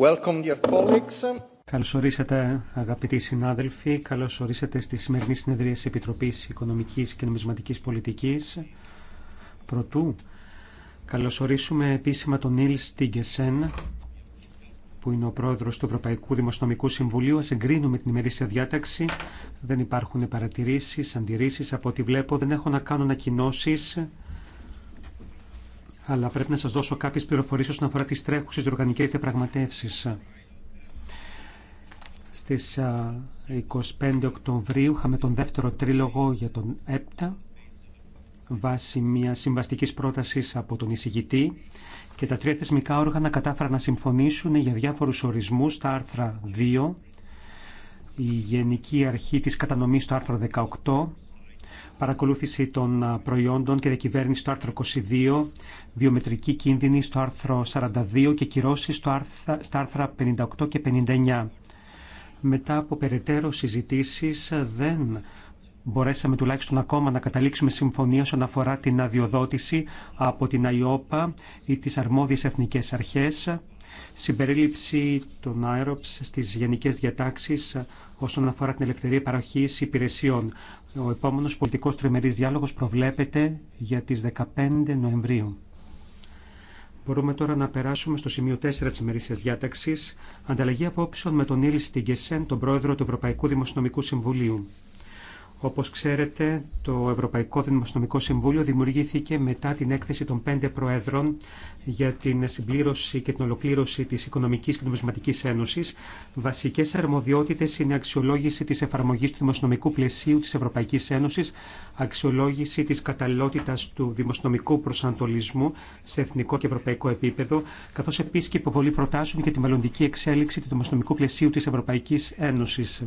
Welcome, Καλώς ορίσατε αγαπητοί συνάδελφοι, καλώς ορίσατε στη σημερινή συνεδρία της Επιτροπής Οικονομικής και Νομισματικής Πολιτικής. Πρωτού, καλώς ορίσουμε επίσημα τον Νίλ Στίγκεσεν, που είναι ο πρόεδρος του Ευρωπαϊκού Δημοσιονομικού Συμβουλίου. Ας εγκρίνουμε την ημερήσια διάταξη. Δεν υπάρχουν παρατηρήσεις, αντιρρήσεις. Από ό,τι βλέπω δεν έχω να κάνω ανακοινώσει αλλά πρέπει να σας δώσω κάποιες πληροφορίες όσον αφορά τις τρέχουσες οργανικές διαπραγματεύσεις. Στις 25 Οκτωβρίου είχαμε τον δεύτερο τρίλογο για τον ΕΠΤΑ βάσει μια συμβαστική πρόταση από τον εισηγητή και τα τρία θεσμικά όργανα κατάφεραν να συμφωνήσουν για διάφορου ορισμού στα άρθρα 2, η Γενική Αρχή της Κατανομής στο άρθρο 18, παρακολούθηση των προϊόντων και διακυβέρνηση στο άρθρο 22, βιομετρική κίνδυνη στο άρθρο 42 και κυρώσει στα άρθρα 58 και 59. Μετά από περαιτέρω συζητήσεις δεν μπορέσαμε τουλάχιστον ακόμα να καταλήξουμε συμφωνία όσον αφορά την αδειοδότηση από την ΑΙΟΠΑ ή τις αρμόδιες εθνικές αρχές, συμπερίληψη των ΑΕΡΟΠΣ στις γενικές διατάξεις όσον αφορά την ελευθερία παροχής υπηρεσιών. Ο επόμενος πολιτικός τριμερής διάλογος προβλέπεται για τις 15 Νοεμβρίου. Μπορούμε τώρα να περάσουμε στο σημείο 4 της ημερήσιας διάταξης, ανταλλαγή απόψεων με τον Ήλ Στιγκεσέν, τον πρόεδρο του Ευρωπαϊκού Δημοσιονομικού Συμβουλίου. Όπως ξέρετε, το Ευρωπαϊκό Δημοσιονομικό Συμβούλιο δημιουργήθηκε μετά την έκθεση των πέντε προέδρων για την συμπλήρωση και την ολοκλήρωση της Οικονομικής και Νομισματικής Ένωσης. Βασικές αρμοδιότητες είναι αξιολόγηση της εφαρμογής του δημοσιονομικού πλαισίου της Ευρωπαϊκής Ένωσης, αξιολόγηση της καταλληλότητας του δημοσιονομικού προσανατολισμού σε εθνικό και ευρωπαϊκό επίπεδο, καθώς επίσης και υποβολή προτάσεων για τη μελλοντική εξέλιξη του δημοσιονομικού πλαισίου της Ευρωπαϊκής Ένωσης.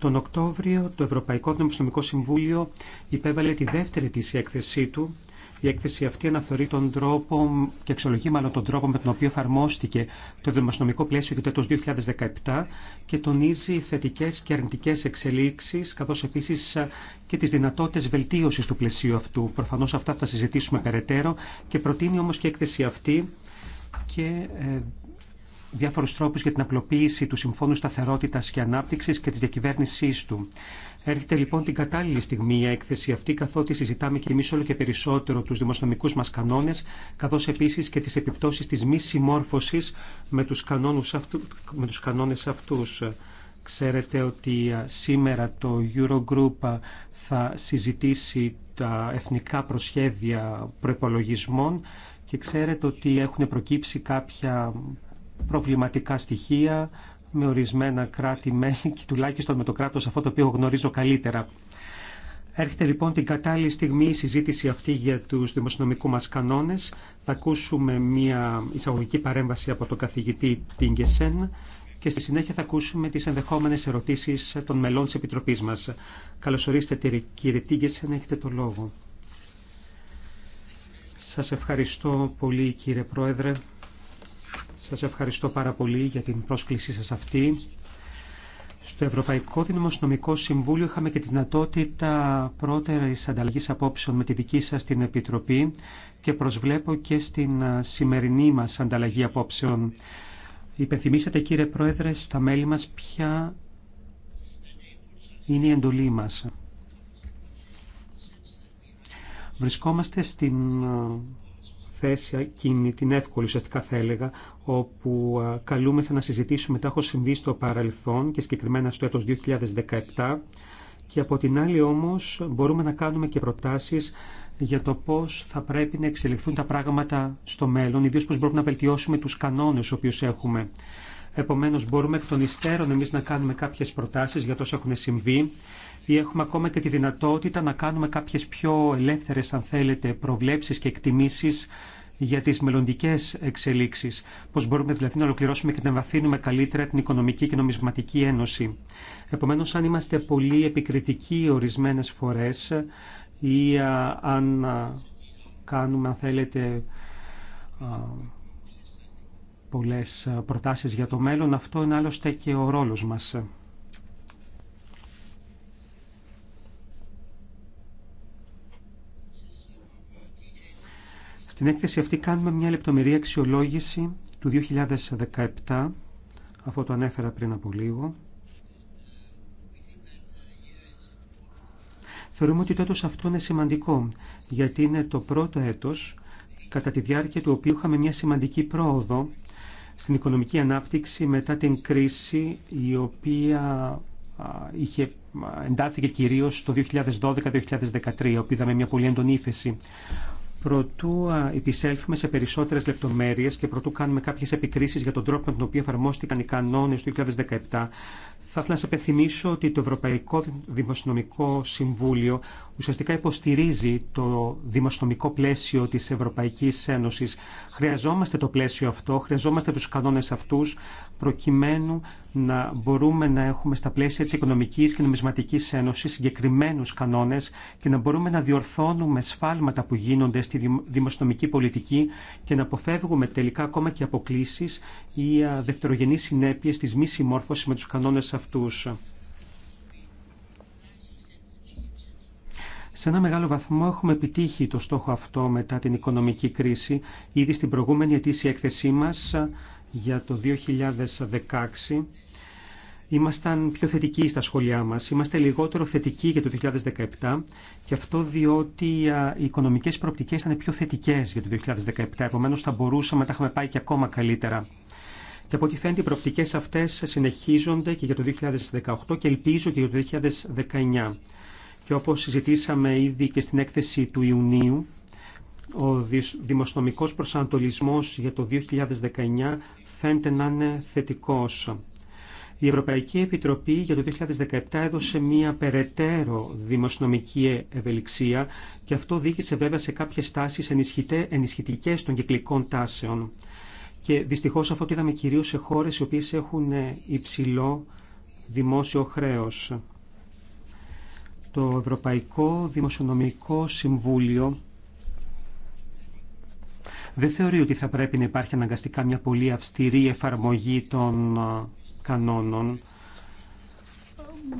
Τον Οκτώβριο το Ευρωπαϊκό Δημοσιονομικό Συμβούλιο υπέβαλε τη δεύτερη της έκθεσή του. Η έκθεση αυτή αναθεωρεί τον τρόπο και εξολογεί μάλλον τον τρόπο με τον οποίο εφαρμόστηκε το δημοσιονομικό πλαίσιο για το 2017 και τονίζει θετικέ και αρνητικέ εξελίξει, καθώ επίση και τι δυνατότητε βελτίωση του πλαισίου αυτού. Προφανώ αυτά θα συζητήσουμε περαιτέρω και προτείνει όμω και η έκθεση αυτή και ε, Διάφορου τρόπου για την απλοποίηση του Συμφώνου σταθερότητα και ανάπτυξη και τη διακυβέρνησή του. Έρχεται λοιπόν την κατάλληλη στιγμή η έκθεση αυτή, καθότι συζητάμε και εμεί όλο και περισσότερο του δημοσιονομικού μα κανόνε, καθώ επίση και τι επιπτώσει τη μη συμμόρφωση με του κανόνε αυτού. Ξέρετε ότι σήμερα το Eurogroup θα συζητήσει τα εθνικά προσχέδια προπολογισμών και ξέρετε ότι έχουν προκύψει κάποια προβληματικά στοιχεία με ορισμένα κράτη-μέλη και τουλάχιστον με το κράτος αυτό το οποίο γνωρίζω καλύτερα. Έρχεται λοιπόν την κατάλληλη στιγμή η συζήτηση αυτή για τους δημοσιονομικού μας κανόνες. Θα ακούσουμε μια εισαγωγική παρέμβαση από τον καθηγητή Τίνγκεσεν και στη συνέχεια θα ακούσουμε τις ενδεχόμενες ερωτήσεις των μελών της Επιτροπής μας. Καλωσορίστε κύριε Τιγκεσέν, έχετε το λόγο. Σας ευχαριστώ πολύ κύριε Πρόεδρε. Σας ευχαριστώ πάρα πολύ για την πρόσκλησή σας αυτή. Στο Ευρωπαϊκό Δημοσιονομικό Συμβούλιο είχαμε και τη δυνατότητα πρώτερης ανταλλαγής απόψεων με τη δική σας την Επιτροπή και προσβλέπω και στην σημερινή μας ανταλλαγή απόψεων. Υπενθυμίσατε κύριε Πρόεδρε στα μέλη μας ποια είναι η εντολή μας. Βρισκόμαστε στην θέση εκείνη την εύκολη ουσιαστικά θα έλεγα όπου καλούμεθα να συζητήσουμε τα έχω συμβεί στο παρελθόν και συγκεκριμένα στο έτος 2017 και από την άλλη όμως μπορούμε να κάνουμε και προτάσεις για το πώς θα πρέπει να εξελιχθούν τα πράγματα στο μέλλον, ιδίως πώς μπορούμε να βελτιώσουμε τους κανόνες οποίους έχουμε. Επομένως μπορούμε εκ των υστέρων εμείς να κάνουμε κάποιες προτάσεις για τόσο έχουν συμβεί ή έχουμε ακόμα και τη δυνατότητα να κάνουμε κάποιες πιο ελεύθερες, αν θέλετε, προβλέψεις και εκτιμήσεις για τις μελλοντικέ εξελίξεις, πώς μπορούμε δηλαδή να ολοκληρώσουμε και να βαθύνουμε καλύτερα την Οικονομική και Νομισματική Ένωση. Επομένως, αν είμαστε πολύ επικριτικοί ορισμένες φορές ή αν κάνουμε, αν θέλετε, α, πολλές προτάσεις για το μέλλον, αυτό είναι άλλωστε και ο ρόλος μας. Στην έκθεση αυτή κάνουμε μια λεπτομερή αξιολόγηση του 2017, αφού το ανέφερα πριν από λίγο. Θεωρούμε ότι το έτος αυτό είναι σημαντικό, γιατί είναι το πρώτο έτος κατά τη διάρκεια του οποίου είχαμε μια σημαντική πρόοδο στην οικονομική ανάπτυξη μετά την κρίση η οποία είχε, εντάθηκε κυρίως το 2012-2013, όπου είδαμε μια πολύ έντονη ύφεση. Προτού επισέλθουμε σε περισσότερες λεπτομέρειες και προτού κάνουμε κάποιες επικρίσεις για τον τρόπο με τον οποίο εφαρμόστηκαν οι κανόνε του 2017, θα ήθελα να σα πεθυμίσω ότι το Ευρωπαϊκό Δημοσιονομικό Συμβούλιο ουσιαστικά υποστηρίζει το δημοσιονομικό πλαίσιο της Ευρωπαϊκής Ένωση. Χρειαζόμαστε το πλαίσιο αυτό, χρειαζόμαστε του κανόνε αυτού προκειμένου να μπορούμε να έχουμε στα πλαίσια της Οικονομικής και Νομισματικής Ένωσης συγκεκριμένους κανόνες και να μπορούμε να διορθώνουμε σφάλματα που γίνονται στη δημοσιονομική πολιτική και να αποφεύγουμε τελικά ακόμα και αποκλήσεις ή δευτερογενείς συνέπειες της μη συμμόρφωσης με τους κανόνες αυτούς. Σε ένα μεγάλο βαθμό έχουμε επιτύχει το στόχο αυτό μετά την οικονομική κρίση. Ήδη στην προηγούμενη ετήσια έκθεσή μας για το 2016 ήμασταν πιο θετικοί στα σχόλιά μας. Είμαστε λιγότερο θετικοί για το 2017 και αυτό διότι οι οικονομικές προοπτικές ήταν πιο θετικές για το 2017. Επομένως θα μπορούσαμε να τα είχαμε πάει και ακόμα καλύτερα. Και από ό,τι φαίνεται οι προοπτικές αυτές συνεχίζονται και για το 2018 και ελπίζω και για το 2019. Και όπως συζητήσαμε ήδη και στην έκθεση του Ιουνίου, ο δημοσιονομικός προσανατολισμός για το 2019 φαίνεται να είναι θετικός. Η Ευρωπαϊκή Επιτροπή για το 2017 έδωσε μία περαιτέρω δημοσιονομική ευελιξία και αυτό δίκησε βέβαια σε κάποιες τάσεις ενισχυτικές των κυκλικών τάσεων. Και δυστυχώς αυτό το είδαμε κυρίως σε χώρες οι οποίες έχουν υψηλό δημόσιο χρέος. Το Ευρωπαϊκό Δημοσιονομικό Συμβούλιο δεν θεωρεί ότι θα πρέπει να υπάρχει αναγκαστικά μια πολύ αυστηρή εφαρμογή των κανόνων.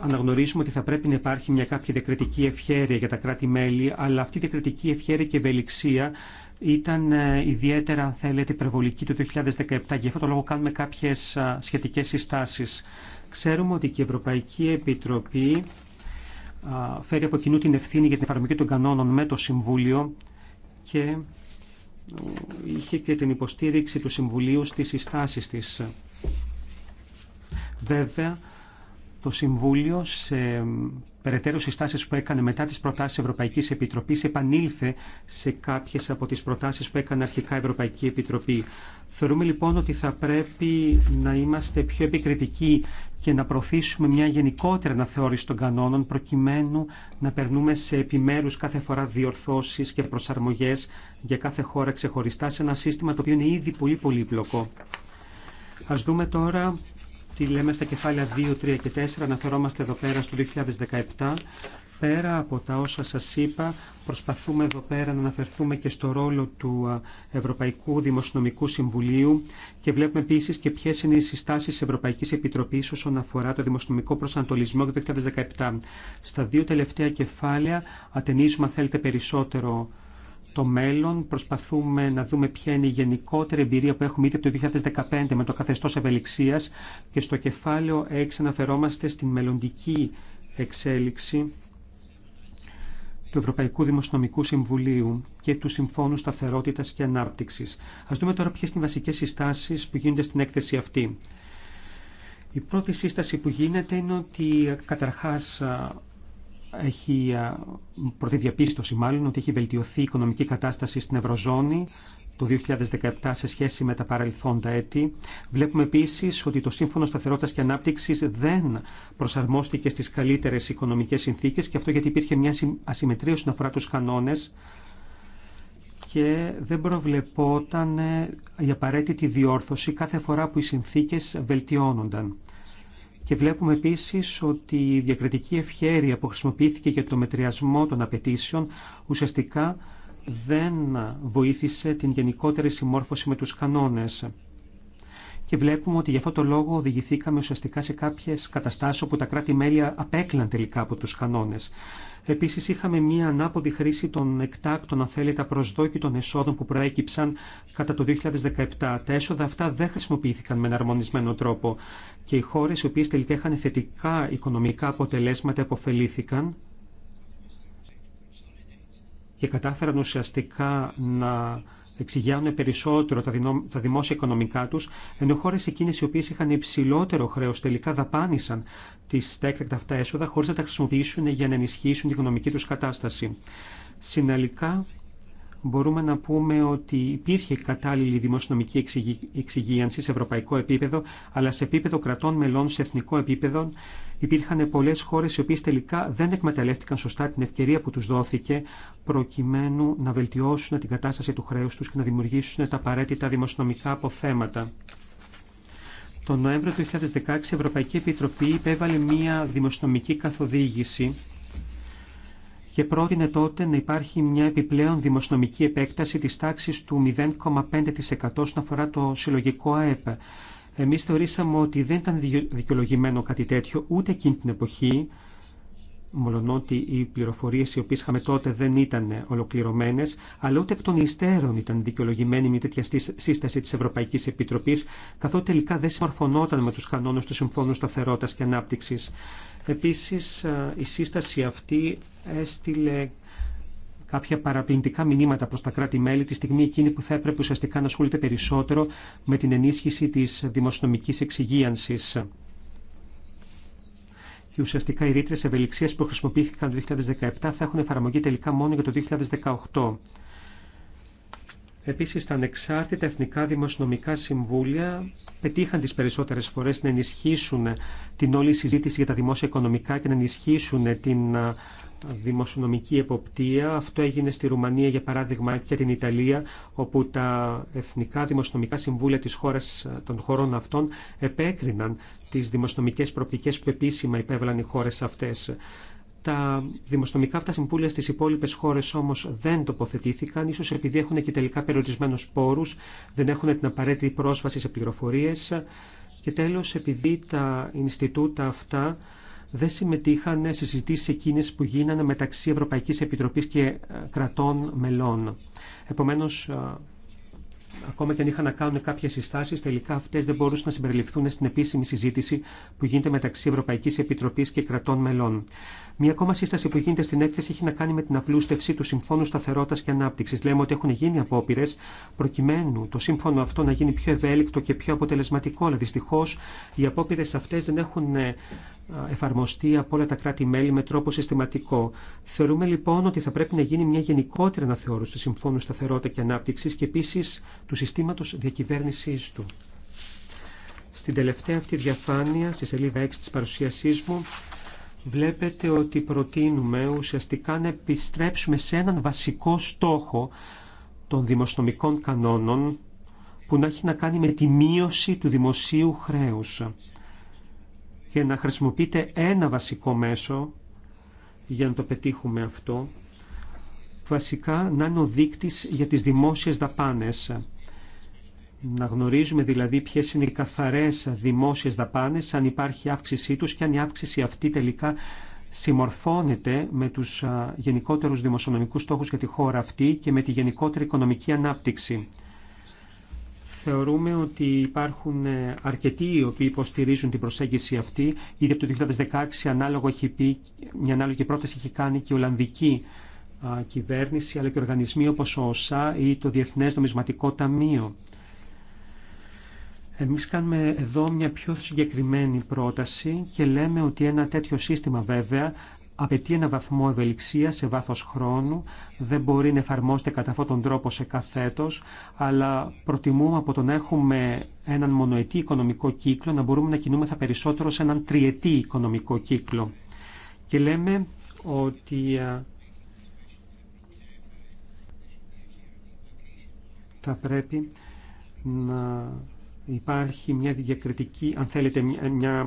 Αναγνωρίζουμε ότι θα πρέπει να υπάρχει μια κάποια διακριτική ευχαίρεια για τα κράτη-μέλη, αλλά αυτή η διακριτική ευχαίρεια και ευελιξία ήταν ε, ιδιαίτερα, αν θέλετε, υπερβολική το 2017. Γι' αυτό το λόγο κάνουμε κάποιες σχετικές συστάσεις. Ξέρουμε ότι και η Ευρωπαϊκή Επιτροπή φέρει από κοινού την ευθύνη για την εφαρμογή των κανόνων με το Συμβούλιο και είχε και την υποστήριξη του Συμβουλίου στις συστάσεις της. Βέβαια, το Συμβούλιο σε περαιτέρω συστάσεις που έκανε μετά τις προτάσεις Ευρωπαϊκή Επιτροπής επανήλθε σε κάποιε από τι προτάσει που έκανε αρχικά η Ευρωπαϊκή Επιτροπή. Θεωρούμε λοιπόν ότι θα πρέπει να είμαστε πιο επικριτικοί και να προωθήσουμε μια γενικότερη αναθεώρηση των κανόνων προκειμένου να περνούμε σε επιμέρους κάθε φορά διορθώσεις και προσαρμογές για κάθε χώρα ξεχωριστά σε ένα σύστημα το οποίο είναι ήδη πολύ πολύπλοκο. Ας δούμε τώρα τι λέμε στα κεφάλαια 2, 3 και 4, αναφερόμαστε εδώ πέρα στο 2017. Πέρα από τα όσα σας είπα, προσπαθούμε εδώ πέρα να αναφερθούμε και στο ρόλο του Ευρωπαϊκού Δημοσιονομικού Συμβουλίου και βλέπουμε επίση και ποιε είναι οι συστάσεις της Ευρωπαϊκής Επιτροπής όσον αφορά το δημοσιονομικό προσανατολισμό του 2017. Στα δύο τελευταία κεφάλαια ατενίζουμε, αν θέλετε, περισσότερο στο μέλλον. Προσπαθούμε να δούμε ποια είναι η γενικότερη εμπειρία που έχουμε ήδη από το 2015 με το καθεστώς ευελιξίας και στο κεφάλαιο 6 αναφερόμαστε στην μελλοντική εξέλιξη του Ευρωπαϊκού Δημοσιονομικού Συμβουλίου και του Συμφώνου Σταθερότητα και Ανάπτυξη. Α δούμε τώρα ποιε είναι οι βασικέ συστάσει που γίνονται στην έκθεση αυτή. Η πρώτη σύσταση που γίνεται είναι ότι καταρχάς έχει πρώτη διαπίστωση μάλλον ότι έχει βελτιωθεί η οικονομική κατάσταση στην Ευρωζώνη το 2017 σε σχέση με τα παρελθόντα έτη. Βλέπουμε επίσης ότι το Σύμφωνο Σταθερότητας και Ανάπτυξης δεν προσαρμόστηκε στις καλύτερες οικονομικές συνθήκες και αυτό γιατί υπήρχε μια ασυμμετρία όσον αφορά τους κανόνες και δεν προβλεπόταν ε, η απαραίτητη διόρθωση κάθε φορά που οι συνθήκες βελτιώνονταν. Και βλέπουμε επίσης ότι η διακριτική ευχέρεια που χρησιμοποιήθηκε για το μετριασμό των απαιτήσεων ουσιαστικά δεν βοήθησε την γενικότερη συμμόρφωση με τους κανόνες. Και βλέπουμε ότι για αυτό το λόγο οδηγηθήκαμε ουσιαστικά σε κάποιες καταστάσεις όπου τα κράτη-μέλη απέκλαν τελικά από τους κανόνες. Επίσης είχαμε μία ανάποδη χρήση των εκτάκτων, αν θέλετε, προσδόκητων εσόδων που προέκυψαν κατά το 2017. Τα έσοδα αυτά δεν χρησιμοποιήθηκαν με εναρμονισμένο τρόπο και οι χώρες οι οποίες τελικά είχαν θετικά οικονομικά αποτελέσματα αποφελήθηκαν και κατάφεραν ουσιαστικά να εξηγιάνουν περισσότερο τα δημόσια οικονομικά τους, ενώ χώρες εκείνες οι οποίες είχαν υψηλότερο χρέος τελικά δαπάνησαν τις τα αυτά έσοδα χωρίς να τα χρησιμοποιήσουν για να ενισχύσουν την οικονομική τους κατάσταση. Συναλλικά μπορούμε να πούμε ότι υπήρχε κατάλληλη δημοσιονομική εξυγίανση σε ευρωπαϊκό επίπεδο, αλλά σε επίπεδο κρατών μελών, σε εθνικό επίπεδο, Υπήρχαν πολλέ χώρες οι οποίες τελικά δεν εκμεταλλεύτηκαν σωστά την ευκαιρία που τους δόθηκε προκειμένου να βελτιώσουν την κατάσταση του χρέους τους και να δημιουργήσουν τα απαραίτητα δημοσιονομικά αποθέματα. Το Νοέμβριο του 2016 η Ευρωπαϊκή Επιτροπή υπέβαλε μία δημοσιονομική καθοδήγηση και πρότεινε τότε να υπάρχει μια επιπλέον δημοσιονομική επέκταση της τάξης του 0,5% όσον αφορά το συλλογικό ΑΕΠ. Εμείς θεωρήσαμε ότι δεν ήταν δικαιολογημένο κάτι τέτοιο ούτε εκείνη την εποχή, μολονότι οι πληροφορίες οι οποίες είχαμε τότε δεν ήταν ολοκληρωμένες, αλλά ούτε εκ των υστέρων ήταν δικαιολογημένη μια τέτοια σύσταση της Ευρωπαϊκής Επιτροπής, καθότι τελικά δεν συμμορφωνόταν με τους κανόνες του Συμφώνου Σταθερότητας και Ανάπτυξης. Επίσης, ε, η σύσταση αυτή έστειλε κάποια παραπληντικά μηνύματα προ τα κράτη-μέλη τη στιγμή εκείνη που θα έπρεπε ουσιαστικά να ασχολείται περισσότερο με την ενίσχυση τη δημοσιονομική εξυγίανση. Και ουσιαστικά οι ρήτρε ευελιξία που χρησιμοποιήθηκαν το 2017 θα έχουν εφαρμογή τελικά μόνο για το 2018. Επίσης, τα ανεξάρτητα εθνικά δημοσιονομικά συμβούλια πετύχαν τις περισσότερες φορές να ενισχύσουν την όλη συζήτηση για τα δημόσια οικονομικά και να ενισχύσουν την δημοσιονομική εποπτεία. Αυτό έγινε στη Ρουμανία για παράδειγμα και την Ιταλία όπου τα εθνικά δημοσιονομικά συμβούλια της χώρας των χωρών αυτών επέκριναν τις δημοσιονομικές προοπτικές που επίσημα υπέβαλαν οι χώρες αυτές. Τα δημοσιονομικά αυτά συμβούλια στις υπόλοιπες χώρες όμως δεν τοποθετήθηκαν, ίσως επειδή έχουν και τελικά περιορισμένους πόρους, δεν έχουν την απαραίτητη πρόσβαση σε πληροφορίες και τέλος επειδή τα Ινστιτούτα αυτά δεν συμμετείχαν σε συζητήσει εκείνε που γίνανε μεταξύ Ευρωπαϊκή Επιτροπή και ε, κρατών μελών. Επομένω, ε, ακόμα και αν είχαν να κάνουν κάποιε συστάσει, τελικά αυτέ δεν μπορούσαν να συμπεριληφθούν στην επίσημη συζήτηση που γίνεται μεταξύ Ευρωπαϊκή Επιτροπή και κρατών μελών. Μία ακόμα σύσταση που γίνεται στην έκθεση έχει να κάνει με την απλούστευση του Συμφώνου Σταθερότητα και Ανάπτυξη. Λέμε ότι έχουν γίνει απόπειρε προκειμένου το σύμφωνο αυτό να γίνει πιο ευέλικτο και πιο αποτελεσματικό. Αλλά δυστυχώ οι απόπειρε αυτέ δεν έχουν ε, εφαρμοστεί από όλα τα κράτη-μέλη με τρόπο συστηματικό. Θεωρούμε λοιπόν ότι θα πρέπει να γίνει μια γενικότερη αναθεώρηση του Συμφώνου Σταθερότητα και Ανάπτυξη και επίση του συστήματο διακυβέρνησή του. Στην τελευταία αυτή διαφάνεια, στη σελίδα 6 τη παρουσίασή μου, βλέπετε ότι προτείνουμε ουσιαστικά να επιστρέψουμε σε έναν βασικό στόχο των δημοσιονομικών κανόνων που να έχει να κάνει με τη μείωση του δημοσίου χρέους και να χρησιμοποιείται ένα βασικό μέσο για να το πετύχουμε αυτό, βασικά να είναι ο δείκτης για τις δημόσιες δαπάνες. Να γνωρίζουμε δηλαδή ποιες είναι οι καθαρές δημόσιες δαπάνες, αν υπάρχει αύξησή τους και αν η αύξηση αυτή τελικά συμμορφώνεται με τους γενικότερους δημοσιονομικούς στόχους για τη χώρα αυτή και με τη γενικότερη οικονομική ανάπτυξη θεωρούμε ότι υπάρχουν ε, αρκετοί οι οποίοι υποστηρίζουν την προσέγγιση αυτή. Ήδη από το 2016 ανάλογο έχει πει, μια ανάλογη πρόταση έχει κάνει και η Ολλανδική κυβέρνηση, αλλά και οργανισμοί όπως ο ΩΣΑ ή το Διεθνές Νομισματικό Ταμείο. Εμείς κάνουμε εδώ μια πιο συγκεκριμένη πρόταση και λέμε ότι ένα τέτοιο σύστημα βέβαια απαιτεί ένα βαθμό ευελιξία σε βάθος χρόνου, δεν μπορεί να εφαρμόζεται κατά αυτόν τον τρόπο σε κάθε αλλά προτιμούμε από το να έχουμε έναν μονοετή οικονομικό κύκλο να μπορούμε να θα περισσότερο σε έναν τριετή οικονομικό κύκλο. Και λέμε ότι θα πρέπει να υπάρχει μια διακριτική, αν θέλετε, μια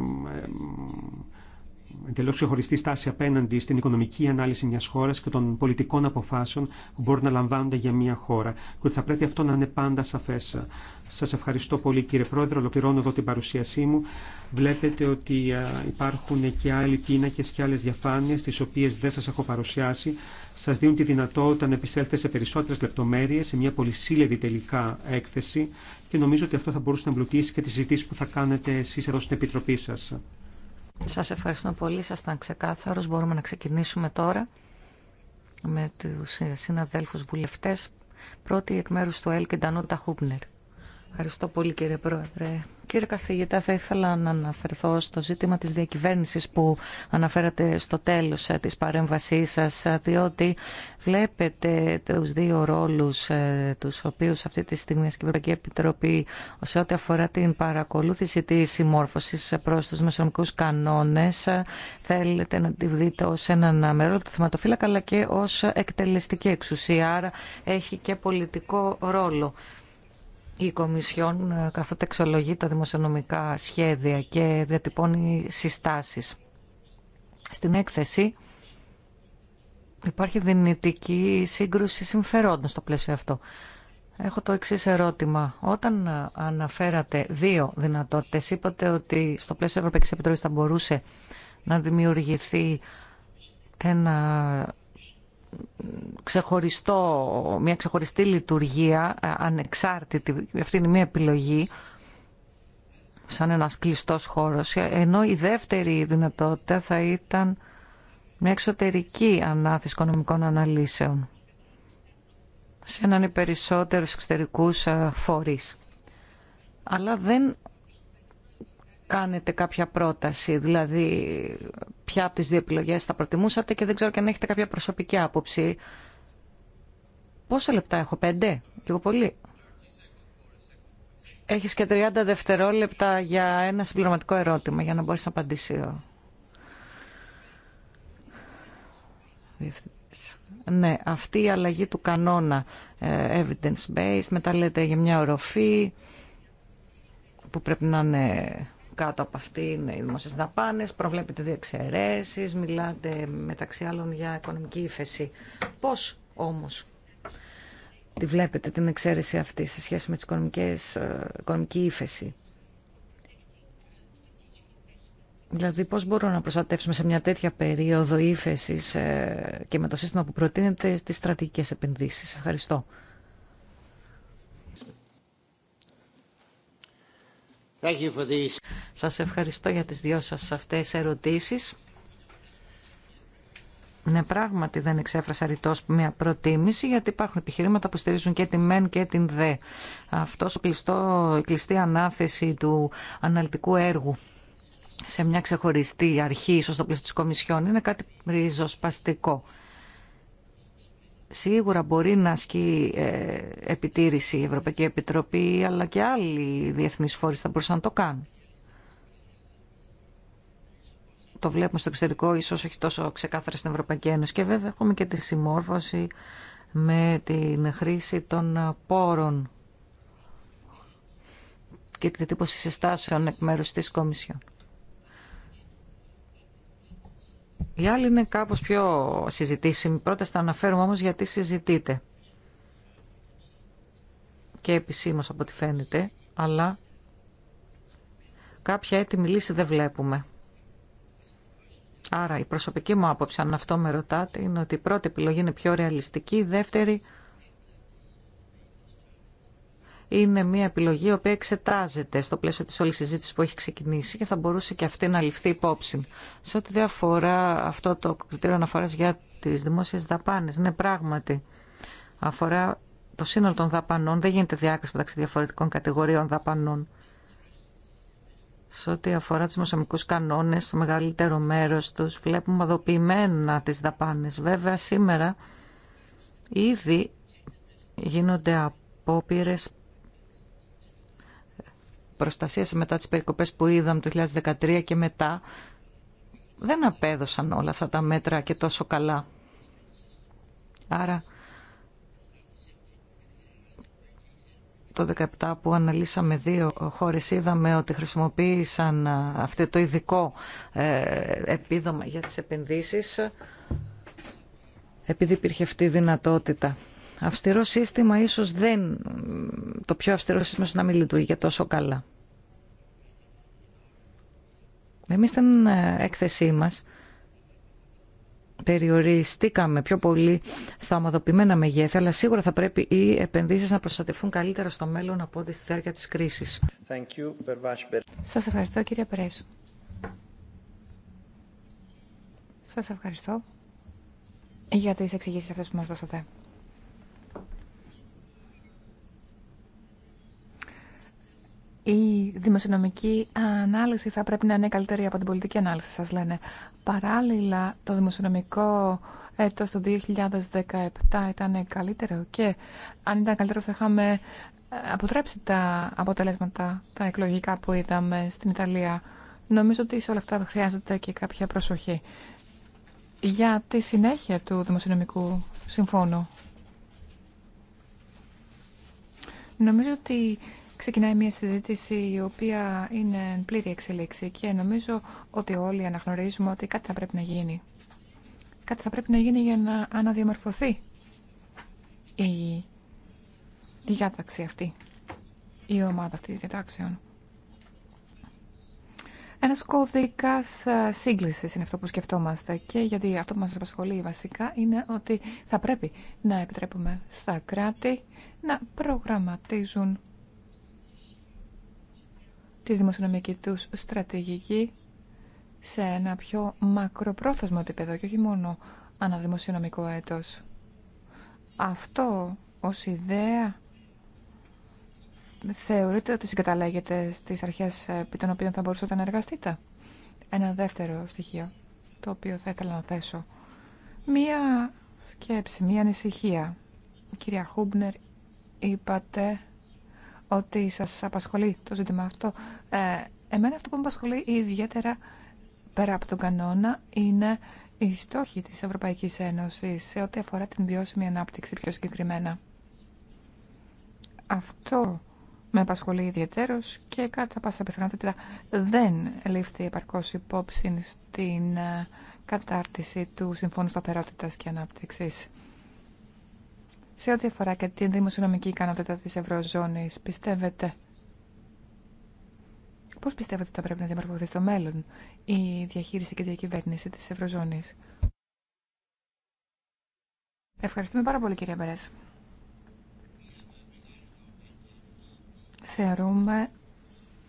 εντελώ ξεχωριστή στάση απέναντι στην οικονομική ανάλυση μια χώρα και των πολιτικών αποφάσεων που μπορούν να λαμβάνονται για μια χώρα. Και ότι θα πρέπει αυτό να είναι πάντα σαφέ. Σα ευχαριστώ πολύ, κύριε Πρόεδρε. Ολοκληρώνω εδώ την παρουσίασή μου. Βλέπετε ότι υπάρχουν και άλλοι πίνακε και άλλε διαφάνειε, τι οποίε δεν σα έχω παρουσιάσει. Σα δίνουν τη δυνατότητα να επισέλθετε σε περισσότερε λεπτομέρειε, σε μια πολυσύλλευη τελικά έκθεση. Και νομίζω ότι αυτό θα μπορούσε να εμπλουτίσει και τι συζητήσει που θα κάνετε εσεί εδώ στην Επιτροπή σα. Σας ευχαριστώ πολύ, σας ήταν ξεκάθαρος. Μπορούμε να ξεκινήσουμε τώρα με τους συναδέλφους βουλευτές. Πρώτη εκ μέρους του ΕΛ και Ντανόντα Χούπνερ. Ευχαριστώ πολύ κύριε Πρόεδρε. Κύριε Καθηγητά, θα ήθελα να αναφερθώ στο ζήτημα της διακυβέρνησης που αναφέρατε στο τέλος ε, της παρέμβασής σας, ε, διότι βλέπετε τους δύο ρόλους ε, τους οποίους αυτή τη στιγμή η Ευρωπαϊκή Επιτροπή σε ό,τι αφορά την παρακολούθηση της συμμόρφωσης προς τους μεσονομικούς κανόνες θέλετε να τη δείτε ως έναν μέρο του θεματοφύλακα αλλά και ως εκτελεστική εξουσία, άρα έχει και πολιτικό ρόλο η Κομισιόν ε, καθότι εξολογεί τα δημοσιονομικά σχέδια και διατυπώνει συστάσεις. Στην έκθεση υπάρχει δυνητική σύγκρουση συμφερόντων στο πλαίσιο αυτό. Έχω το εξής ερώτημα. Όταν ε, αναφέρατε δύο δυνατότητες, είπατε ότι στο πλαίσιο Ευρωπαϊκής Επιτροπής θα μπορούσε να δημιουργηθεί ένα ξεχωριστό, μια ξεχωριστή λειτουργία, ε, ανεξάρτητη, αυτή είναι μια επιλογή, σαν ένας κλειστός χώρος, ενώ η δεύτερη δυνατότητα θα ήταν μια εξωτερική ανάθεση οικονομικών αναλύσεων σε έναν περισσότερους εξωτερικούς ε, φορείς. Αλλά δεν κάνετε κάποια πρόταση, δηλαδή ποια από τις δύο επιλογές θα προτιμούσατε και δεν ξέρω και αν έχετε κάποια προσωπική άποψη. Πόσα λεπτά έχω, πέντε, λίγο πολύ. Έχεις και 30 δευτερόλεπτα για ένα συμπληρωματικό ερώτημα, για να μπορείς να απαντήσει Ναι, αυτή η αλλαγή του κανόνα ε, evidence-based, μετά λέτε για μια οροφή που πρέπει να είναι κάτω από αυτή είναι οι δημόσιες δαπάνες, προβλέπετε διεξαιρέσεις, μιλάτε μεταξύ άλλων για οικονομική ύφεση. Πώς όμως τη βλέπετε την εξαίρεση αυτή σε σχέση με τις οικονομικές, ε, οικονομική ύφεση. Δηλαδή πώς μπορούμε να προστατεύσουμε σε μια τέτοια περίοδο ύφεση ε, και με το σύστημα που προτείνεται στις στρατηγικές επενδύσεις. Ευχαριστώ. Σας ευχαριστώ για τις δυο σας αυτές ερωτήσεις. Ναι, πράγματι δεν εξέφρασα ρητός μια προτίμηση, γιατί υπάρχουν επιχειρήματα που στηρίζουν και την μεν και την δε. Αυτό ο η κλειστή ανάθεση του αναλυτικού έργου σε μια ξεχωριστή αρχή, ίσως στο πλαίσιο της Κομισιόν, είναι κάτι ριζοσπαστικό. Σίγουρα μπορεί να ασκεί ε, επιτήρηση η Ευρωπαϊκή Επιτροπή, αλλά και άλλοι διεθνείς φορείς θα μπορούσαν να το κάνουν. Το βλέπουμε στο εξωτερικό, ίσως όχι τόσο ξεκάθαρα στην Ευρωπαϊκή Ένωση. Και βέβαια έχουμε και τη συμμόρφωση με την χρήση των πόρων και τη τύπωση συστάσεων εκ μέρους της Κομισιόν. Η άλλοι είναι κάπως πιο συζητήσιμη. Πρώτα στα αναφέρουμε όμως γιατί συζητείτε Και επισήμως από ό,τι φαίνεται, αλλά κάποια έτοιμη λύση δεν βλέπουμε. Άρα η προσωπική μου άποψη, αν αυτό με ρωτάτε, είναι ότι η πρώτη επιλογή είναι πιο ρεαλιστική, η δεύτερη είναι μια επιλογή η οποία εξετάζεται στο πλαίσιο της όλης συζήτησης που έχει ξεκινήσει και θα μπορούσε και αυτή να ληφθεί υπόψη. Σε ό,τι αφορά αυτό το κριτήριο αναφοράς για τις δημόσιες δαπάνες, είναι πράγματι αφορά το σύνολο των δαπανών, δεν γίνεται διάκριση μεταξύ διαφορετικών κατηγοριών δαπανών. Σε ό,τι αφορά τους μοσομικού κανόνες, το μεγαλύτερο μέρος τους βλέπουμε αδοποιημένα τις δαπάνες. Βέβαια σήμερα ήδη γίνονται απόπειρε προστασίας μετά τις περικοπές που είδαμε το 2013 και μετά δεν απέδωσαν όλα αυτά τα μέτρα και τόσο καλά. Άρα το 2017 που αναλύσαμε δύο χώρες είδαμε ότι χρησιμοποίησαν ε, αυτό το ειδικό ε, επίδομα για τις επενδύσεις επειδή υπήρχε αυτή η δυνατότητα αυστηρό σύστημα ίσως δεν, το πιο αυστηρό σύστημα να μην λειτουργεί τόσο καλά. Εμείς στην ε, έκθεσή μας περιοριστήκαμε πιο πολύ στα ομαδοποιημένα μεγέθη, αλλά σίγουρα θα πρέπει οι επενδύσεις να προστατευτούν καλύτερα στο μέλλον από ό,τι στη διάρκεια της κρίσης. Thank Σας ευχαριστώ κύριε Πρέσου. Σας ευχαριστώ για τις εξηγήσεις αυτές που μας δώσατε. η δημοσιονομική ανάλυση θα πρέπει να είναι καλύτερη από την πολιτική ανάλυση, σας λένε. Παράλληλα, το δημοσιονομικό έτος το 2017 ήταν καλύτερο και αν ήταν καλύτερο θα είχαμε ε, αποτρέψει τα αποτελέσματα, τα εκλογικά που είδαμε στην Ιταλία. Νομίζω ότι σε όλα αυτά χρειάζεται και κάποια προσοχή για τη συνέχεια του δημοσιονομικού συμφώνου. Νομίζω ότι ξεκινάει μια συζήτηση η οποία είναι πλήρη εξελίξη και νομίζω ότι όλοι αναγνωρίζουμε ότι κάτι θα πρέπει να γίνει. Κάτι θα πρέπει να γίνει για να αναδιαμορφωθεί η διάταξη αυτή, η ομάδα αυτή διατάξεων. Ένα κώδικα ε, σύγκληση είναι αυτό που σκεφτόμαστε και γιατί αυτό που μα απασχολεί βασικά είναι ότι θα πρέπει να επιτρέπουμε στα κράτη να προγραμματίζουν τη δημοσιονομική τους στρατηγική σε ένα πιο μακροπρόθεσμο επίπεδο και όχι μόνο αναδημοσιονομικό έτος. Αυτό ως ιδέα θεωρείτε ότι συγκαταλέγεται στις αρχές ε, επί των οποίων θα μπορούσατε να εργαστείτε. Ένα δεύτερο στοιχείο το οποίο θα ήθελα να θέσω. Μία σκέψη, μία ανησυχία. Κυρία Χούμπνερ, είπατε ότι σας απασχολεί το ζήτημα αυτό. Ε, εμένα αυτό που με απασχολεί ιδιαίτερα πέρα από τον κανόνα είναι οι στόχοι της Ευρωπαϊκής Ένωσης σε ό,τι αφορά την βιώσιμη ανάπτυξη πιο συγκεκριμένα. Αυτό με απασχολεί ιδιαίτερος και κατά πάσα πιθανότητα δεν λήφθη επαρκώς υπόψη στην ε, κατάρτιση του Συμφώνου Σταθερότητας και Ανάπτυξης. Σε ό,τι αφορά και την δημοσιονομική ικανότητα τη Ευρωζώνης, πιστεύετε πώς πιστεύετε ότι θα πρέπει να διαμορφωθεί στο μέλλον η διαχείριση και η διακυβέρνηση τη Ευρωζώνης. Ευχαριστούμε πάρα πολύ κύριε Μπερές. Θεωρούμε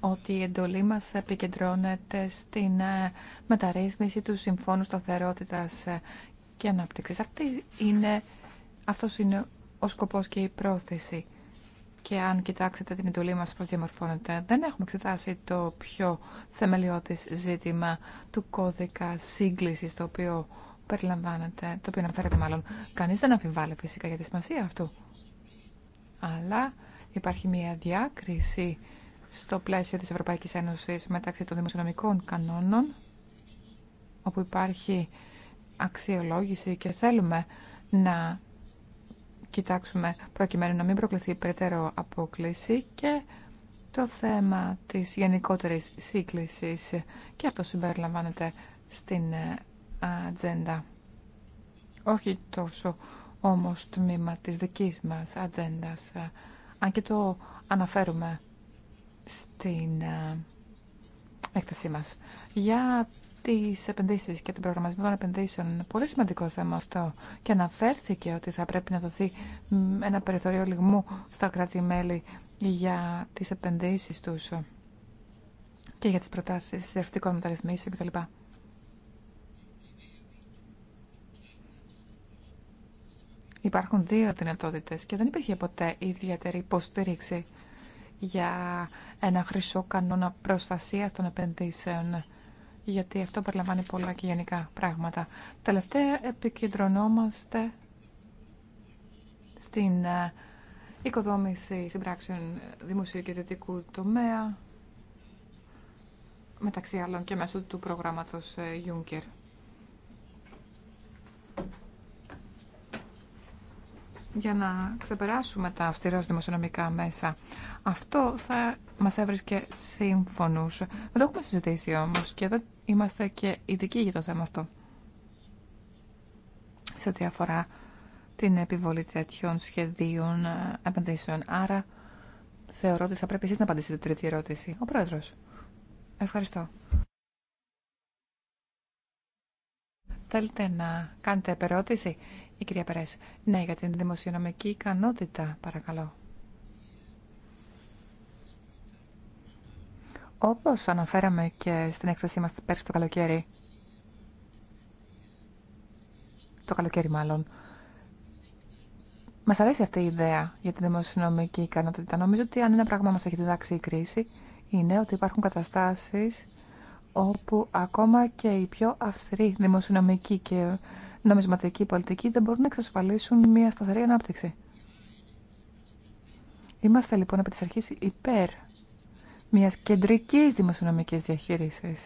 ότι η εντολή μας επικεντρώνεται στην ε, μεταρρύθμιση του Συμφώνου σταθερότητα ε, και Ανάπτυξης. Αυτή είναι, αυτός είναι ο σκοπός και η πρόθεση. Και αν κοιτάξετε την εντολή μας πώς διαμορφώνεται, δεν έχουμε εξετάσει το πιο θεμελιώδης ζήτημα του κώδικα σύγκλησης, το οποίο περιλαμβάνεται, το οποίο αναφέρεται μάλλον. Κανείς δεν αμφιβάλλει φυσικά για τη σημασία αυτού. Αλλά υπάρχει μια διάκριση στο πλαίσιο της Ευρωπαϊκής Ένωσης μεταξύ των δημοσιονομικών κανόνων, όπου υπάρχει αξιολόγηση και θέλουμε να κοιτάξουμε προκειμένου να μην προκληθεί περαιτέρω απόκληση και το θέμα της γενικότερης σύγκλησης και αυτό συμπεριλαμβάνεται στην ε, ατζέντα. Όχι τόσο όμως τμήμα της δικής μας ατζέντα, ε, αν και το αναφέρουμε στην ε, έκθεσή μας. Για τι επενδύσει και τον προγραμματισμό των επενδύσεων. Είναι Πολύ σημαντικό θέμα αυτό. Και αναφέρθηκε ότι θα πρέπει να δοθεί ένα περιθώριο λιγμού στα κράτη-μέλη για τι επενδύσει του και για τι προτάσει συντηρητικών μεταρρυθμίσεων κτλ. Υπάρχουν δύο δυνατότητε και δεν υπήρχε ποτέ ιδιαίτερη υποστήριξη για ένα χρυσό κανόνα προστασία των επενδύσεων γιατί αυτό περιλαμβάνει πολλά και γενικά πράγματα. Τελευταία επικεντρωνόμαστε στην ε, οικοδόμηση συμπράξεων δημοσίου και ιδιωτικού τομέα, μεταξύ άλλων και μέσω του προγράμματος ε, Juncker. για να ξεπεράσουμε τα αυστηρά δημοσιονομικά μέσα. Αυτό θα Μα έβρισκε σύμφωνους. Δεν το έχουμε συζητήσει όμω και δεν είμαστε και ειδικοί για το θέμα αυτό. Σε ό,τι αφορά την επιβολή τέτοιων σχεδίων ε, επενδύσεων. Άρα θεωρώ ότι θα πρέπει εσεί να απαντήσετε την τρίτη ερώτηση. Ο πρόεδρο. Ευχαριστώ. Θέλετε να κάνετε επερώτηση, η κυρία Περές. Ναι, για την δημοσιονομική ικανότητα, παρακαλώ. Όπως αναφέραμε και στην έκθεσή μας πέρσι το καλοκαίρι, το καλοκαίρι μάλλον, μας αρέσει αυτή η ιδέα για τη δημοσιονομική ικανότητα. Νομίζω ότι αν ένα πράγμα μας έχει διδάξει η κρίση, είναι ότι υπάρχουν καταστάσεις όπου ακόμα και οι πιο αυστηροί δημοσιονομικοί και νομισματικοί πολιτικοί δεν μπορούν να εξασφαλίσουν μια σταθερή ανάπτυξη. Είμαστε λοιπόν από τις αρχές υπέρ μια κεντρική δημοσιονομική διαχείριση.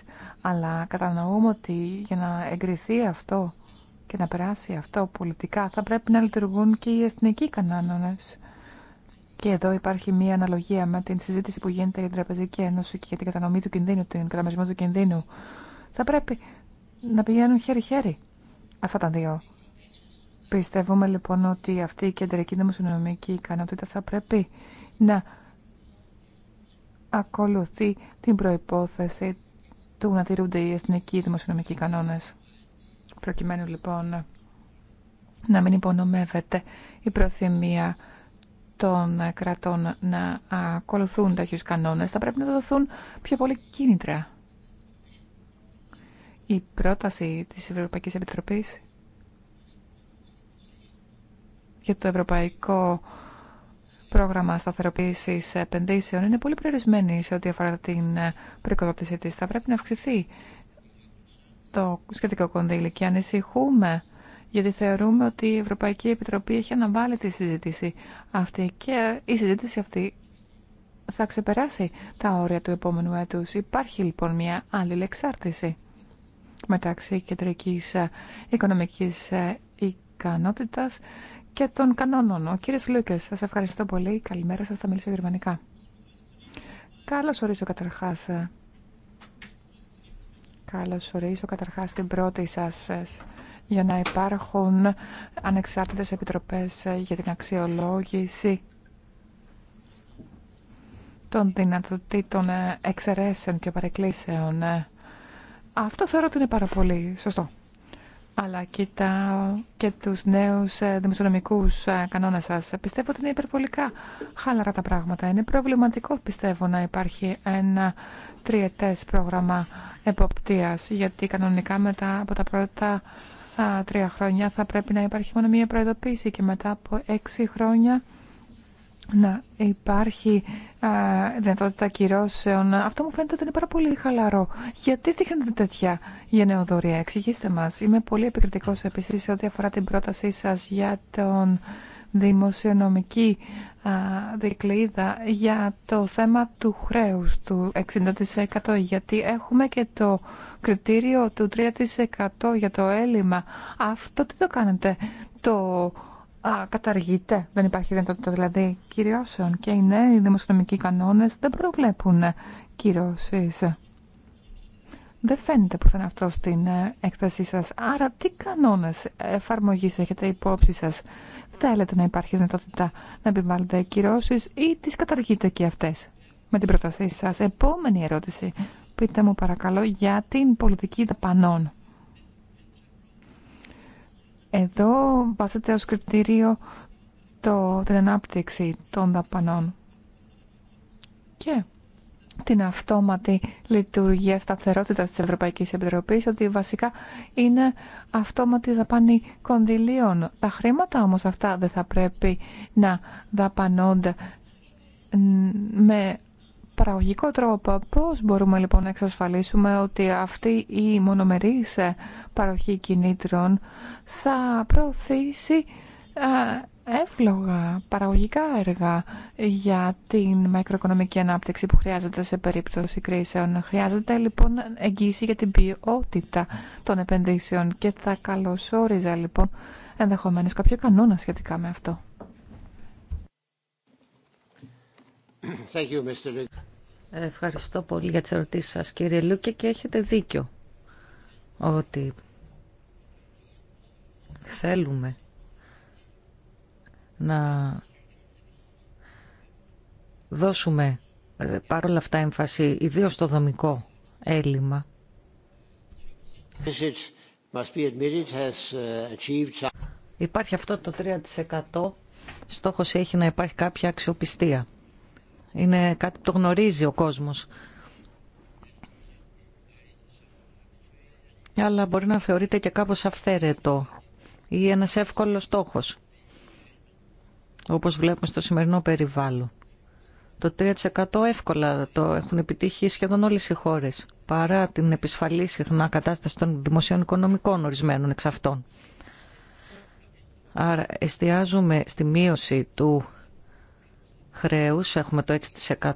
Αλλά κατανοούμε ότι για να εγκριθεί αυτό και να περάσει αυτό πολιτικά θα πρέπει να λειτουργούν και οι εθνικοί κανόνε. Και εδώ υπάρχει μία αναλογία με την συζήτηση που γίνεται για την Τραπεζική Ένωση και για την κατανομή του κινδύνου, την καταμερισμό του κινδύνου. Θα πρέπει να πηγαίνουν χέρι-χέρι αυτά τα δύο. Πιστεύουμε λοιπόν ότι αυτή η κεντρική δημοσιονομική ικανότητα θα πρέπει να ακολουθεί την προϋπόθεση του να τηρούνται οι εθνικοί δημοσιονομικοί κανόνες. Προκειμένου λοιπόν να μην υπονομεύεται η προθυμία των κρατών να ακολουθούν τέτοιου κανόνες, θα πρέπει να δοθούν πιο πολύ κίνητρα. Η πρόταση της Ευρωπαϊκής Επιτροπής για το Ευρωπαϊκό πρόγραμμα σταθεροποίηση επενδύσεων είναι πολύ περιορισμένη σε ό,τι αφορά την προοικοδότησή τη. Θα πρέπει να αυξηθεί το σχετικό κονδύλι και ανησυχούμε γιατί θεωρούμε ότι η Ευρωπαϊκή Επιτροπή έχει αναβάλει τη συζήτηση αυτή και η συζήτηση αυτή θα ξεπεράσει τα όρια του επόμενου έτους. Υπάρχει λοιπόν μια άλλη λεξάρτηση μεταξύ κεντρικής οικονομικής ικανότητας και των κανόνων. Ο κύριος Λούκες, σας ευχαριστώ πολύ. Καλημέρα σας, θα μιλήσω γερμανικά. Καλώς ορίσω καταρχάς. Καλώς ορίσω καταρχάς την πρώτη σας για να υπάρχουν ανεξάρτητες επιτροπές για την αξιολόγηση των δυνατοτήτων εξαιρέσεων και παρεκκλήσεων. Αυτό θεωρώ ότι είναι πάρα πολύ σωστό αλλά κοιτάω και τους νέους ε, δημοσιονομικούς ε, κανόνες σας. Πιστεύω ότι είναι υπερβολικά χαλαρά τα πράγματα. Είναι προβληματικό, πιστεύω, να υπάρχει ένα τριετές πρόγραμμα εποπτείας, γιατί κανονικά μετά από τα πρώτα τρία χρόνια θα πρέπει να υπάρχει μόνο μία προειδοποίηση και μετά από έξι χρόνια να υπάρχει α, δυνατότητα κυρώσεων. Αυτό μου φαίνεται ότι είναι πάρα πολύ χαλαρό. Γιατί δείχνετε τέτοια γενναιοδορία, εξηγήστε μα. Είμαι πολύ επικριτικός επίση, σε ό,τι αφορά την πρότασή σα για τον δημοσιονομική α, δικλείδα για το θέμα του χρέους του 60% γιατί έχουμε και το κριτήριο του 3% για το έλλειμμα. Αυτό τι το κάνετε, το α, καταργείται. Δεν υπάρχει δυνατότητα δηλαδή κυριώσεων και οι νέοι δημοσιονομικοί κανόνες δεν προβλέπουν κυρώσεις. Δεν φαίνεται είναι αυτό στην ε, έκτασή σας. Άρα τι κανόνες εφαρμογής έχετε υπόψη σας. Θέλετε να υπάρχει δυνατότητα να επιβάλλονται κυρώσεις ή τις καταργείτε και αυτές. Με την πρότασή σας, επόμενη ερώτηση. Πείτε μου παρακαλώ για την πολιτική δαπανών. Εδώ βάζεται ως κριτήριο το, την ανάπτυξη των δαπανών και την αυτόματη λειτουργία σταθερότητας της Ευρωπαϊκής Επιτροπής ότι βασικά είναι αυτόματη δαπάνη κονδυλίων. Τα χρήματα όμως αυτά δεν θα πρέπει να δαπανώνται με παραγωγικό τρόπο. Πώς μπορούμε λοιπόν να εξασφαλίσουμε ότι αυτή η μονομερής ε, παροχή κινήτρων θα προωθήσει ε, εύλογα παραγωγικά έργα για την μακροοικονομική ανάπτυξη που χρειάζεται σε περίπτωση κρίσεων. Χρειάζεται λοιπόν εγγύηση για την ποιότητα των επενδύσεων και θα καλωσόριζα λοιπόν ενδεχομένως κάποιο κανόνα σχετικά με αυτό. Ευχαριστώ πολύ για τις ερωτήσεις σας κύριε Λούκε και έχετε δίκιο ότι θέλουμε να δώσουμε ε, παρόλα αυτά έμφαση ιδίως στο δομικό έλλειμμα uh, Υπάρχει αυτό το 3%. Στόχος έχει να υπάρχει κάποια αξιοπιστία. Είναι κάτι που το γνωρίζει ο κόσμος. Αλλά μπορεί να θεωρείται και κάπως αυθαίρετο ή ένας εύκολος στόχος, όπως βλέπουμε στο σημερινό περιβάλλον. Το 3% εύκολα το έχουν επιτύχει σχεδόν όλες οι χώρες, παρά την επισφαλή συχνά κατάσταση των δημοσίων οικονομικών ορισμένων εξ αυτών. Άρα εστιάζουμε στη μείωση του χρέους, έχουμε το 6%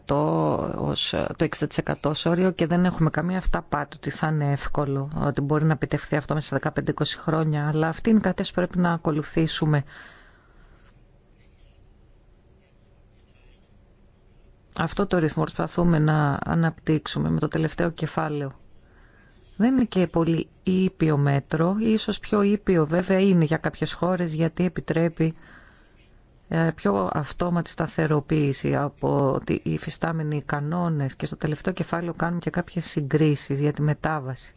ως, το 60% όριο και δεν έχουμε καμία αυταπάτη ότι θα είναι εύκολο, ότι μπορεί να επιτευχθεί αυτό μέσα σε 15-20 χρόνια, αλλά αυτή είναι η που πρέπει να ακολουθήσουμε. Αυτό το ρυθμό προσπαθούμε να αναπτύξουμε με το τελευταίο κεφάλαιο. Δεν είναι και πολύ ήπιο μέτρο, ίσως πιο ήπιο βέβαια είναι για κάποιες χώρες γιατί επιτρέπει ε, πιο αυτόματη σταθεροποίηση από ότι οι υφιστάμενοι κανόνες και στο τελευταίο κεφάλαιο κάνουμε και κάποιες συγκρίσεις για τη μετάβαση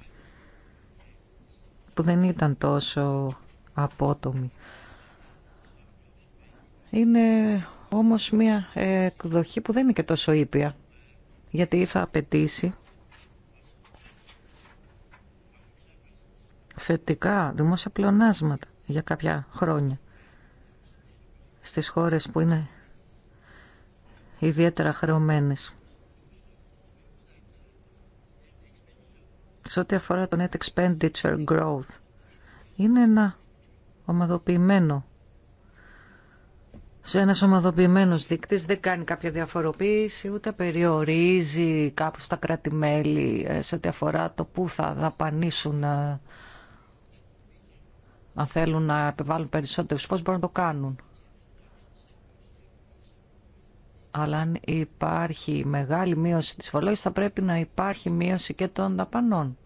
που δεν ήταν τόσο απότομη. Είναι όμως μια εκδοχή που δεν είναι και τόσο ήπια γιατί θα απαιτήσει θετικά δημόσια πλεονάσματα για κάποια χρόνια στις χώρες που είναι ιδιαίτερα χρεωμένες. Σε ό,τι αφορά το net expenditure growth, είναι ένα ομαδοποιημένο σε ένας ομαδοποιημένος δείκτης δεν κάνει κάποια διαφοροποίηση ούτε περιορίζει κάπου στα κράτη-μέλη ε, σε ό,τι αφορά το πού θα δαπανίσουν ε, αν θέλουν να επιβάλλουν περισσότερους φως μπορούν να το κάνουν. Αλλά αν υπάρχει μεγάλη μείωση της φορολόγησης θα πρέπει να υπάρχει μείωση και των δαπανών.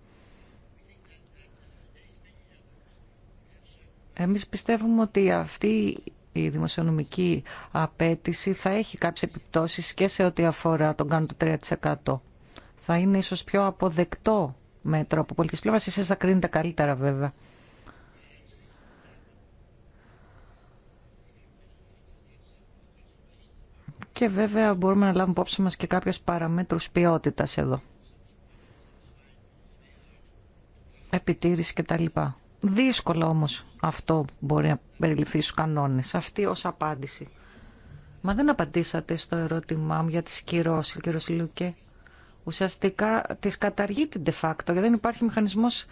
Εμείς πιστεύουμε ότι αυτή η δημοσιονομική απέτηση θα έχει κάποιες επιπτώσεις και σε ό,τι αφορά τον κάνω του 3%. Θα είναι ίσως πιο αποδεκτό με τρόπο πολιτικής πλευράς. Εσείς θα κρίνετε καλύτερα βέβαια. Και βέβαια μπορούμε να λάβουμε υπόψη μας και κάποιες παραμέτρους ποιότητας εδώ. Επιτήρηση λοιπά. Δύσκολο όμως αυτό μπορεί να περιληφθεί στους κανόνες. Αυτή ως απάντηση. Μα δεν απαντήσατε στο ερώτημά μου για τις κυρώσεις, κύριο Λούκε. Ουσιαστικά τις καταργεί την de facto, γιατί δεν υπάρχει μηχανισμός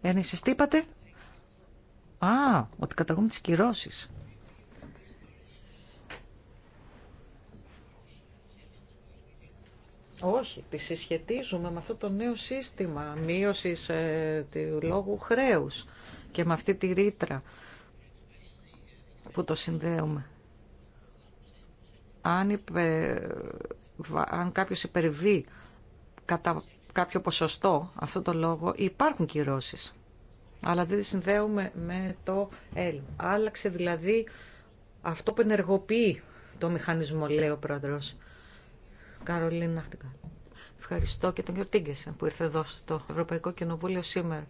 ένισης. Τι είπατε? Α, ότι καταργούμε τις κυρώσεις. Όχι, τη συσχετίζουμε με αυτό το νέο σύστημα μείωση ε, του λόγου χρέους και με αυτή τη ρήτρα που το συνδέουμε. Αν, υπε, αν κάποιος υπερβεί κατά κάποιο ποσοστό αυτό το λόγο, υπάρχουν κυρώσεις. Αλλά δεν τη συνδέουμε με το έλλειμμα. Άλλαξε δηλαδή αυτό που ενεργοποιεί το μηχανισμό, λέει ο πρόεδρος. Καρολίνα, Νάχτικα. Ευχαριστώ και τον κύριο Τίγκεσεν που ήρθε εδώ στο Ευρωπαϊκό Κοινοβούλιο σήμερα.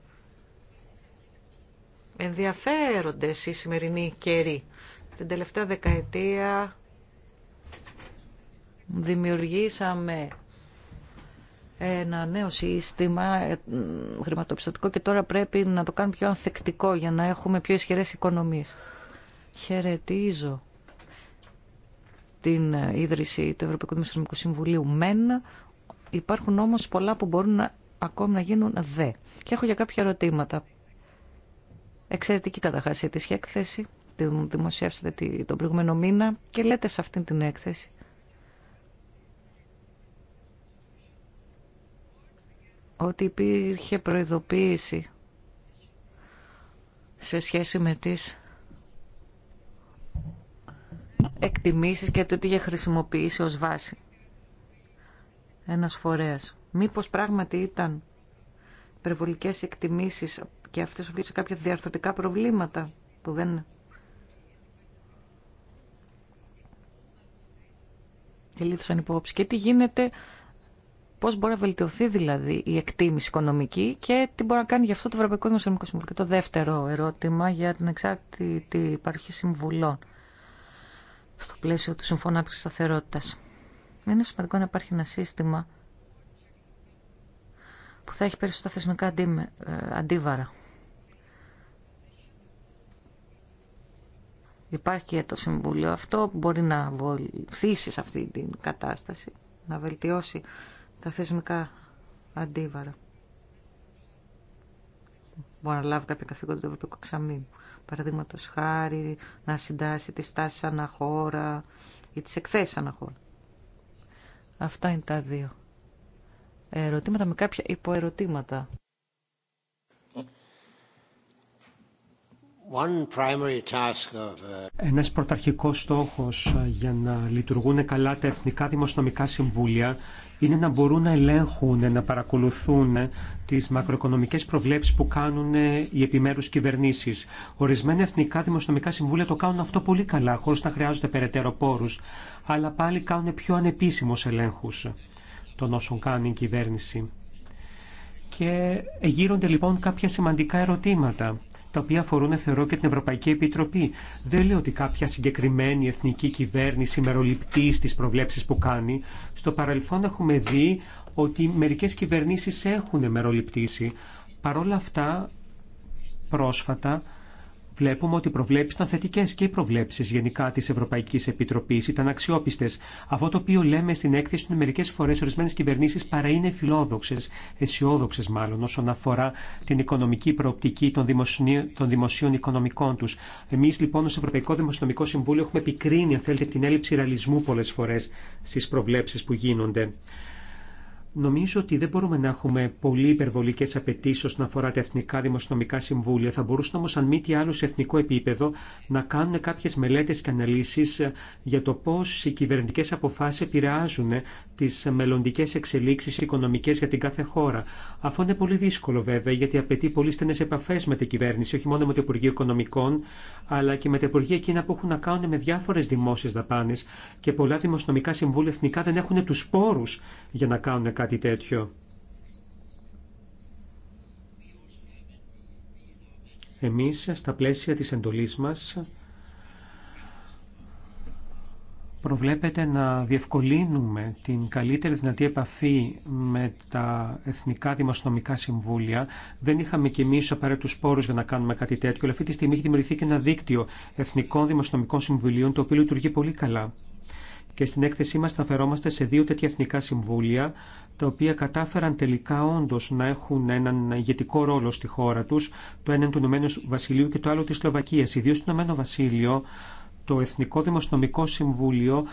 Ενδιαφέρονται οι σημερινοί καιροί. Την τελευταία δεκαετία δημιουργήσαμε ένα νέο σύστημα ε, χρηματοπιστωτικό και τώρα πρέπει να το κάνουμε πιο ανθεκτικό για να έχουμε πιο ισχυρές οικονομίες. Χαιρετίζω την ίδρυση του Ευρωπαϊκού Δημοσιονομικού Συμβουλίου μεν, υπάρχουν όμως πολλά που μπορούν να, ακόμη να γίνουν δε. Και έχω για κάποια ερωτήματα. Εξαιρετική καταρχάς η έκθεση, την δημοσιεύσατε τον προηγούμενο μήνα και λέτε σε αυτήν την έκθεση ότι υπήρχε προειδοποίηση σε σχέση με τις εκτιμήσεις και το τι είχε χρησιμοποιήσει ως βάση ένας φορέας. Μήπως πράγματι ήταν περιβολικές εκτιμήσεις και αυτές οφείλουν σε κάποια διαρθρωτικά προβλήματα που δεν ελήφθησαν υπόψη. Και τι γίνεται, πώς μπορεί να βελτιωθεί δηλαδή η εκτίμηση οικονομική και τι μπορεί να κάνει γι' αυτό το Ευρωπαϊκό Δημοσιονομικό Συμβούλιο. Και το δεύτερο ερώτημα για την εξάρτητη υπαρχή συμβουλών στο πλαίσιο του Συμφώνου Άπτυξης Σταθερότητας. Είναι σημαντικό να υπάρχει ένα σύστημα που θα έχει περισσότερα θεσμικά ε, αντίβαρα. Υπάρχει και το Συμβούλιο αυτό που μπορεί να βοηθήσει σε αυτή την κατάσταση, να βελτιώσει τα θεσμικά αντίβαρα. Μπορεί να λάβει κάποια καθήκοντα του Ευρωπαϊκού Εξαμήνου παραδείγματο χάρη να συντάσει τις τάσεις αναχώρα ή τις εκθέσεις αναχώρα. Αυτά είναι τα δύο. Ερωτήματα με κάποια υποερωτήματα. Uh, Ένας πρωταρχικός στόχος ε, για να λειτουργούν καλά τα εθνικά δημοσιονομικά συμβούλια είναι να μπορούν να ελέγχουν, να παρακολουθούν τις μακροοικονομικές προβλέψεις που κάνουν οι επιμέρους κυβερνήσεις. Ορισμένα εθνικά δημοσιονομικά συμβούλια το κάνουν αυτό πολύ καλά, χωρίς να χρειάζονται περαιτέρω πόρους, αλλά πάλι κάνουν πιο ανεπίσημους ελέγχους των όσων κάνει η κυβέρνηση. Και γύρονται λοιπόν κάποια σημαντικά ερωτήματα τα οποία αφορούν, θεωρώ, και την Ευρωπαϊκή Επιτροπή. Δεν λέω ότι κάποια συγκεκριμένη εθνική κυβέρνηση μεροληπτεί στι προβλέψεις που κάνει. Στο παρελθόν έχουμε δει ότι μερικές κυβερνήσεις έχουν μεροληπτήσει. Παρ' όλα αυτά, πρόσφατα, βλέπουμε ότι οι προβλέψει ήταν θετικέ και οι προβλέψει γενικά τη Ευρωπαϊκή Επιτροπή ήταν αξιόπιστε. Αυτό το οποίο λέμε στην έκθεση είναι μερικέ φορέ ορισμένε κυβερνήσει παρά είναι φιλόδοξε, αισιόδοξε μάλλον, όσον αφορά την οικονομική προοπτική των, δημοσίων, των δημοσίων οικονομικών του. Εμεί λοιπόν ω Ευρωπαϊκό Δημοσιονομικό Συμβούλιο έχουμε επικρίνει, αν θέλετε, την έλλειψη ρεαλισμού πολλέ φορέ στι προβλέψει που γίνονται. Νομίζω ότι δεν μπορούμε να έχουμε πολύ υπερβολικέ απαιτήσει όσον αφορά τα εθνικά δημοσιονομικά συμβούλια. Θα μπορούσαν όμω, αν μη τι άλλο, σε εθνικό επίπεδο να κάνουν κάποιε μελέτε και αναλύσει ε, για το πώ οι κυβερνητικέ αποφάσει επηρεάζουν ε, τι μελλοντικέ εξελίξει οικονομικέ για την κάθε χώρα. Αυτό είναι πολύ δύσκολο βέβαια, γιατί απαιτεί πολύ στενέ επαφέ με την κυβέρνηση, όχι μόνο με το Υπουργείο Οικονομικών, αλλά και με τα Υπουργεία εκείνα που έχουν να κάνουν με διάφορε δημόσιε δαπάνε και πολλά δημοσιονομικά συμβούλια εθνικά δεν έχουν του πόρου για να κάνουν κάτι κάτι τέτοιο. Εμείς στα πλαίσια της εντολής μας προβλέπεται να διευκολύνουμε την καλύτερη δυνατή επαφή με τα εθνικά δημοσιονομικά συμβούλια. Δεν είχαμε κι εμεί απαραίτητου πόρου για να κάνουμε κάτι τέτοιο, αλλά αυτή τη στιγμή έχει δημιουργηθεί και ένα δίκτυο εθνικών δημοσιονομικών συμβουλίων, το οποίο λειτουργεί πολύ καλά και στην έκθεσή μας θα σε δύο τέτοια εθνικά συμβούλια τα οποία κατάφεραν τελικά όντως να έχουν έναν ηγετικό ρόλο στη χώρα τους, το ένα του Ηνωμένου Βασιλείου και το άλλο της Σλοβακίας. Ιδίως στο Ηνωμένο Βασίλειο, το Εθνικό Δημοσιονομικό Συμβούλιο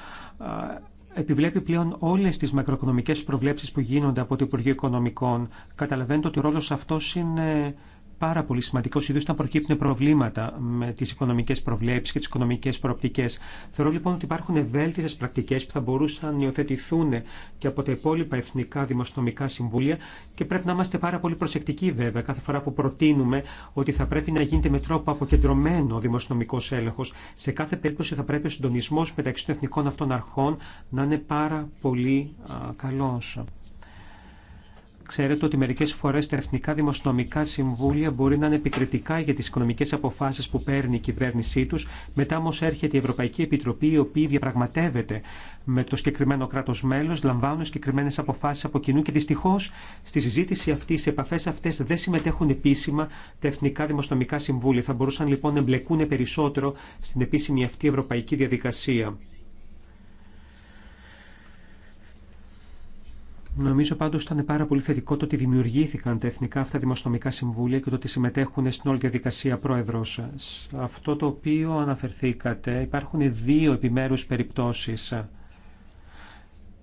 επιβλέπει πλέον όλε τι μακροοικονομικέ προβλέψει που γίνονται από το Υπουργείο Οικονομικών. Καταλαβαίνετε ότι ο ρόλο αυτό είναι πάρα πολύ σημαντικό, ιδίω όταν προκύπτουν προβλήματα με τι οικονομικέ προβλέψει και τι οικονομικέ προοπτικέ. Θεωρώ λοιπόν ότι υπάρχουν ευέλτιστε πρακτικέ που θα μπορούσαν να υιοθετηθούν και από τα υπόλοιπα εθνικά δημοσιονομικά συμβούλια και πρέπει να είμαστε πάρα πολύ προσεκτικοί βέβαια κάθε φορά που προτείνουμε ότι θα πρέπει να γίνεται με τρόπο αποκεντρωμένο ο δημοσιονομικό έλεγχο. Σε κάθε περίπτωση θα πρέπει ο συντονισμό μεταξύ των εθνικών αυτών αρχών να είναι πάρα πολύ καλό. Ξέρετε ότι μερικές φορές τα εθνικά δημοσιονομικά συμβούλια μπορεί να είναι επικριτικά για τις οικονομικές αποφάσεις που παίρνει η κυβέρνησή τους. Μετά όμως έρχεται η Ευρωπαϊκή Επιτροπή, η οποία διαπραγματεύεται με το συγκεκριμένο κράτος μέλος, λαμβάνουν συγκεκριμένε αποφάσεις από κοινού και δυστυχώς στη συζήτηση αυτή, σε επαφές αυτές δεν συμμετέχουν επίσημα τα εθνικά δημοσιονομικά συμβούλια. Θα μπορούσαν λοιπόν να εμπλεκούν περισσότερο στην επίσημη αυτή ευρωπαϊκή διαδικασία. Νομίζω πάντως ήταν πάρα πολύ θετικό το ότι δημιουργήθηκαν τα εθνικά αυτά δημοσιονομικά συμβούλια και το ότι συμμετέχουν στην όλη διαδικασία πρόεδρο. σας. Αυτό το οποίο αναφερθήκατε, υπάρχουν δύο επιμέρους περιπτώσεις.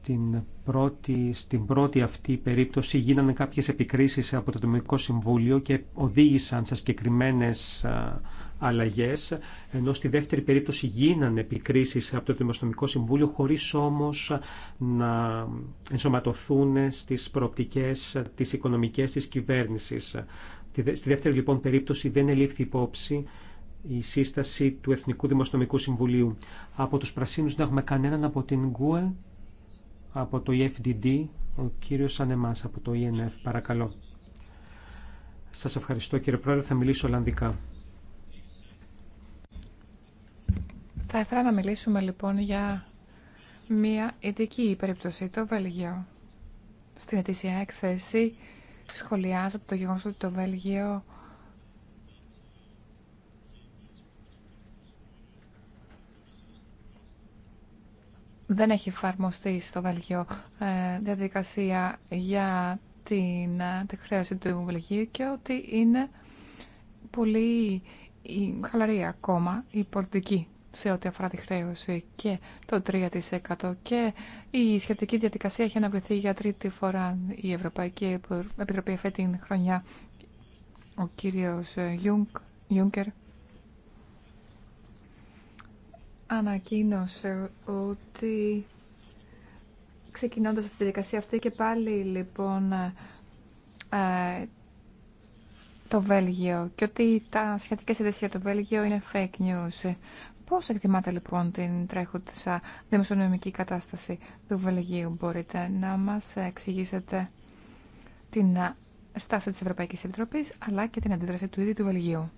Την πρώτη, στην πρώτη αυτή περίπτωση γίνανε κάποιες επικρίσεις από το Δημοτικό Συμβούλιο και οδήγησαν σε συγκεκριμένε Αλλαγέ, ενώ στη δεύτερη περίπτωση γίνανε επικρίσεις από το Δημοσιονομικό Συμβούλιο, χωρίς όμως να ενσωματωθούν στις προοπτικές τη οικονομικές τη κυβέρνηση. Στη δεύτερη λοιπόν περίπτωση δεν ελήφθη υπόψη η σύσταση του Εθνικού Δημοσιονομικού Συμβουλίου. Από τους Πρασίνου δεν έχουμε κανέναν από την ΓΚΟΕ, από το EFDD, ο κύριο Ανεμά, από το ENF, παρακαλώ. Σας ευχαριστώ κύριε Πρόεδρε, θα μιλήσω Ολλανδικά. Θα ήθελα να μιλήσουμε λοιπόν για μία ειδική περίπτωση, το Βέλγιο. Στην ετήσια έκθεση σχολιάζεται το γεγονός ότι το Βέλγιο δεν έχει εφαρμοστεί στο Βέλγιο ε, διαδικασία για την, ε, τη χρέωση του Βελγίου και ότι είναι πολύ χαλαρή ακόμα η πολιτική σε ό,τι αφορά τη χρέωση και το 3% και η σχετική διαδικασία έχει αναβληθεί για τρίτη φορά η Ευρωπαϊκή Επιτροπή αυτή την χρονιά ο κύριος Γιούγκερ ανακοίνωσε ότι ξεκινώντας τη διαδικασία αυτή και πάλι λοιπόν ε, το Βέλγιο και ότι τα σχετικές ειδήσεις για το Βέλγιο είναι fake news. Πώς εκτιμάτε λοιπόν την τρέχουσα δημοσιονομική κατάσταση του Βελγίου. Μπορείτε να μας εξηγήσετε την ε, στάση της Ευρωπαϊκής Επιτροπής αλλά και την αντίδραση του ίδιου του Βελγίου.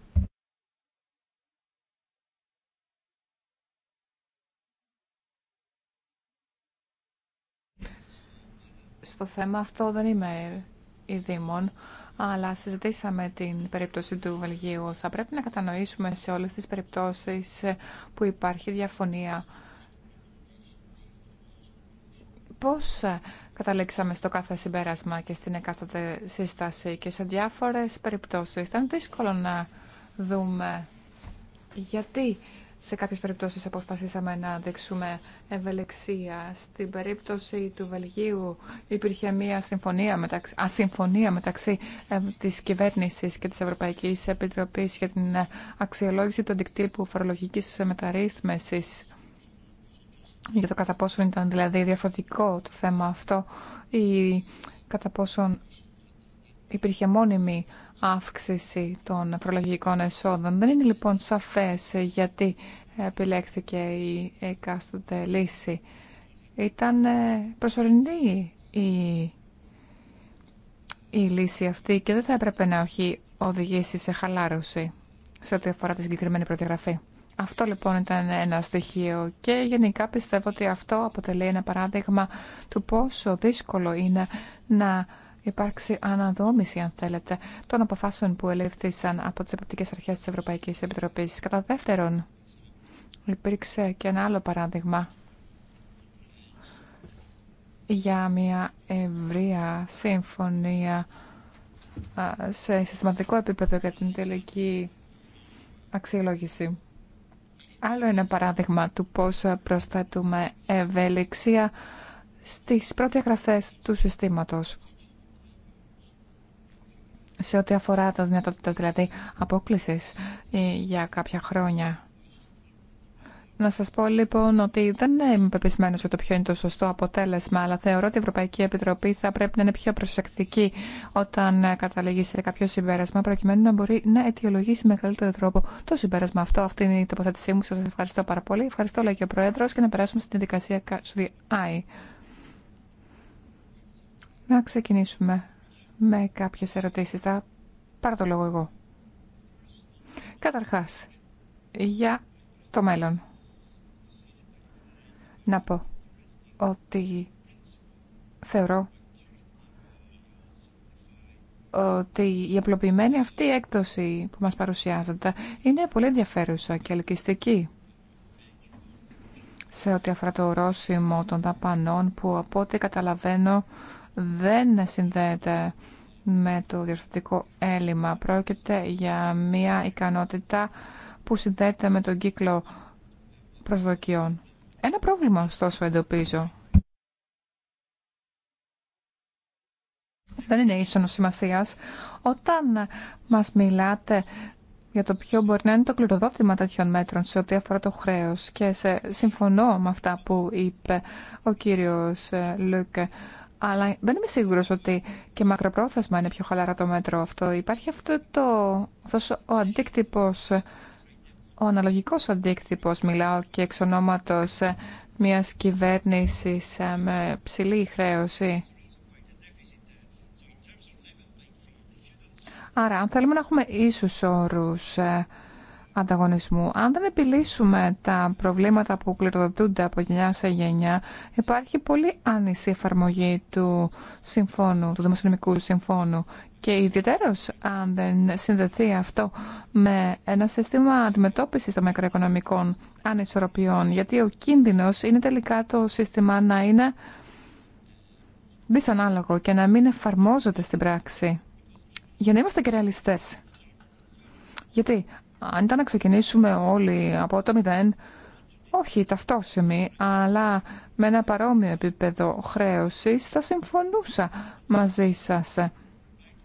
Στο θέμα αυτό δεν είμαι η Δήμων αλλά συζητήσαμε την περίπτωση του Βελγίου. Θα πρέπει να κατανοήσουμε σε όλες τις περιπτώσεις που υπάρχει διαφωνία πώς καταλήξαμε στο κάθε συμπέρασμα και στην εκάστοτε σύσταση και σε διάφορες περιπτώσεις. Ήταν δύσκολο να δούμε γιατί σε κάποιες περιπτώσεις αποφασίσαμε να δείξουμε ευελεξία. Στην περίπτωση του Βελγίου υπήρχε μια συμφωνία μεταξύ, ασυμφωνία μεταξύ ε, της κυβέρνησης και της Ευρωπαϊκής Επιτροπής για την αξιολόγηση του αντικτύπου φορολογικής μεταρρύθμισης για το κατά πόσο ήταν δηλαδή διαφορετικό το θέμα αυτό ή κατά πόσον υπήρχε μόνιμη αύξηση των προλογικών εσόδων. Δεν είναι λοιπόν σαφές γιατί επιλέχθηκε η εκάστοτε λύση. Ήταν ε, προσωρινή η, η λύση αυτή και δεν θα έπρεπε να έχει οδηγήσει σε χαλάρωση σε ό,τι αφορά τη συγκεκριμένη προδιαγραφή. Αυτό λοιπόν ήταν ένα στοιχείο και γενικά πιστεύω ότι αυτό αποτελεί ένα παράδειγμα του πόσο δύσκολο είναι να υπάρξει αναδόμηση, αν θέλετε, των αποφάσεων που ελήφθησαν από τις Επιπτικές Αρχές της Ευρωπαϊκής Επιτροπής. Κατά δεύτερον, υπήρξε και ένα άλλο παράδειγμα για μια ευρεία συμφωνία σε συστηματικό επίπεδο για την τελική αξιολόγηση. Άλλο ένα παράδειγμα του πώς προσθέτουμε ευελιξία στις πρώτες γραφές του συστήματος σε ό,τι αφορά τα δυνατότητα δηλαδή απόκλησης ε, για κάποια χρόνια. Να σας πω λοιπόν ότι δεν είμαι πεπισμένος για το ποιο είναι το σωστό αποτέλεσμα, αλλά θεωρώ ότι η Ευρωπαϊκή Επιτροπή θα πρέπει να είναι πιο προσεκτική όταν ε, καταλήγει σε κάποιο συμπέρασμα, προκειμένου να μπορεί να αιτιολογήσει με καλύτερο τρόπο το συμπέρασμα αυτό. Αυτή είναι η τοποθέτησή μου. Σας ευχαριστώ πάρα πολύ. Ευχαριστώ λέει και ο Πρόεδρος και να περάσουμε στην δικασία I. Να ξεκινήσουμε με κάποιες ερωτήσεις. Θα πάρω το λόγο εγώ. Καταρχάς, για το μέλλον. Να πω ότι θεωρώ ότι η απλοποιημένη αυτή έκδοση που μας παρουσιάζεται είναι πολύ ενδιαφέρουσα και ελκυστική σε ό,τι αφορά το ορόσημο των δαπανών που από ό,τι καταλαβαίνω δεν συνδέεται με το διορθωτικό έλλειμμα. Πρόκειται για μια ικανότητα που συνδέεται με τον κύκλο προσδοκιών. Ένα πρόβλημα ωστόσο εντοπίζω. Δεν είναι ίσονος σημασία όταν μας μιλάτε για το ποιο μπορεί να είναι το κληροδότημα τέτοιων μέτρων σε ό,τι αφορά το χρέος και σε, συμφωνώ με αυτά που είπε ο κύριος ε, Λούκε αλλά δεν είμαι σίγουρος ότι και μακροπρόθεσμα είναι πιο χαλαρά το μέτρο αυτό. Υπάρχει αυτό το, αυτός ο αντίκτυπος, ο αναλογικός αντίκτυπος, μιλάω και εξ ονόματο μιας κυβέρνηση ε, με ψηλή χρέωση. Άρα, αν θέλουμε να έχουμε ίσους όρους ε, ανταγωνισμού. Αν δεν επιλύσουμε τα προβλήματα που κληροδοτούνται από γενιά σε γενιά, υπάρχει πολύ άνηση εφαρμογή του συμφώνου, του Δημοσιονομικού Συμφώνου. Και ιδιαίτερω αν δεν συνδεθεί αυτό με ένα σύστημα αντιμετώπιση των μακροοικονομικών ανισορροπιών, γιατί ο κίνδυνο είναι τελικά το σύστημα να είναι δυσανάλογο και να μην εφαρμόζονται στην πράξη. Για να είμαστε και Γιατί αν ήταν να ξεκινήσουμε όλοι από το μηδέν, όχι ταυτόσημοι, αλλά με ένα παρόμοιο επίπεδο χρέωσης, θα συμφωνούσα μαζί σας.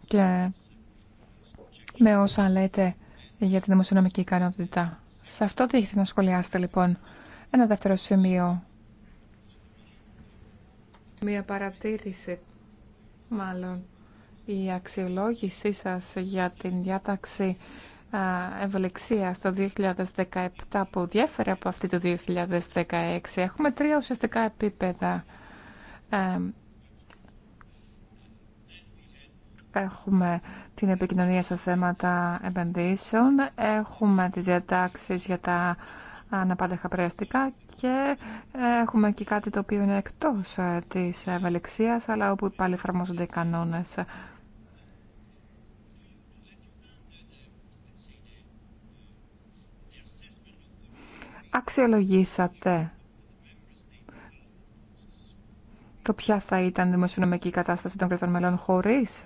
Και με όσα λέτε για την δημοσιονομική ικανότητα. Σε αυτό τι έχετε να σχολιάσετε λοιπόν. Ένα δεύτερο σημείο. Μία παρατήρηση, μάλλον. Η αξιολόγησή σας για την διάταξη ευελιξία στο 2017 που διέφερε από αυτή το 2016. Έχουμε τρία ουσιαστικά επίπεδα. Έχουμε την επικοινωνία σε θέματα επενδύσεων, έχουμε τις διατάξεις για τα αναπάντεχα πρέαστικά και ε, έχουμε και κάτι το οποίο είναι εκτός ε, της ευελιξίας, αλλά όπου πάλι εφαρμόζονται οι κανόνες. αξιολογήσατε το ποια θα ήταν η δημοσιονομική κατάσταση των κρατών μελών χωρίς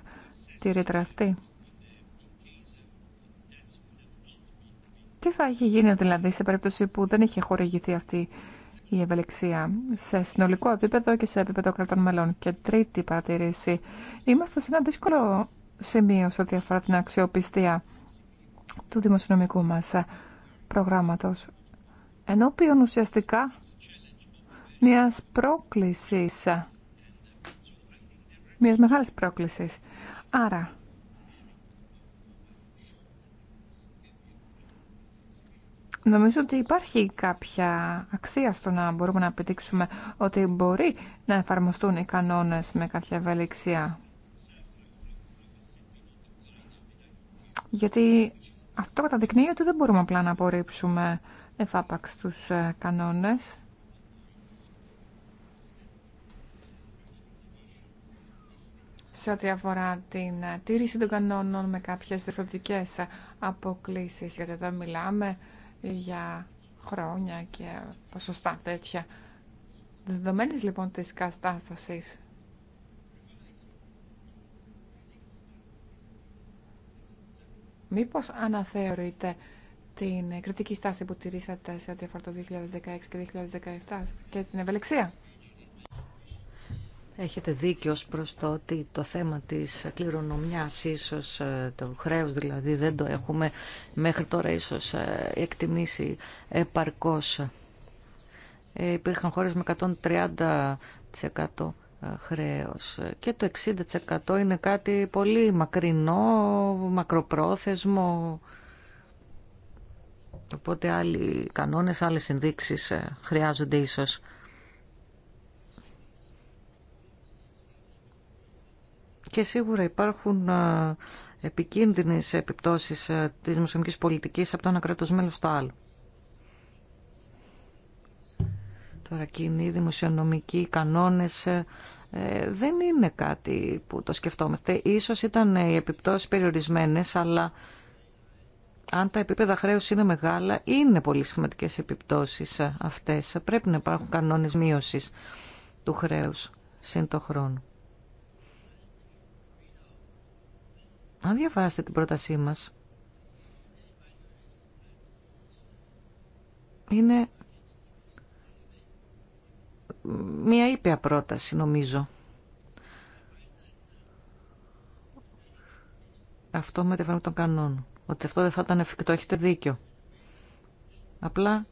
τη ρήτρα αυτή. Τι θα είχε γίνει δηλαδή σε περίπτωση που δεν είχε χορηγηθεί αυτή η ευελιξία σε συνολικό επίπεδο και σε επίπεδο κρατών μελών. Και τρίτη παρατηρήση. Είμαστε σε ένα δύσκολο σημείο σε ό,τι αφορά την αξιοπιστία του δημοσιονομικού μας προγράμματος ενώπιον ουσιαστικά μιας πρόκλησης, μιας μεγάλης πρόκλησης. Άρα, Νομίζω ότι υπάρχει κάποια αξία στο να μπορούμε να επιτύξουμε ότι μπορεί να εφαρμοστούν οι κανόνες με κάποια ευελιξία. Γιατί αυτό καταδεικνύει ότι δεν μπορούμε απλά να απορρίψουμε εφάπαξ τους ε, κανόνες. σε ό,τι αφορά την ε, τήρηση των κανόνων με κάποιες διαφορετικές ε, αποκλήσεις, γιατί εδώ μιλάμε για χρόνια και ποσοστά τέτοια. Δεδομένης λοιπόν της κατάστασης, μήπως αναθεωρείται την κριτική στάση που τηρήσατε σε ό,τι αφορά το 2016 και 2017 και την ευελιξία. Έχετε δίκιο ως προς το ότι το θέμα της κληρονομιάς ίσως ε, το χρέος δηλαδή δεν το έχουμε μέχρι τώρα ίσως ε, εκτιμήσει επαρκώς. Ε, υπήρχαν χώρες με 130% χρέος και το 60% είναι κάτι πολύ μακρινό, μακροπρόθεσμο. Οπότε άλλοι κανόνες, άλλες συνδείξεις ε, χρειάζονται ίσως. Και σίγουρα υπάρχουν ε, επικίνδυνες επιπτώσεις ε, της μουσουλμικής πολιτικής από το ένα κράτος μέλος στο άλλο. Τώρα κοινοί δημοσιονομικοί κανόνες δεν είναι κάτι που το σκεφτόμαστε. Ίσως ήταν οι επιπτώσεις περιορισμένες, αλλά αν τα επίπεδα χρέους είναι μεγάλα, είναι πολύ σημαντικές επιπτώσεις αυτές. Πρέπει να υπάρχουν κανόνες μείωσης του χρέους σύν το χρόνο. Αν διαβάσετε την πρότασή μας, είναι μια ήπια πρόταση νομίζω. Αυτό με τον των κανόνων ότι αυτό δεν θα ήταν εφικτό. Έχετε δίκιο. Απλά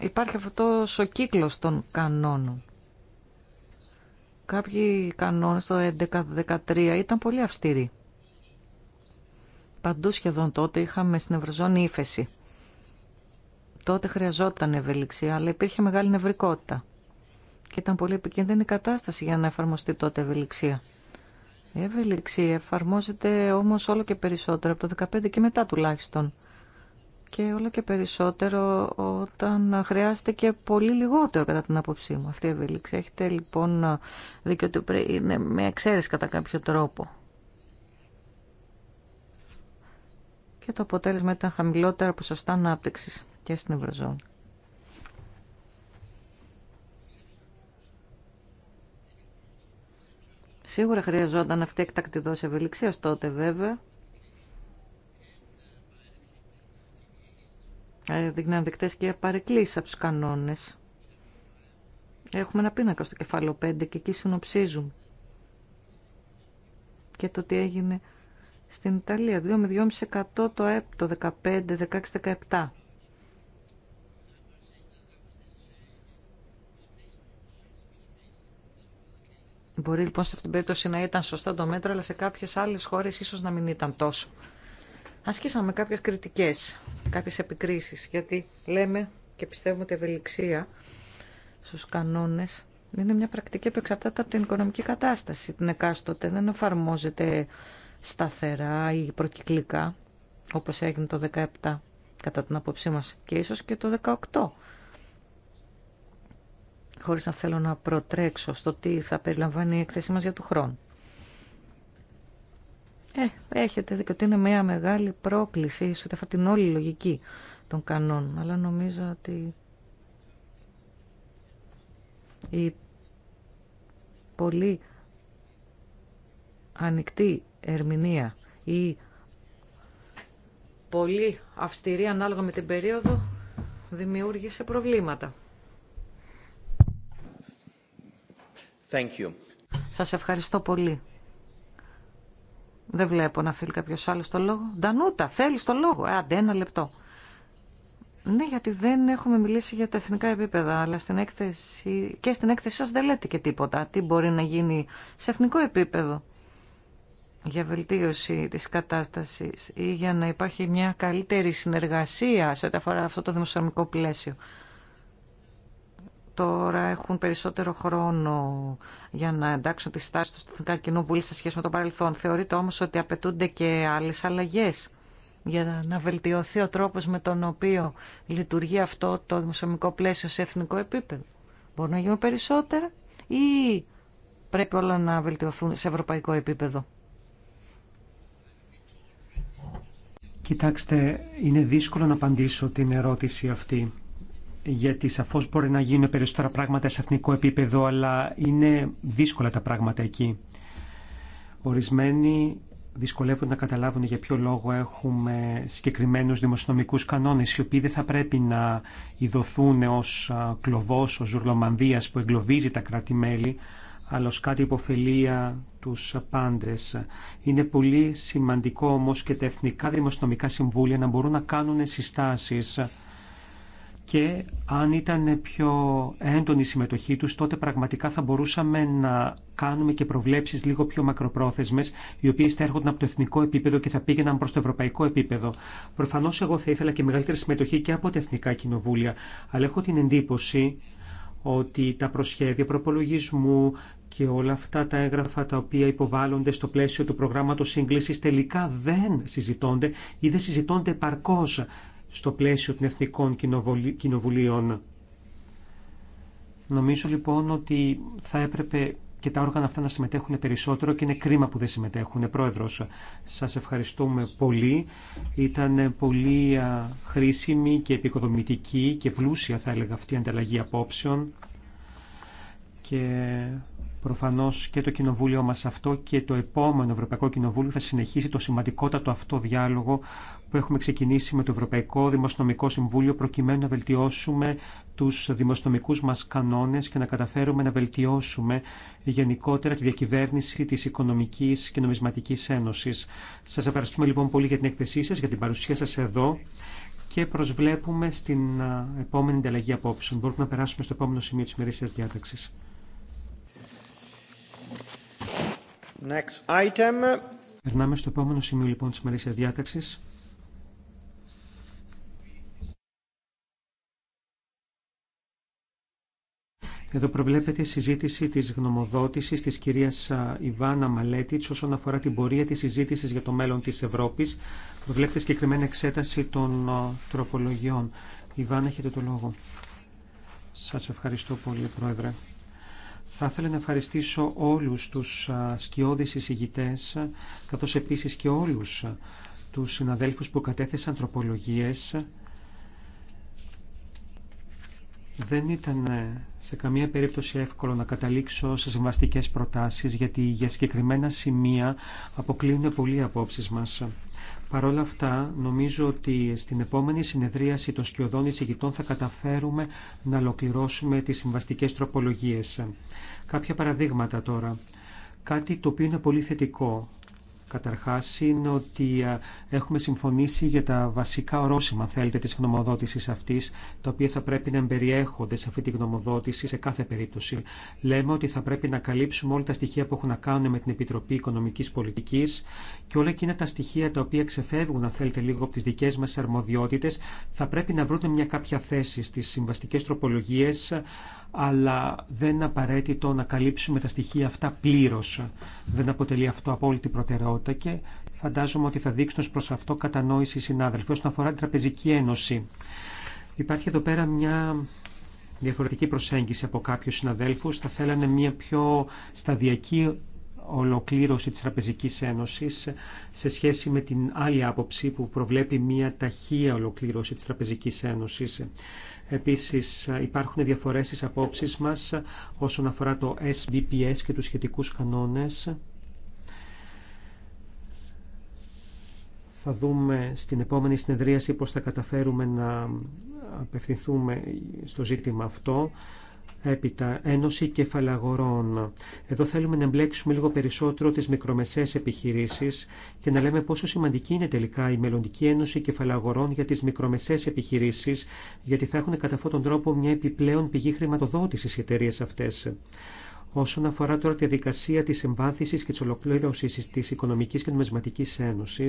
υπάρχει αυτός ο κύκλος των κανόνων. Κάποιοι κανόνες το 11-13 ήταν πολύ αυστηροί. Παντού σχεδόν τότε είχαμε στην Ευρωζώνη ύφεση. Τότε χρειαζόταν ευελιξία, αλλά υπήρχε μεγάλη νευρικότητα. Και ήταν πολύ επικίνδυνη κατάσταση για να εφαρμοστεί τότε ευελιξία. Η ευελιξία εφαρμόζεται όμως όλο και περισσότερο, από το 15 και μετά τουλάχιστον. Και όλο και περισσότερο όταν χρειάζεται και πολύ λιγότερο κατά την άποψή μου αυτή η ευελιξία. Έχετε λοιπόν δίκιο ότι είναι με εξαίρεση κατά κάποιο τρόπο. Και το αποτέλεσμα ήταν χαμηλότερα ποσοστά ανάπτυξη και στην Ευρωζώνη. Σίγουρα χρειαζόταν αυτή εκτακτή δόση ευελιξίας τότε βέβαια. Ε, Δείχνει δεκτές και παρεκκλήσεις από τους κανόνες. Έχουμε ένα πίνακα στο κεφάλαιο 5 και εκεί συνοψίζουν. Και το τι έγινε στην Ιταλία. 2 με 2,5% το ΕΠ το 15, 16, 17. Μπορεί λοιπόν σε αυτήν την περίπτωση να ήταν σωστά το μέτρο, αλλά σε κάποιε άλλε χώρε ίσω να μην ήταν τόσο. Ασκήσαμε κάποιε κριτικέ, κάποιε επικρίσει. γιατί λέμε και πιστεύουμε ότι η ευελιξία στου κανόνε είναι μια πρακτική που εξαρτάται από την οικονομική κατάσταση. Την εκάστοτε δεν εφαρμόζεται σταθερά ή προκυκλικά, όπω έγινε το 17 κατά την απόψή μα και ίσω και το 18 χωρίς να θέλω να προτρέξω στο τι θα περιλαμβάνει η έκθεσή μας για του χρόνου. Ε, έχετε δίκιο ότι είναι μια μεγάλη πρόκληση σε αυτή την όλη λογική των κανόνων, αλλά νομίζω ότι η πολύ ανοιχτή ερμηνεία ή πολύ αυστηρή ανάλογα με την περίοδο δημιούργησε προβλήματα. Thank Σας ευχαριστώ πολύ. Δεν βλέπω να θέλει κάποιος άλλο το λόγο. Ντανούτα, θέλεις το λόγο. Ε, άντε, ένα λεπτό. Ναι, γιατί δεν έχουμε μιλήσει για τα εθνικά επίπεδα, αλλά στην έκθεση, και στην έκθεση σας δεν λέτε και τίποτα. Τι μπορεί να γίνει σε εθνικό επίπεδο για βελτίωση της κατάστασης ή για να υπάρχει μια καλύτερη συνεργασία σε ό,τι αφορά αυτό το δημοσιονομικό πλαίσιο τώρα έχουν περισσότερο χρόνο για να εντάξουν τη στάση του στην Εθνικά Κοινοβουλή σε σχέση με το παρελθόν. Θεωρείται όμω ότι απαιτούνται και άλλε αλλαγέ για να βελτιωθεί ο τρόπος με τον οποίο λειτουργεί αυτό το δημοσιομικό πλαίσιο σε εθνικό επίπεδο. Μπορούν να γίνουν περισσότερα ή πρέπει όλα να βελτιωθούν σε ευρωπαϊκό επίπεδο. Κοιτάξτε, είναι δύσκολο να απαντήσω την ερώτηση αυτή γιατί σαφώς μπορεί να γίνουν περισσότερα πράγματα σε εθνικό επίπεδο, αλλά είναι δύσκολα τα πράγματα εκεί. Ορισμένοι δυσκολεύονται να καταλάβουν για ποιο λόγο έχουμε συγκεκριμένους δημοσιονομικούς κανόνες, οι οποίοι δεν θα πρέπει να ειδωθούν ως κλωβός, ως ζουρλομανδίας που εγκλωβίζει τα κράτη-μέλη, αλλά ως κάτι υποφελία τους πάντες. Είναι πολύ σημαντικό όμως και τα εθνικά δημοσιονομικά συμβούλια να μπορούν να κάνουν συστάσεις και αν ήταν πιο έντονη η συμμετοχή τους, τότε πραγματικά θα μπορούσαμε να κάνουμε και προβλέψεις λίγο πιο μακροπρόθεσμες, οι οποίες θα έρχονταν από το εθνικό επίπεδο και θα πήγαιναν προς το ευρωπαϊκό επίπεδο. Προφανώς εγώ θα ήθελα και μεγαλύτερη συμμετοχή και από τα εθνικά κοινοβούλια, αλλά έχω την εντύπωση ότι τα προσχέδια προπολογισμού και όλα αυτά τα έγγραφα τα οποία υποβάλλονται στο πλαίσιο του προγράμματος σύγκλησης τελικά δεν συζητώνται ή δεν συζητώνται επαρκώς στο πλαίσιο των εθνικών κοινοβουλίων. Νομίζω λοιπόν ότι θα έπρεπε και τα όργανα αυτά να συμμετέχουν περισσότερο και είναι κρίμα που δεν συμμετέχουν. Πρόεδρος, σας ευχαριστούμε πολύ. Ήταν πολύ χρήσιμη και επικοδομητική και πλούσια θα έλεγα αυτή η ανταλλαγή απόψεων και προφανώς και το κοινοβούλιο μας αυτό και το επόμενο Ευρωπαϊκό Κοινοβούλιο θα συνεχίσει το σημαντικότατο αυτό διάλογο που έχουμε ξεκινήσει με το Ευρωπαϊκό Δημοσιονομικό Συμβούλιο προκειμένου να βελτιώσουμε τους δημοσιονομικούς μας κανόνες και να καταφέρουμε να βελτιώσουμε γενικότερα τη διακυβέρνηση της Οικονομικής και Νομισματικής Ένωσης. Σας ευχαριστούμε λοιπόν πολύ για την έκθεσή σας, για την παρουσία σας εδώ και προσβλέπουμε στην επόμενη ανταλλαγή απόψεων. Μπορούμε να περάσουμε στο επόμενο σημείο της ημερήσιας διάταξης. Next item. Περνάμε στο επόμενο σημείο λοιπόν της ημερήσιας διάταξης. Εδώ προβλέπεται η συζήτηση της γνωμοδότησης τη κυρία Ιβάνα Μαλέτιτς όσον αφορά την πορεία της συζήτησης για το μέλλον της Ευρώπης. Προβλέπεται συγκεκριμένη εξέταση των τροπολογιών. Ιβάνα, έχετε το λόγο. Σα ευχαριστώ πολύ, Πρόεδρε. Θα ήθελα να ευχαριστήσω όλους τους σκιώδεις εισηγητές, καθώς επίσης και όλους τους συναδέλφους που κατέθεσαν τροπολογίες δεν ήταν ε, σε καμία περίπτωση εύκολο να καταλήξω σε συμβαστικέ προτάσεις γιατί για συγκεκριμένα σημεία αποκλείουν πολλοί απόψεις μας. Παρ' όλα αυτά, νομίζω ότι στην επόμενη συνεδρίαση των σκιωδών εισηγητών θα καταφέρουμε να ολοκληρώσουμε τις συμβαστικές τροπολογίες. Κάποια παραδείγματα τώρα. Κάτι το οποίο είναι πολύ θετικό καταρχάς είναι ότι έχουμε συμφωνήσει για τα βασικά ορόσημα, θέλετε, της γνωμοδότησης αυτής, τα οποία θα πρέπει να εμπεριέχονται σε αυτή τη γνωμοδότηση σε κάθε περίπτωση. Λέμε ότι θα πρέπει να καλύψουμε όλα τα στοιχεία που έχουν να κάνουν με την Επιτροπή Οικονομικής Πολιτικής και όλα εκείνα τα στοιχεία τα οποία ξεφεύγουν, αν θέλετε, λίγο από τις δικές μας αρμοδιότητες, θα πρέπει να βρούμε μια κάποια θέση στις συμβαστικές τροπολογίες αλλά δεν είναι απαραίτητο να καλύψουμε τα στοιχεία αυτά πλήρως. Δεν αποτελεί αυτό απόλυτη προτεραιότητα και φαντάζομαι ότι θα δείξουν προ προς αυτό κατανόηση οι συνάδελφοι. Όσον αφορά την Τραπεζική Ένωση, υπάρχει εδώ πέρα μια διαφορετική προσέγγιση από κάποιους συναδέλφους. Θα θέλανε μια πιο σταδιακή ολοκλήρωση της Τραπεζικής Ένωσης σε σχέση με την άλλη άποψη που προβλέπει μια ταχεία ολοκλήρωση της Τραπεζικής Ένωσης. Επίσης υπάρχουν διαφορές στις απόψεις μας όσον αφορά το SBPS και τους σχετικούς κανόνες. Θα δούμε στην επόμενη συνεδρίαση πώς θα καταφέρουμε να απευθυνθούμε στο ζήτημα αυτό. Έπειτα, Ένωση Κεφαλαγορών. Εδώ θέλουμε να εμπλέξουμε λίγο περισσότερο τις μικρομεσαίες επιχειρήσεις και να λέμε πόσο σημαντική είναι τελικά η Μελλοντική Ένωση Κεφαλαγορών για τις μικρομεσαίες επιχειρήσεις, γιατί θα έχουν κατά αυτόν τον τρόπο μια επιπλέον πηγή χρηματοδότησης οι εταιρείε αυτές. Όσον αφορά τώρα τη δικασία τη εμβάθυνση και τη ολοκλήρωση τη οικονομική και Νομισματική Ένωση,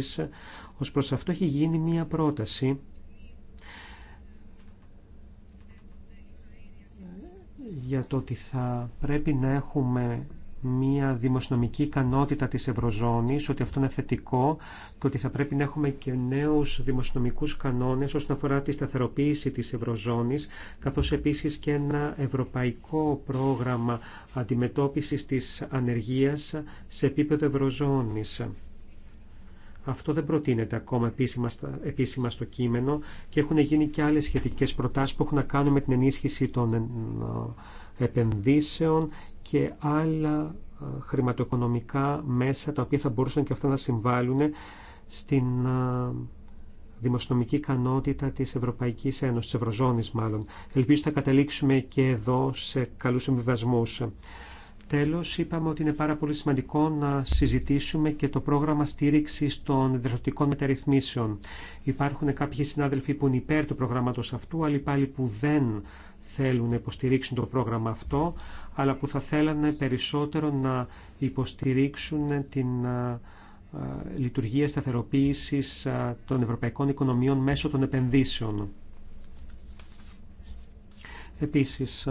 ω προ αυτό έχει γίνει μια πρόταση για το ότι θα πρέπει να έχουμε μια δημοσιονομική ικανότητα της Ευρωζώνης, ότι αυτό είναι θετικό και ότι θα πρέπει να έχουμε και νέους δημοσιονομικούς κανόνες όσον αφορά τη σταθεροποίηση της Ευρωζώνης, καθώς επίσης και ένα ευρωπαϊκό πρόγραμμα αντιμετώπισης της ανεργίας σε επίπεδο Ευρωζώνης. Αυτό δεν προτείνεται ακόμα επίσημα, επίσημα στο κείμενο και έχουν γίνει και άλλες σχετικές προτάσεις που έχουν να κάνουν με την ενίσχυση των ε, ε, επενδύσεων και άλλα ε, χρηματοοικονομικά μέσα τα οποία θα μπορούσαν και αυτά να συμβάλλουν στην δημοσιονομική ικανότητα της Ευρωπαϊκής Ένωσης, της Ευρωζώνης μάλλον. Ελπίζω να καταλήξουμε και εδώ σε καλούς εμβιβασμούς. Τέλος, είπαμε ότι είναι πάρα πολύ σημαντικό να συζητήσουμε και το πρόγραμμα στήριξης των δραστηριοτικών μεταρρυθμίσεων. Υπάρχουν κάποιοι συνάδελφοι που είναι υπέρ του προγράμματος αυτού, άλλοι πάλι που δεν θέλουν να υποστηρίξουν το πρόγραμμα αυτό, αλλά που θα θέλανε περισσότερο να υποστηρίξουν την ε, ε, λειτουργία σταθεροποίησης ε, των ευρωπαϊκών οικονομιών μέσω των επενδύσεων. Επίσης,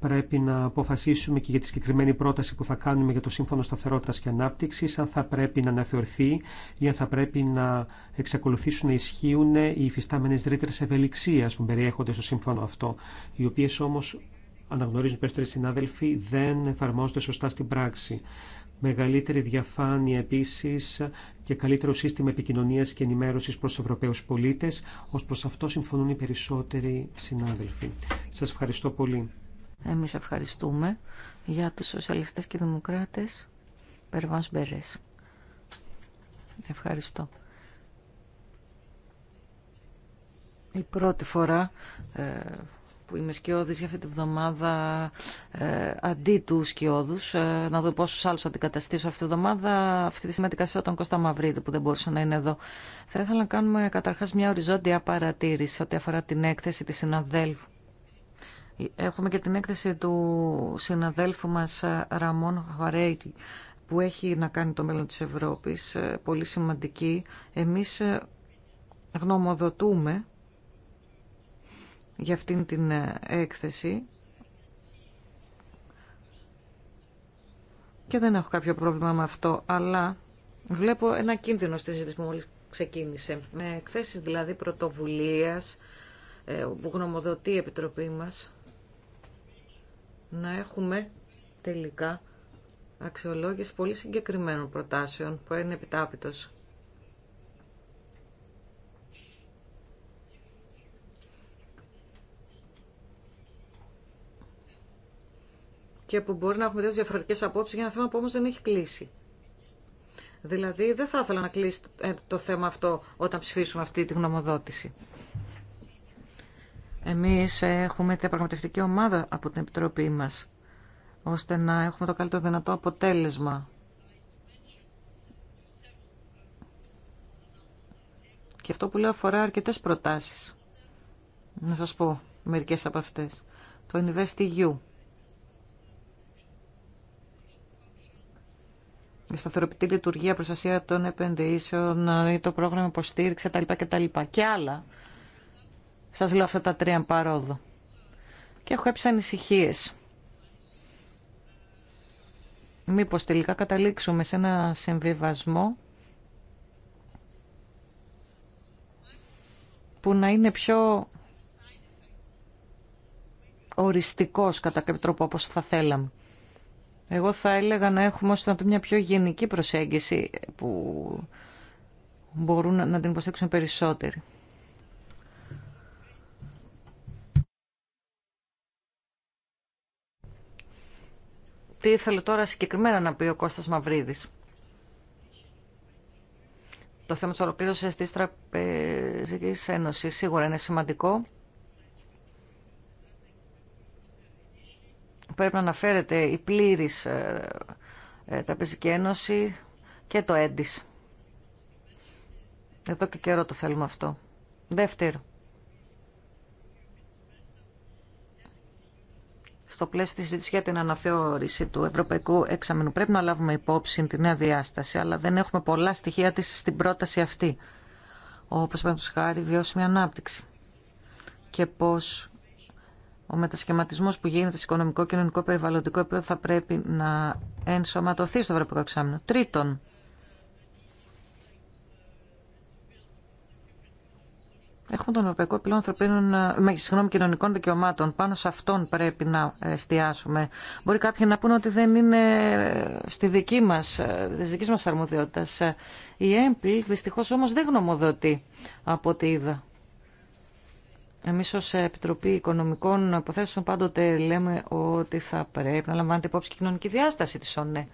πρέπει να αποφασίσουμε και για τη συγκεκριμένη πρόταση που θα κάνουμε για το Σύμφωνο Σταθερότητα και Ανάπτυξη, αν θα πρέπει να αναθεωρηθεί ή αν θα πρέπει να εξακολουθήσουν να ισχύουν οι υφιστάμενε ρήτρε ευελιξία που περιέχονται στο σύμφωνο αυτό, οι οποίε όμω, αναγνωρίζουν περισσότεροι συνάδελφοι, δεν εφαρμόζονται σωστά στην πράξη. Μεγαλύτερη διαφάνεια επίση και καλύτερο σύστημα επικοινωνία και ενημέρωση προ Ευρωπαίου πολίτε. Ω προ αυτό συμφωνούν οι περισσότεροι συνάδελφοι. Σα ευχαριστώ πολύ. Εμείς ευχαριστούμε για τους σοσιαλιστές και δημοκράτες. Περβάνς Μπερές. Ευχαριστώ. Η πρώτη φορά ε, που είμαι σκιώδης για αυτή τη βδομάδα ε, αντί του σκιώδους, ε, να δω πόσους άλλους αντικαταστήσω αυτή τη βδομάδα, αυτή τη σημαντική αντικαταστήσω τον Κώστα Μαυρίδη που δεν μπορούσε να είναι εδώ. Θα ήθελα να κάνουμε καταρχάς μια οριζόντια παρατήρηση ό,τι αφορά την έκθεση της συναδέλφου Έχουμε και την έκθεση του συναδέλφου μας ε, Ραμόν Χαρέιτη που έχει να κάνει το μέλλον της Ευρώπης, ε, πολύ σημαντική. Εμείς ε, γνωμοδοτούμε για αυτήν την έκθεση και δεν έχω κάποιο πρόβλημα με αυτό, αλλά βλέπω ένα κίνδυνο στη ζήτηση που μόλις ξεκίνησε. Με εκθέσεις δηλαδή πρωτοβουλίας που γνωμοδοτεί η Επιτροπή μας, να έχουμε τελικά αξιολόγηση πολύ συγκεκριμένων προτάσεων που είναι επιτάπητος. και που μπορεί να έχουμε δύο διαφορετικέ απόψει για ένα θέμα που όμω δεν έχει κλείσει. Δηλαδή, δεν θα ήθελα να κλείσει το ε, θέμα αυτό όταν ψηφίσουμε αυτή τη γνωμοδότηση. Εμείς έχουμε τη ομάδα από την Επιτροπή μας, ώστε να έχουμε το καλύτερο δυνατό αποτέλεσμα. Και αυτό που λέω αφορά αρκετές προτάσεις. Να σας πω μερικές από αυτές. Το InvestEU. Η σταθεροποιητή λειτουργία, προστασία των επενδύσεων, το πρόγραμμα υποστήριξη κτλ. Και άλλα. Σας λέω αυτά τα τρία παρόδο. Και έχω έψει ανησυχίε. Μήπως τελικά καταλήξουμε σε ένα συμβιβασμό που να είναι πιο οριστικός κατά κάποιο τρόπο όπως θα θέλαμε. Εγώ θα έλεγα να έχουμε ώστε να το μια πιο γενική προσέγγιση που μπορούν να την υποστήριξουν περισσότεροι. τι ήθελε τώρα συγκεκριμένα να πει ο Κώστας Μαυρίδης. Το θέμα της ολοκλήρωσης της Τραπεζικής Ένωσης σίγουρα είναι σημαντικό. Πρέπει να αναφέρεται η πλήρης ε, ε, Τραπεζική Ένωση και το έντις. Εδώ και καιρό το θέλουμε αυτό. Δεύτερο. στο πλαίσιο τη συζήτηση για την αναθεώρηση του Ευρωπαϊκού Εξαμενού. Πρέπει να λάβουμε υπόψη τη νέα διάσταση, αλλά δεν έχουμε πολλά στοιχεία τη στην πρόταση αυτή. Όπω παραδείγματο χάρη, βιώσιμη ανάπτυξη. Και πώ ο μετασχηματισμό που γίνεται σε οικονομικό, κοινωνικό, περιβαλλοντικό επίπεδο θα πρέπει να ενσωματωθεί στο Ευρωπαϊκό Εξάμεινο. Τρίτον, Έχουμε τον Ευρωπαϊκό Πυλόν Ανθρωπίνων, ε, Κοινωνικών Δικαιωμάτων. Πάνω σε αυτόν πρέπει να εστιάσουμε. Μπορεί κάποιοι να πούνε ότι δεν είναι ε, στη δική μας, ε, της δικής μας αρμοδιότητας. Η ΕΜΠΛ δυστυχώς όμως δεν γνωμοδοτεί από ό,τι είδα. Εμείς ως Επιτροπή Οικονομικών Αποθέσεων πάντοτε λέμε ότι θα πρέπει να λαμβάνεται υπόψη και η κοινωνική διάσταση της ΩΝΕ.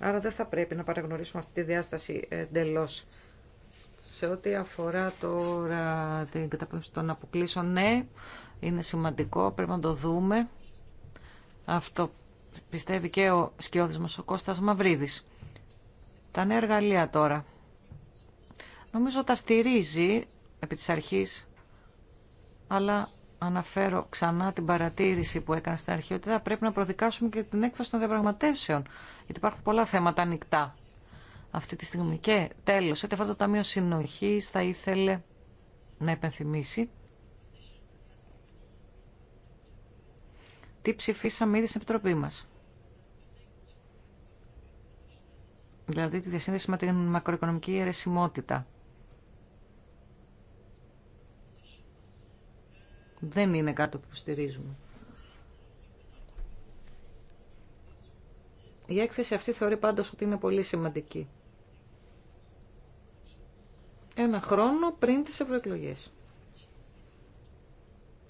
Άρα δεν θα πρέπει να παραγνωρίσουμε αυτή τη διάσταση εντελώς. Σε ό,τι αφορά τώρα την καταπολέμηση των αποκλήσεων, ναι, είναι σημαντικό, πρέπει να το δούμε. Αυτό πιστεύει και ο σκιώδης μας, ο Κώστας Μαυρίδης. Τα νέα εργαλεία τώρα. Νομίζω τα στηρίζει επί της αρχής, αλλά αναφέρω ξανά την παρατήρηση που έκανα στην αρχή ότι θα πρέπει να προδικάσουμε και την έκφραση των διαπραγματεύσεων, γιατί υπάρχουν πολλά θέματα ανοιχτά αυτή τη στιγμή. Και τέλος, ό,τι αφορά το Ταμείο Συνοχής θα ήθελε να επενθυμίσει τι ψηφίσαμε ήδη στην Επιτροπή μας. Δηλαδή τη διασύνδεση με την μακροοικονομική αιρεσιμότητα. Δεν είναι κάτι που στηρίζουμε. Η έκθεση αυτή θεωρεί πάντως ότι είναι πολύ σημαντική. Ένα χρόνο πριν τις ευρωεκλογέ.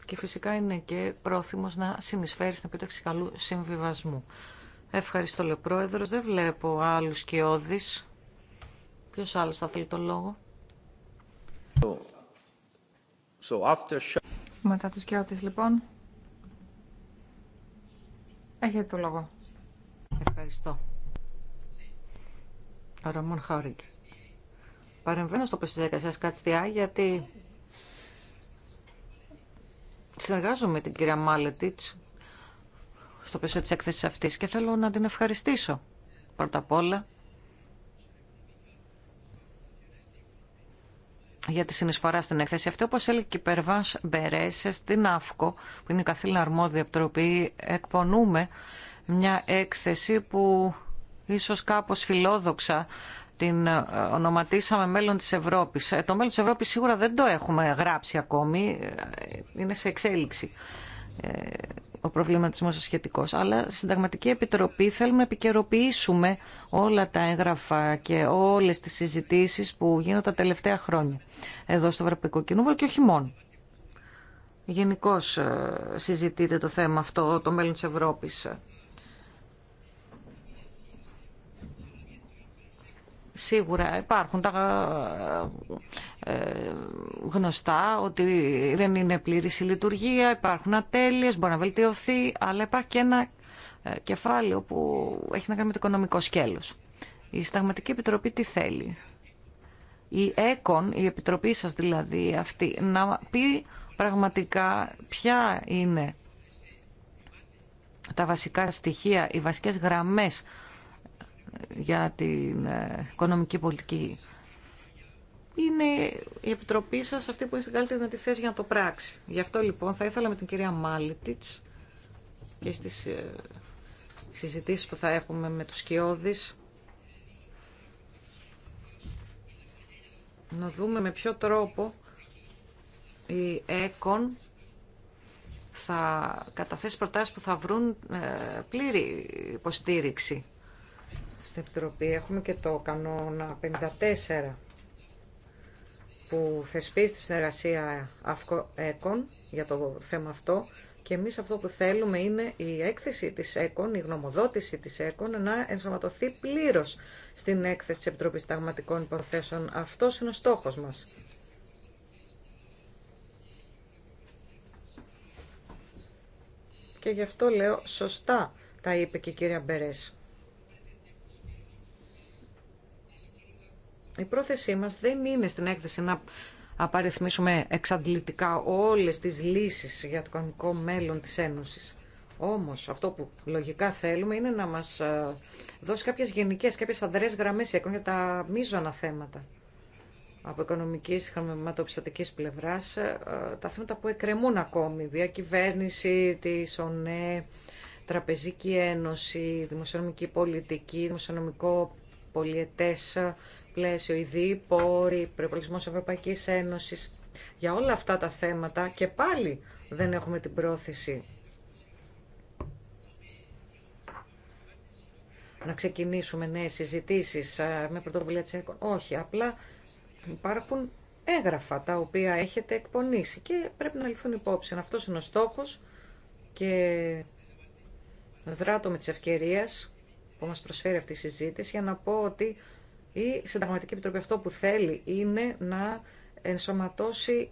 Και φυσικά είναι και πρόθυμος να συνεισφέρει στην επίταξη καλού συμβιβασμού. Ευχαριστώ, λέει πρόεδρος. Δεν βλέπω άλλους κοιόδης. Ποιος άλλος θα θέλει τον λόγο. So after... Μετά τους όδης λοιπόν, έχετε το λόγο. Ευχαριστώ. Ραμόν Χάουρικ. Παρεμβαίνω στο πλαίσιο τη διαδικασία ΚΑΤΣΤΙΑ γιατί συνεργάζομαι με την κυρία Μάλετιτ στο πλαίσιο τη έκθεση αυτή και θέλω να την ευχαριστήσω πρώτα απ' όλα για τη συνεισφορά στην έκθεση αυτή, όπω έλεγε και η Περβάν Μπερέσε στην ΑΦΚΟ, που είναι η καθήλυνα αρμόδια επιτροπή, εκπονούμε μια έκθεση που ίσως κάπως φιλόδοξα την ε, ονοματίσαμε μέλλον της Ευρώπης. Ε, το μέλλον της Ευρώπης σίγουρα δεν το έχουμε γράψει ακόμη, ε, είναι σε εξέλιξη ο προβληματισμός ο σχετικός. Αλλά στη Συνταγματική Επιτροπή θέλουμε να επικαιροποιήσουμε όλα τα έγγραφα και όλες τις συζητήσεις που γίνονται τα τελευταία χρόνια εδώ στο Ευρωπαϊκό Κοινούβολο και όχι μόνο. Γενικώ συζητείται το θέμα αυτό, το μέλλον της Ευρώπης. Σίγουρα υπάρχουν τα ε, γνωστά ότι δεν είναι πλήρης η λειτουργία, υπάρχουν ατέλειες, μπορεί να βελτιωθεί, αλλά υπάρχει και ένα ε, κεφάλαιο που έχει να κάνει με το οικονομικό σκέλος. Η Σταγματική Επιτροπή τι θέλει. Η ΕΚΟΝ, η Επιτροπή σας δηλαδή αυτή, να πει πραγματικά ποια είναι τα βασικά στοιχεία, οι βασικές γραμμές για την ε, οικονομική πολιτική. Είναι η Επιτροπή σα αυτή που είναι στην καλύτερη να τη θέση για να το πράξει. Γι' αυτό λοιπόν θα ήθελα με την κυρία Μάλιτιτ και στις ε, συζητήσεις που θα έχουμε με τους Κιώδης να δούμε με ποιο τρόπο η ΕΚΟΝ θα καταθέσει προτάσεις που θα βρουν ε, πλήρη υποστήριξη στην Επιτροπή έχουμε και το κανόνα 54 που θεσπίζει τη συνεργασία ΕΚΟΝ για το θέμα αυτό και εμείς αυτό που θέλουμε είναι η έκθεση της ΕΚΟΝ, η γνωμοδότηση της ΕΚΟΝ να ενσωματωθεί πλήρως στην έκθεση της Επιτροπής Ταγματικών Υποθέσεων. Αυτός είναι ο στόχος μας. Και γι' αυτό λέω σωστά τα είπε και η κυρία Μπερές. Η πρόθεσή μας δεν είναι στην έκθεση να απαριθμίσουμε εξαντλητικά όλες τις λύσεις για το κανονικό μέλλον της Ένωσης. Όμως αυτό που λογικά θέλουμε είναι να μας ε, δώσει κάποιες γενικές, κάποιες αδρές γραμμές για τα μείζωνα θέματα. Από οικονομικής, χρηματοπιστωτικής πλευράς, ε, τα θέματα που εκκρεμούν ακόμη, διακυβέρνηση τη ΟΝΕ, Τραπεζική Ένωση, Δημοσιονομική Πολιτική, Δημοσιονομικό Πολιετές πλαίσιο, οι δίποροι, προπολογισμό Ευρωπαϊκή Ένωσης, για όλα αυτά τα θέματα και πάλι δεν έχουμε την πρόθεση να ξεκινήσουμε νέες συζητήσεις ε, με πρωτοβουλία της ΕΚΟ. Όχι, απλά υπάρχουν έγγραφα τα οποία έχετε εκπονήσει και πρέπει να ληφθούν υπόψη. Αυτός είναι ο στόχος και δράτω με τις ευκαιρίες που μας προσφέρει αυτή η συζήτηση για να πω ότι η Συνταγματική Επιτροπή αυτό που θέλει είναι να ενσωματώσει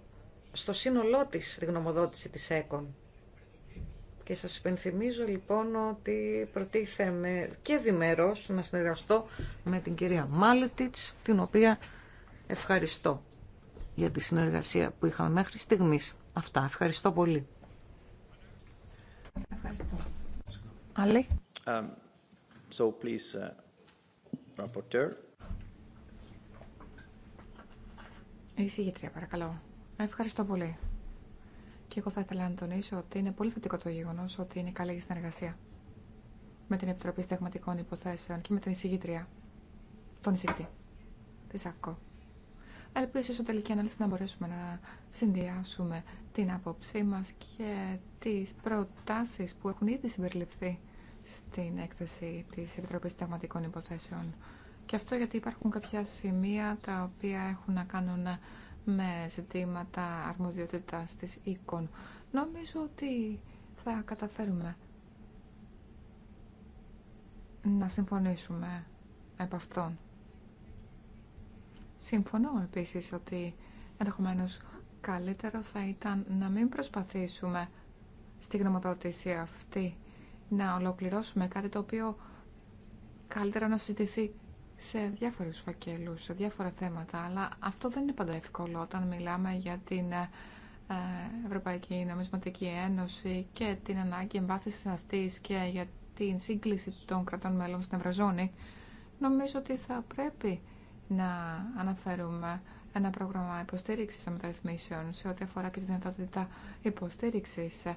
στο σύνολό της τη γνωμοδότηση της ΕΚΟΝ. Και σας υπενθυμίζω λοιπόν ότι προτίθεμαι και διμέρως να συνεργαστώ με την κυρία Μάλετιτς, την οποία ευχαριστώ για τη συνεργασία που είχαμε μέχρι στιγμής. Αυτά. Ευχαριστώ πολύ. Ευχαριστώ. Άλλη. Um, so please, uh, Η παρακαλώ. Ευχαριστώ πολύ. Και εγώ θα ήθελα να τονίσω ότι είναι πολύ θετικό το γεγονό ότι είναι καλή η συνεργασία με την Επιτροπή Στεγματικών Υποθέσεων και με την εισηγήτρια, τον εισηγητή, τη ΑΚΟ. Ελπίζω στο τελική ανάλυση να μπορέσουμε να συνδυάσουμε την άποψή μα και τι προτάσει που έχουν ήδη συμπεριληφθεί στην έκθεση τη Επιτροπή Στεγματικών Υποθέσεων και αυτό γιατί υπάρχουν κάποια σημεία τα οποία έχουν να κάνουν με ζητήματα αρμοδιότητας της οίκων. Νομίζω ότι θα καταφέρουμε να συμφωνήσουμε επ' αυτόν. Συμφωνώ επίσης ότι ενδεχομένω καλύτερο θα ήταν να μην προσπαθήσουμε στη γνωμοδότηση αυτή να ολοκληρώσουμε κάτι το οποίο καλύτερα να συζητηθεί σε διάφορους φακέλους, σε διάφορα θέματα, αλλά αυτό δεν είναι πάντα εύκολο όταν μιλάμε για την ε, Ευρωπαϊκή Νομισματική Ένωση και την ανάγκη εμπάθησης αυτής και για την σύγκληση των κρατών μέλων στην Ευρωζώνη. Νομίζω ότι θα πρέπει να αναφέρουμε ένα πρόγραμμα υποστήριξη των μεταρρυθμίσεων σε ό,τι αφορά και τη δυνατότητα υποστήριξη ε,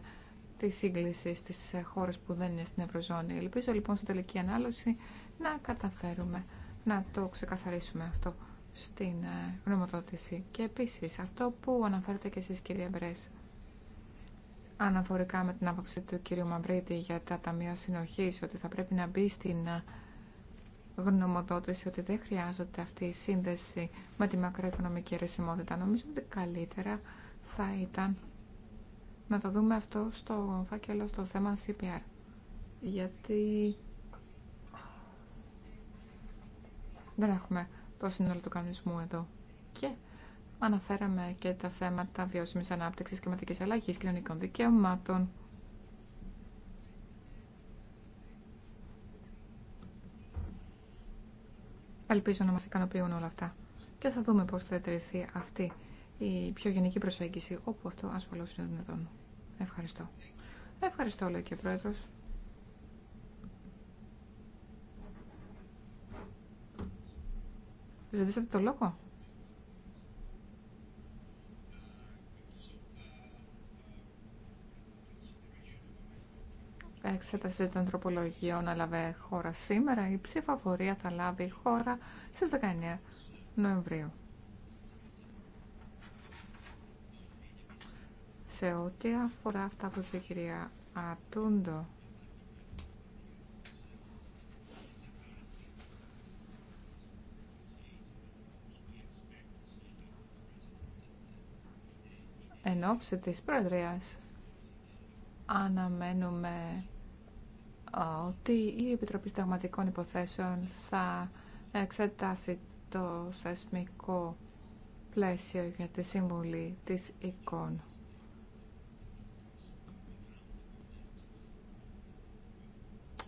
τη σύγκληση στι ε, χώρε που δεν είναι στην Ευρωζώνη. Ελπίζω λοιπόν στην τελική ανάλυση να καταφέρουμε να το ξεκαθαρίσουμε αυτό στην ε, γνωμοδότηση Και επίσης αυτό που αναφέρετε και εσείς κυρία Μπρές, αναφορικά με την άποψη του κυρίου Μαυρίτη για τα ταμεία συνοχής, ότι θα πρέπει να μπει στην ε, γνωμοδότηση ότι δεν χρειάζεται αυτή η σύνδεση με τη μακροοικονομική αιρεσιμότητα. Νομίζω ότι καλύτερα θα ήταν να το δούμε αυτό στο φάκελο στο θέμα CPR. Γιατί Δεν έχουμε το σύνολο του κανονισμού εδώ. Και αναφέραμε και τα θέματα βιώσιμη ανάπτυξη, κλιματική αλλαγή, κοινωνικών δικαιωμάτων. Ελπίζω να μας ικανοποιούν όλα αυτά. Και θα δούμε πώς θα εταιρεθεί αυτή η πιο γενική προσέγγιση, όπου αυτό ασφαλώς είναι δυνατόν. Ευχαριστώ. Ευχαριστώ, λέει και ο Πρόεδρος. Ζητήσατε το λόγο. Εξέταση των τροπολογιών έλαβε χώρα σήμερα. Η ψηφοφορία θα λάβει χώρα στις 19 Νοεμβρίου. Σε ό,τι αφορά αυτά που είπε η κυρία Ατούντο, εν ώψη της Προεδρίας αναμένουμε ότι η Επιτροπή Σταγματικών Υποθέσεων θα εξετάσει το θεσμικό πλαίσιο για τη Σύμβουλη της εικόν.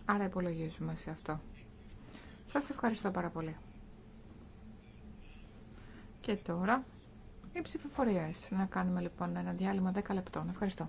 Άρα υπολογίζουμε σε αυτό. Σας ευχαριστώ πάρα πολύ. Και τώρα οι ψηφοφορίε. Να κάνουμε λοιπόν ένα διάλειμμα 10 λεπτών. Ευχαριστώ.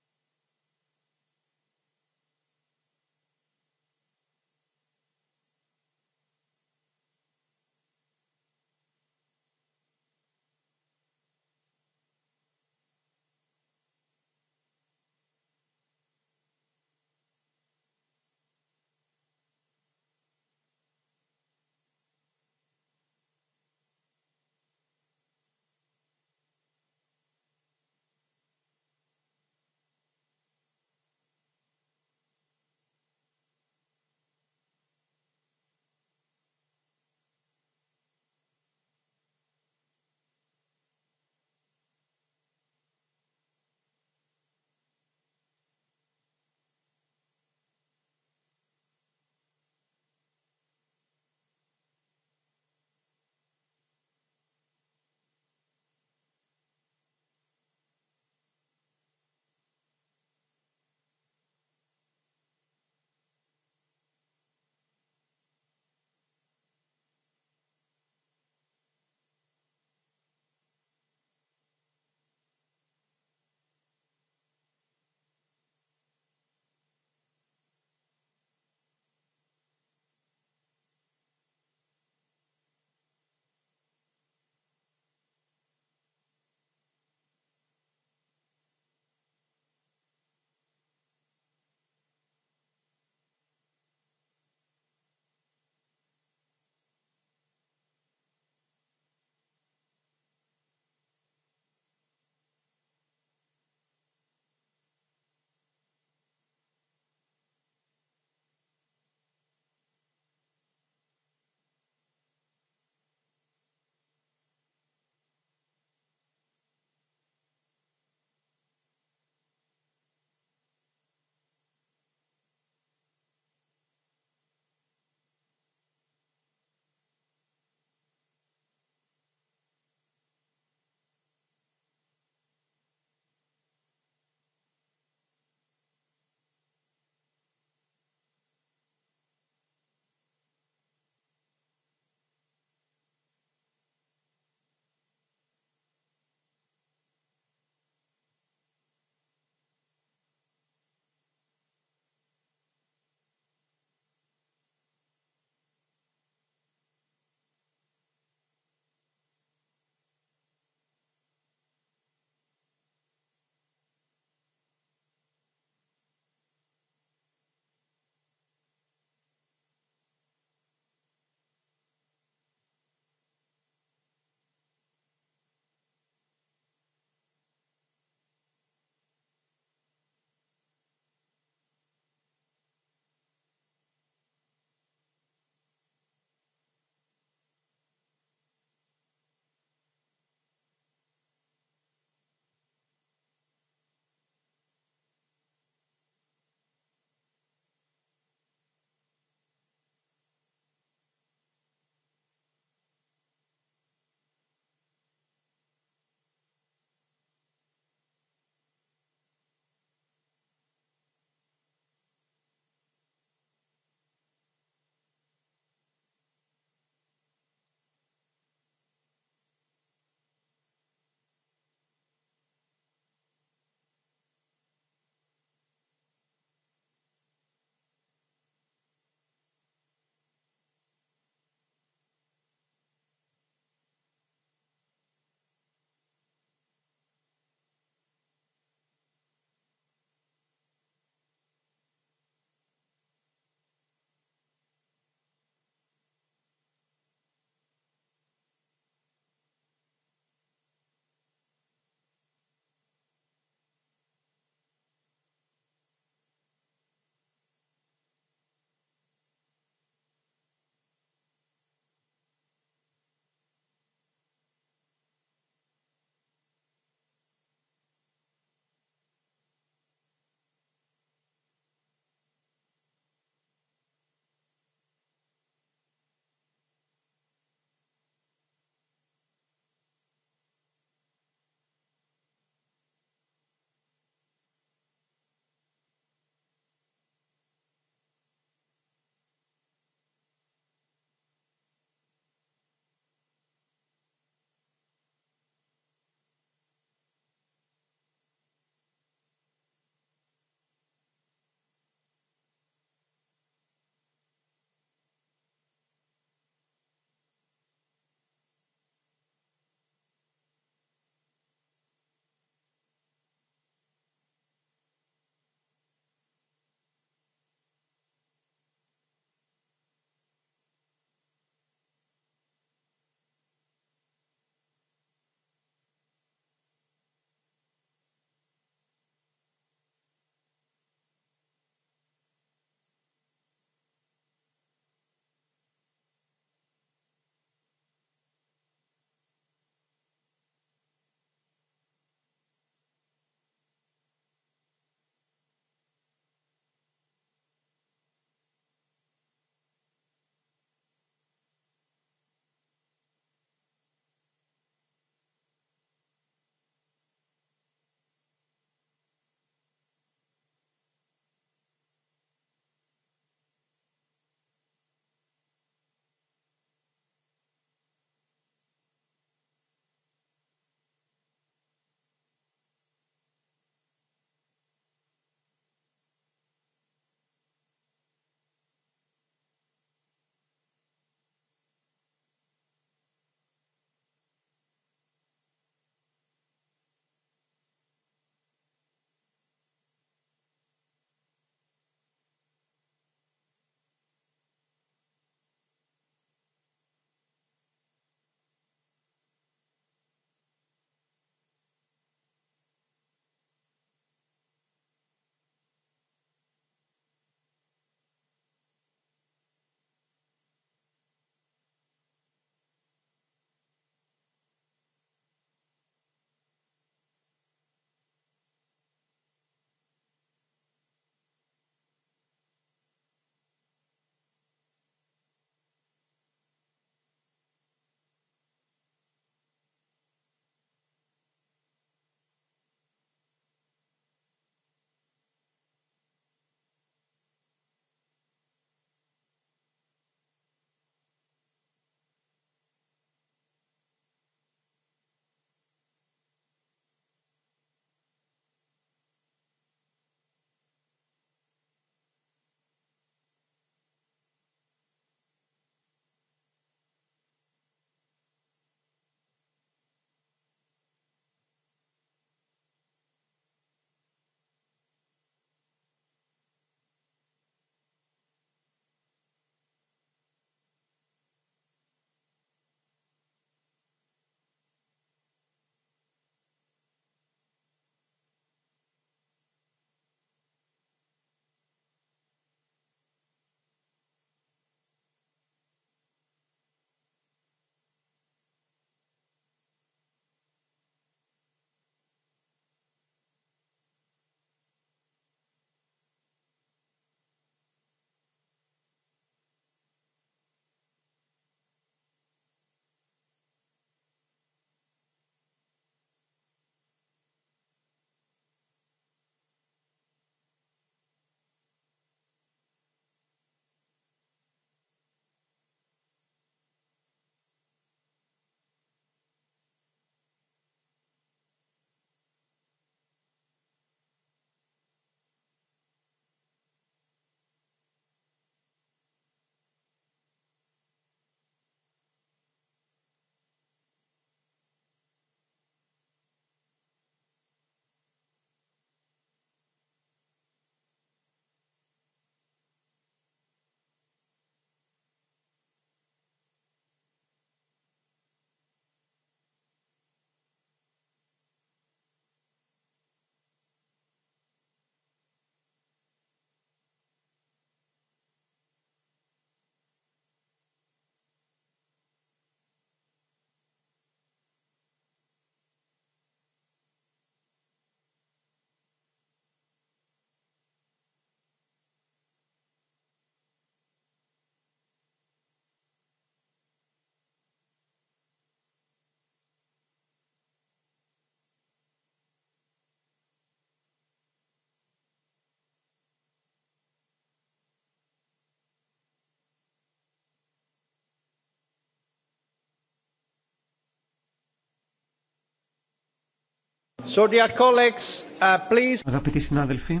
So, dear colleagues, uh, please. Αγαπητοί συνάδελφοι,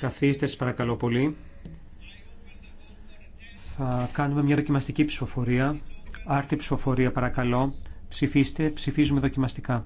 καθίστε σας παρακαλώ πολύ. Θα κάνουμε μια δοκιμαστική ψηφοφορία. Άρτη ψηφοφορία παρακαλώ. Ψηφίστε, ψηφίζουμε δοκιμαστικά.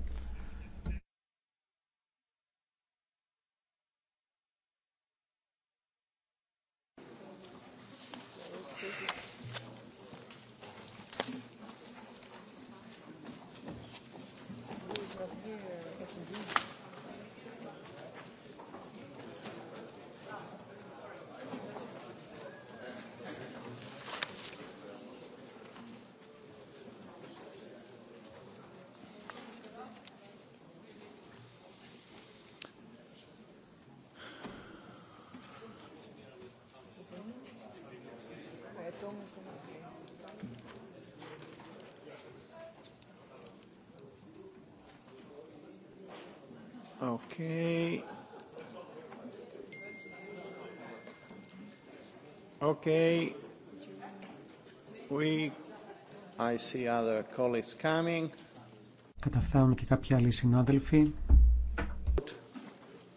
Καταφθάνουν και κάποιοι άλλοι συνάδελφοι.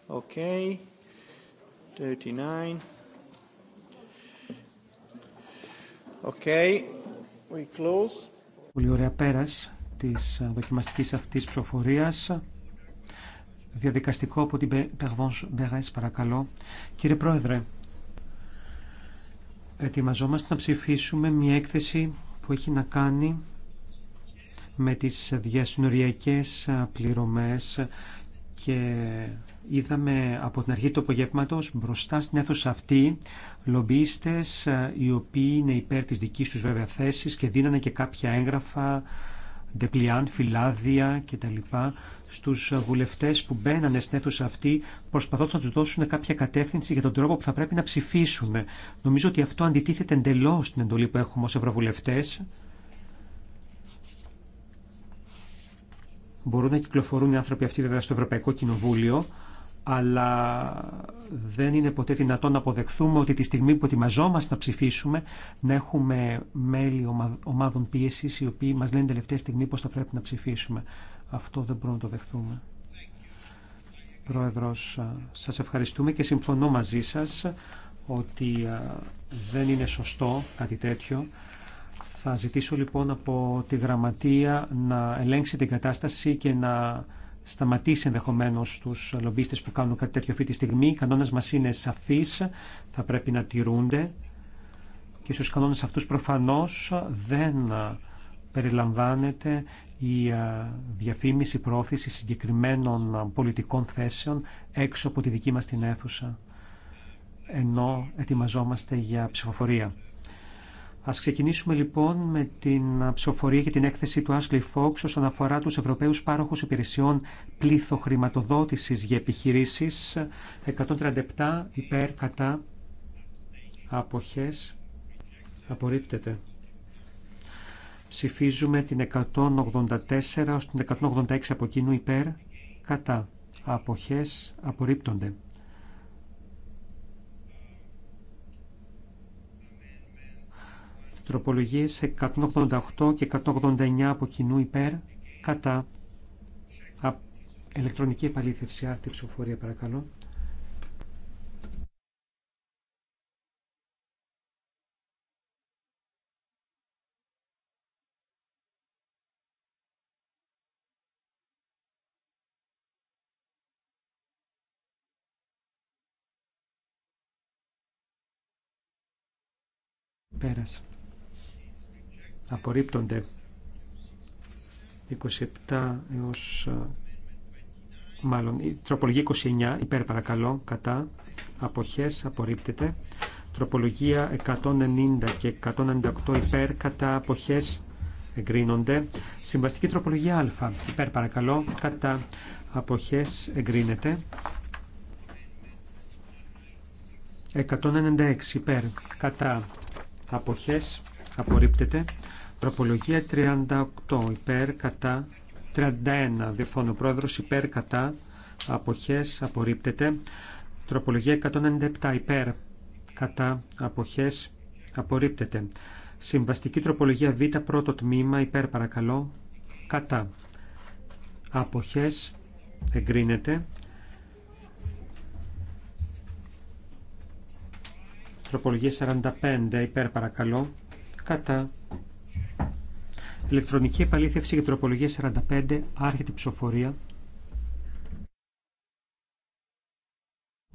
Okay. 39. Okay. We close. Πολύ ωραία πέρας της ε, δοκιμαστικής αυτής προφορίας. Διαδικαστικό από την Περβόνς παρακαλώ. Κύριε Πρόεδρε, ετοιμαζόμαστε να ψηφίσουμε μια έκθεση που έχει να κάνει με τις διασυνοριακές πληρωμές και είδαμε από την αρχή του απογεύματος μπροστά στην αίθουσα αυτή λομπίστες οι οποίοι είναι υπέρ της δικής τους βέβαια θέσης και δίνανε και κάποια έγγραφα ντεπλιάν, φυλάδια κτλ. Στους βουλευτές που μπαίνανε στην αίθουσα αυτή προσπαθώντας να τους δώσουν κάποια κατεύθυνση για τον τρόπο που θα πρέπει να ψηφίσουν. Νομίζω ότι αυτό αντιτίθεται εντελώς στην εντολή που έχουμε ως ευρωβουλευτές Μπορούν να κυκλοφορούν οι άνθρωποι αυτοί βέβαια στο Ευρωπαϊκό Κοινοβούλιο, αλλά δεν είναι ποτέ δυνατόν να αποδεχθούμε ότι τη στιγμή που ετοιμαζόμαστε να ψηφίσουμε, να έχουμε μέλη ομάδων πίεση οι οποίοι μα λένε τελευταία στιγμή πώ θα πρέπει να ψηφίσουμε. Αυτό δεν μπορούμε να το δεχτούμε. Πρόεδρος, σας ευχαριστούμε και συμφωνώ μαζί σας ότι δεν είναι σωστό κάτι τέτοιο. Θα ζητήσω λοιπόν από τη Γραμματεία να ελέγξει την κατάσταση και να σταματήσει ενδεχομένω του λομπίστε που κάνουν κάτι τέτοιο αυτή τη στιγμή. Οι κανόνε μα είναι σαφεί, θα πρέπει να τηρούνται και στου κανόνε αυτού προφανώ δεν περιλαμβάνεται η διαφήμιση πρόθεση συγκεκριμένων πολιτικών θέσεων έξω από τη δική μας την αίθουσα ενώ ετοιμαζόμαστε για ψηφοφορία. Ας ξεκινήσουμε λοιπόν με την ψηφοφορία και την έκθεση του Ashley Fox όσον αφορά τους Ευρωπαίους Πάροχους Υπηρεσιών Πλήθο Χρηματοδότησης για Επιχειρήσεις 137 υπέρ κατά αποχές απορρίπτεται. Ψηφίζουμε την 184 ως την 186 από κοινού υπέρ κατά αποχές απορρίπτονται. Τροπολογίες 188 και 189 από κοινού υπέρ, κατά. ηλεκτρονική επαλήθευση, άρτη ψηφοφορία παρακαλώ. Πέρασε απορρίπτονται 27 έως μάλλον η τροπολογία 29 υπέρ παρακαλώ κατά αποχές απορρίπτεται τροπολογία 190 και 198 υπέρ κατά αποχές εγκρίνονται συμβαστική τροπολογία α υπέρ παρακαλώ κατά αποχές εγκρίνεται 196 υπέρ κατά αποχές απορρίπτεται Τροπολογία 38 υπέρ κατά 31 διορθώνω πρόεδρος υπέρ κατά αποχές απορρίπτεται. Τροπολογία 197 υπέρ κατά αποχές απορρίπτεται. Συμβαστική τροπολογία Β πρώτο τμήμα υπέρ παρακαλώ κατά αποχές εγκρίνεται. Τροπολογία 45 υπέρ παρακαλώ κατά Ηλεκτρονική επαλήθευση για τροπολογία 45. Άρχεται ψηφοφορία.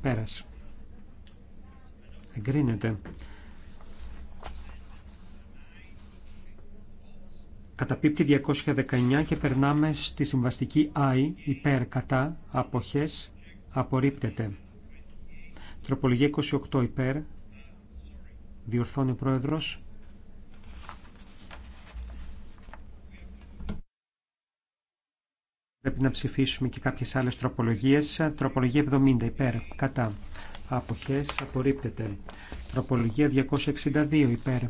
Πέρας. Εγκρίνεται. Καταπίπτει 219 και περνάμε στη συμβαστική I, υπέρ, κατά, αποχές, απορρίπτεται. Τροπολογία 28 υπέρ, διορθώνει ο Πρόεδρος, Πρέπει να ψηφίσουμε και κάποιες άλλες τροπολογίες. Τροπολογία 70 υπέρ, κατά. Αποχές απορρίπτεται. Τροπολογία 262 υπέρ,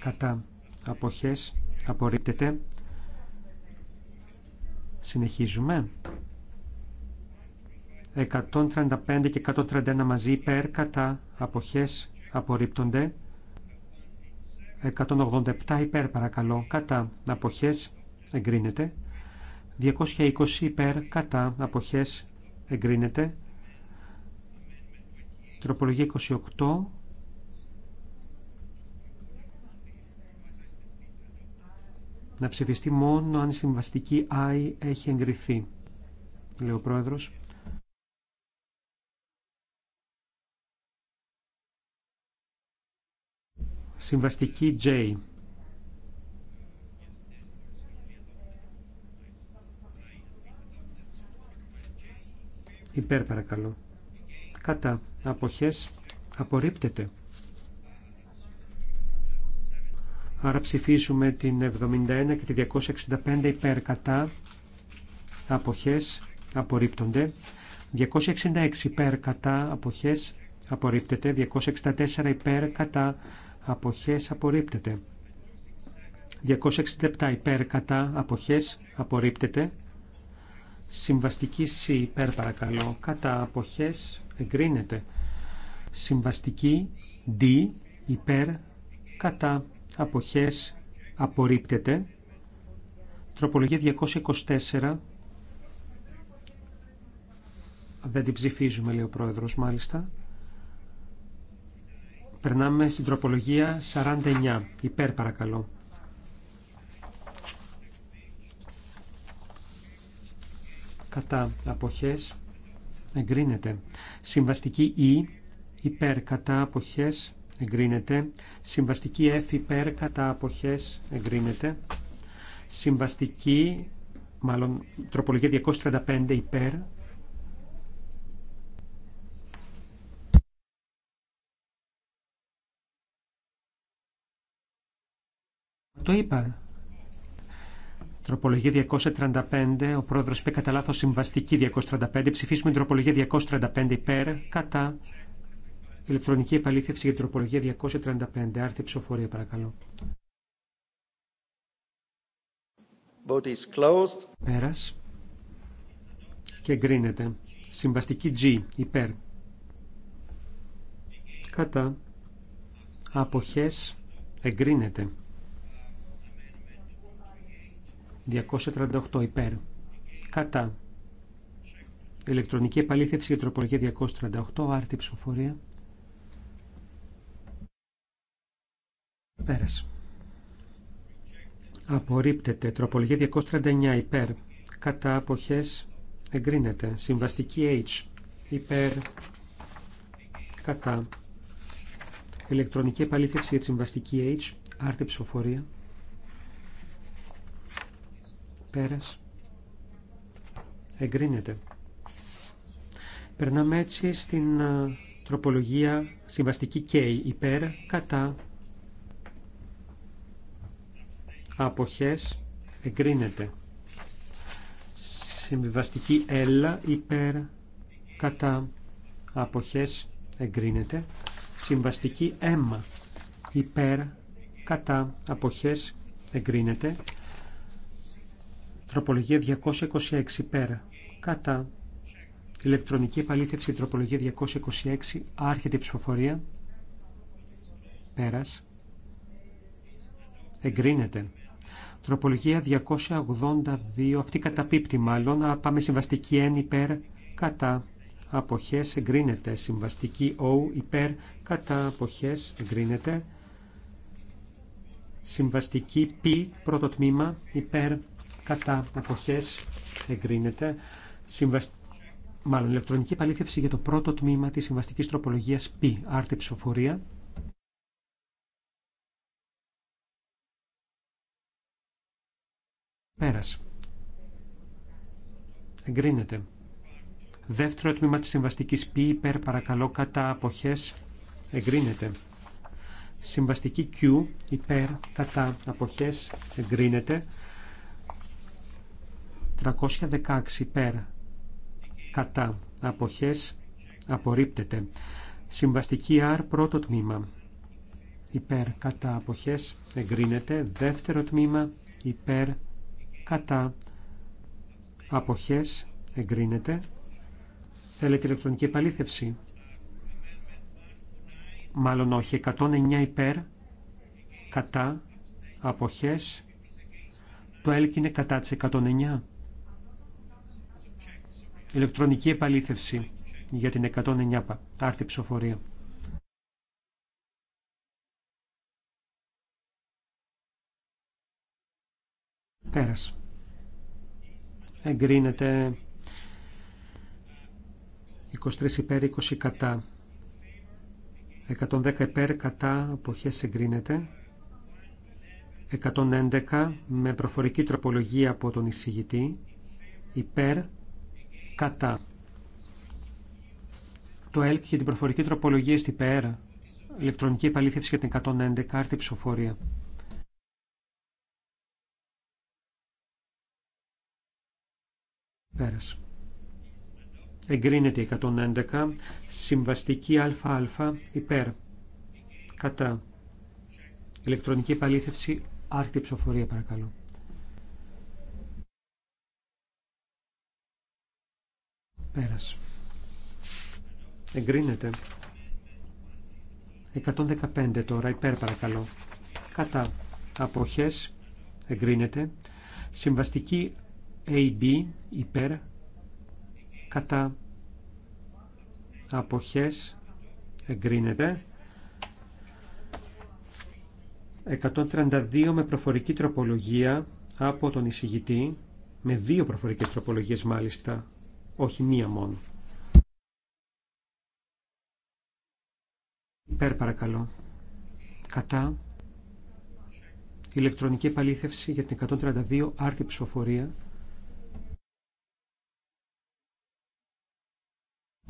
κατά. Αποχές απορρίπτεται. Συνεχίζουμε. 135 και 131 μαζί υπέρ, κατά. Αποχές απορρίπτονται. 187 υπέρ παρακαλώ, κατά. Αποχές εγκρίνεται. 220 υπέρ κατά αποχές εγκρίνεται. Τροπολογία 28. Να ψηφιστεί μόνο αν η συμβαστική I έχει εγκριθεί, λέει ο Πρόεδρος. Συμβαστική J. Υπέρ παρακαλώ. Κατά. Αποχές. Απορρίπτεται. Άρα ψηφίσουμε την 71 και τη 265 υπέρ κατά. Αποχές. Απορρίπτονται. 266 υπέρ κατά. Αποχές. Απορρίπτεται. 264 υπέρ κατά. Αποχές. Απορρίπτεται. 267 υπέρ κατά. Αποχές. Απορρίπτεται. Συμβαστική C υπέρ παρακαλώ. Κατά αποχές εγκρίνεται. Συμβαστική D υπέρ κατά αποχές απορρίπτεται. Τροπολογία 224. Δεν την ψηφίζουμε, λέει ο πρόεδρος, μάλιστα. Περνάμε στην τροπολογία 49. Υπέρ, παρακαλώ. κατά αποχές εγκρίνεται. Συμβαστική Ι e, υπέρ κατά αποχές εγκρίνεται. Συμβαστική F υπέρ κατά αποχές εγκρίνεται. Συμβαστική, μάλλον τροπολογία 235 υπέρ. Το είπα. Τροπολογία 235. Ο πρόεδρος είπε κατά λάθο συμβαστική 235. Ψηφίσουμε την τροπολογία 235 υπέρ κατά ηλεκτρονική επαλήθευση για την τροπολογία 235. Άρτη ψηφοφορία παρακαλώ. Πέρας. Και εγκρίνεται. Συμβαστική G υπέρ. Κατά. Αποχές εγκρίνεται. 238 υπέρ. Κατά. Ηλεκτρονική επαλήθευση για τροπολογία 238, άρτη ψηφοφορία. Πέρασε. Απορρίπτεται. Τροπολογία 239 υπέρ. Κατά αποχές εγκρίνεται. Συμβαστική H υπέρ. Κατά. Ηλεκτρονική επαλήθευση για τη συμβαστική H, άρτη ψηφοφορία. Πέρας. Εγκρίνεται. Περνάμε έτσι στην τροπολογία συμβαστική K υπέρ κατά αποχές εγκρίνεται. Συμβαστική L υπέρ κατά αποχές εγκρίνεται. Συμβαστική M υπέρ κατά αποχές εγκρίνεται. Τροπολογία 226 πέρα. Κατά. Ηλεκτρονική επαλήθευση τροπολογία 226. Άρχεται η ψηφοφορία. Πέρας. Εγκρίνεται. Τροπολογία 282. Αυτή καταπίπτει μάλλον. Α πάμε συμβαστική N υπέρ. Κατά. Αποχές εγκρίνεται. Συμβαστική O υπέρ. Κατά. Αποχές εγκρίνεται. Συμβαστική P. Πρώτο τμήμα υπέρ κατά αποχές εγκρίνεται. Μάλλον ηλεκτρονική επαλήθευση για το πρώτο τμήμα της συμβαστικής τροπολογίας π. Άρτη ψηφοφορία. Πέρας. Εγκρίνεται. Δεύτερο τμήμα της συμβαστικής π. Υπέρ παρακαλώ κατά αποχές εγκρίνεται. Συμβαστική Q υπέρ κατά αποχές εγκρίνεται. 316 υπέρ κατά αποχές απορρίπτεται. Συμβαστική R πρώτο τμήμα υπέρ κατά αποχές εγκρίνεται. Δεύτερο τμήμα υπέρ κατά αποχές εγκρίνεται. Θέλετε ηλεκτρονική επαλήθευση. Μάλλον όχι. 109 υπέρ κατά αποχές. Το έλκυνε κατά τις 109. Ηλεκτρονική επαλήθευση για την 109 άρτη ψηφοφορία. Πέρας. Εγκρίνεται 23 υπέρ 20 κατά. 110 υπέρ κατά αποχές εγκρίνεται. 111 με προφορική τροπολογία από τον εισηγητή. Υπέρ Κατά. Το ΕΛΚ για την προφορική τροπολογία στην ΠΕΡΑ. Ηλεκτρονική επαλήθευση για την 111 άρτη ψηφοφορία. Πέρας. Εγκρίνεται η 111. Συμβαστική ΑΑ υπέρ. Κατά. Ηλεκτρονική επαλήθευση άρτη ψηφοφορία παρακαλώ. Πέρας. Εγκρίνεται. 115 τώρα, υπέρ παρακαλώ. Κατά. Αποχές. Εγκρίνεται. Συμβαστική AB, υπέρ. Κατά. Αποχές. Εγκρίνεται. 132 με προφορική τροπολογία από τον εισηγητή, με δύο προφορικές τροπολογίες μάλιστα, όχι μία μόνο. Υπέρ παρακαλώ. Κατά. Ηλεκτρονική επαλήθευση για την 132 άρτη ψηφοφορία.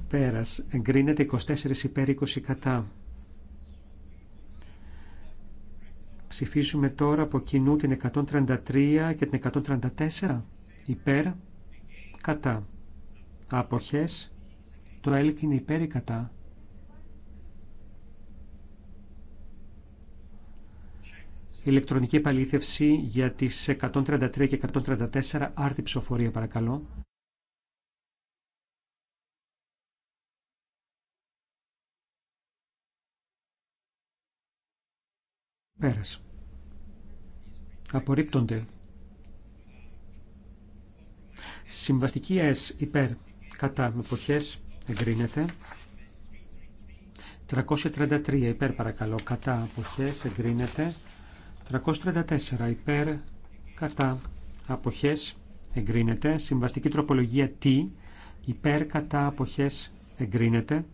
Πέρας. Εγκρίνεται 24 υπέρ 20 κατά. Ψηφίσουμε τώρα από κοινού την 133 και την 134 υπέρ κατά αποχές το υπέρικατα. υπέρ ή κατά. Ηλεκτρονική επαλήθευση για τις 133 και 134 άρτη ψηφοφορία παρακαλώ. Πέρας. Απορρίπτονται. Συμβαστική S υπέρ κατά εποχές εγκρίνεται 333 υπέρ παρακαλώ κατά αποχές εγκρίνεται 334 υπέρ κατά αποχές εγκρίνεται συμβαστική τροπολογία T υπέρ κατά αποχές εγκρίνεται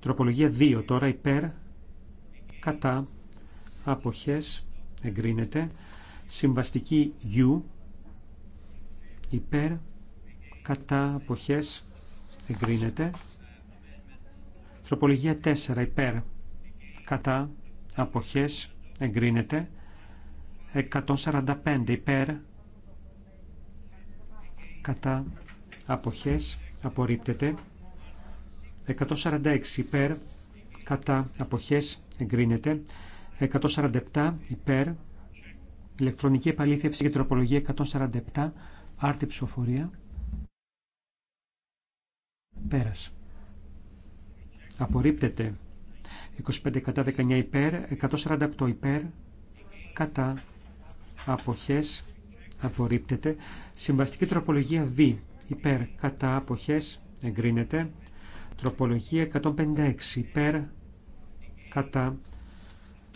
τροπολογία 2 τώρα υπέρ κατά αποχές εγκρίνεται συμβαστική U υπέρ κατά αποχές εγκρίνεται. Τροπολογία 4 υπέρ κατά αποχές εγκρίνεται. 145 υπέρ κατά αποχές απορρίπτεται. 146 υπέρ κατά αποχές εγκρίνεται. 147 υπέρ ηλεκτρονική επαλήθευση για τροπολογία 147 άρτη ψηφοφορία. Πέρας. Απορρίπτεται. 25 κατά 19 υπέρ, 148 υπέρ, κατά αποχές, απορρίπτεται. Συμβαστική τροπολογία Β, υπέρ, κατά αποχές, εγκρίνεται. Τροπολογία 156, υπέρ, κατά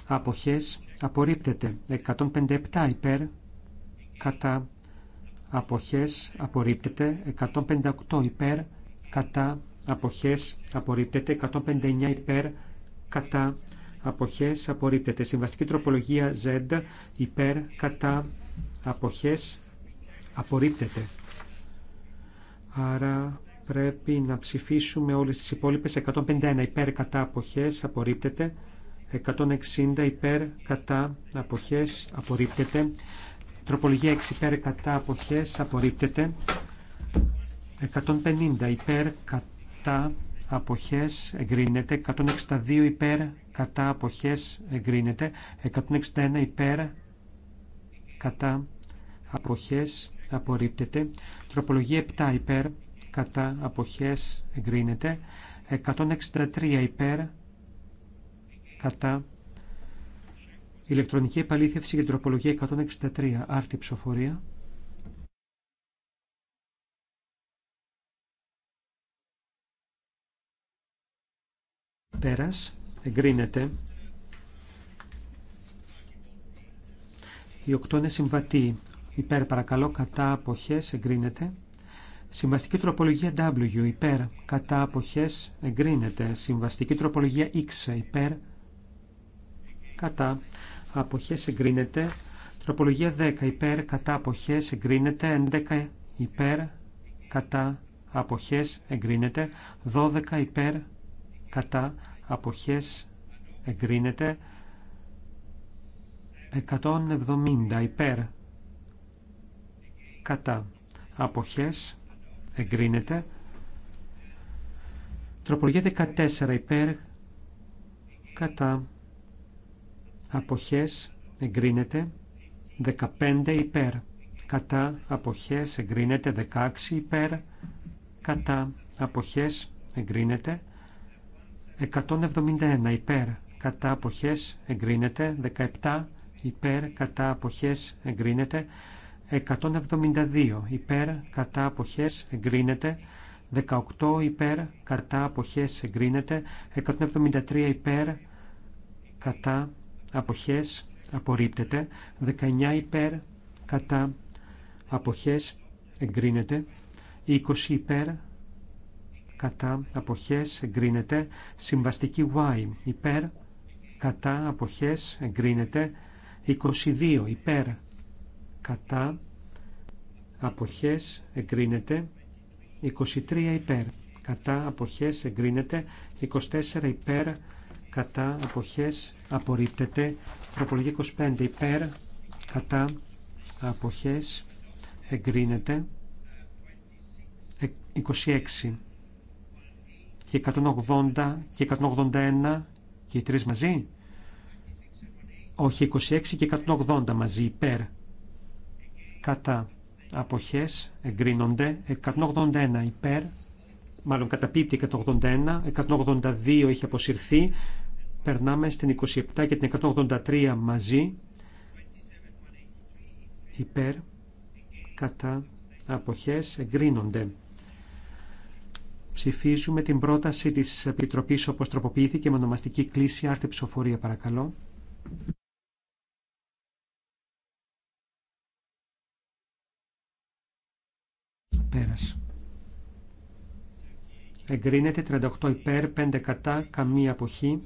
αποχές, απορρίπτεται. 157 υπέρ, κατά αποχές, απορρίπτεται. 158 υπέρ, κατά αποχές απορρίπτεται 159 υπέρ κατά αποχές απορρίπτεται συμβαστική τροπολογία Z υπέρ κατά αποχές απορρίπτεται άρα πρέπει να ψηφίσουμε όλες τις υπόλοιπες 151 υπέρ κατά αποχές απορρίπτεται 160 υπέρ κατά αποχές απορρίπτεται τροπολογία 6 υπέρ κατά αποχές απορρίπτεται 150 υπέρ κατά αποχές εγκρίνεται, 162 υπέρ κατά αποχές εγκρίνεται, 161 υπέρ κατά αποχές απορρίπτεται, τροπολογία 7 υπέρ κατά αποχές εγκρίνεται, 163 υπέρ κατά ηλεκτρονική επαλήθευση για τροπολογία 163 άρτη ψηφοφορία. Πέρας. Εγκρίνεται. Η οκτώ είναι συμβατή. Υπέρ παρακαλώ. Κατά αποχές. Εγκρίνεται. Συμβαστική τροπολογία W. Υπέρ. Κατά αποχές. Εγκρίνεται. Συμβαστική τροπολογία X. Υπέρ. Κατά αποχές. Εγκρίνεται. Τροπολογία 10. Υπέρ. Κατά αποχές. Εγκρίνεται. 11. Υπέρ. Κατά αποχές. Εγκρίνεται. 12. Υπέρ. Κατά αποχές εγκρίνεται 170 υπέρ κατά αποχές εγκρίνεται τροπολογία 14 υπέρ κατά αποχές εγκρίνεται 15 υπέρ κατά αποχές εγκρίνεται 16 υπέρ κατά αποχές εγκρίνεται 171 υπέρ κατά αποχές εγκρίνεται. 17 υπέρ κατά αποχές εγκρίνεται. 172 υπέρ κατά αποχές εγκρίνεται. 18 υπέρ κατά αποχές εγκρίνεται. 173 υπέρ κατά αποχές απορρίπτεται. 19 υπέρ κατά αποχές εγκρίνεται. 20 υπέρ κατά αποχές εγκρίνεται. Συμβαστική Y υπέρ κατά αποχές εγκρίνεται. 22 υπέρ κατά αποχές εγκρίνεται. 23 υπέρ κατά αποχές εγκρίνεται. 24 υπέρ κατά αποχές απορρίπτεται. προπολογή 25 υπέρ κατά αποχές εγκρίνεται. 26 και 180 και 181 και οι τρεις μαζί. Όχι, 26 και 180 μαζί υπέρ. Κατά αποχές εγκρίνονται 181 υπέρ. Μάλλον καταπίπτει 181, 182 έχει αποσυρθεί. Περνάμε στην 27 και την 183 μαζί. Υπέρ. Κατά αποχές εγκρίνονται. Ψηφίζουμε την πρόταση της Επιτροπής όπως τροποποιήθηκε με ονομαστική κλίση άρτη ψηφοφορία παρακαλώ. Πέρας. Εγκρίνεται 38 υπέρ, 5 κατά, καμία αποχή.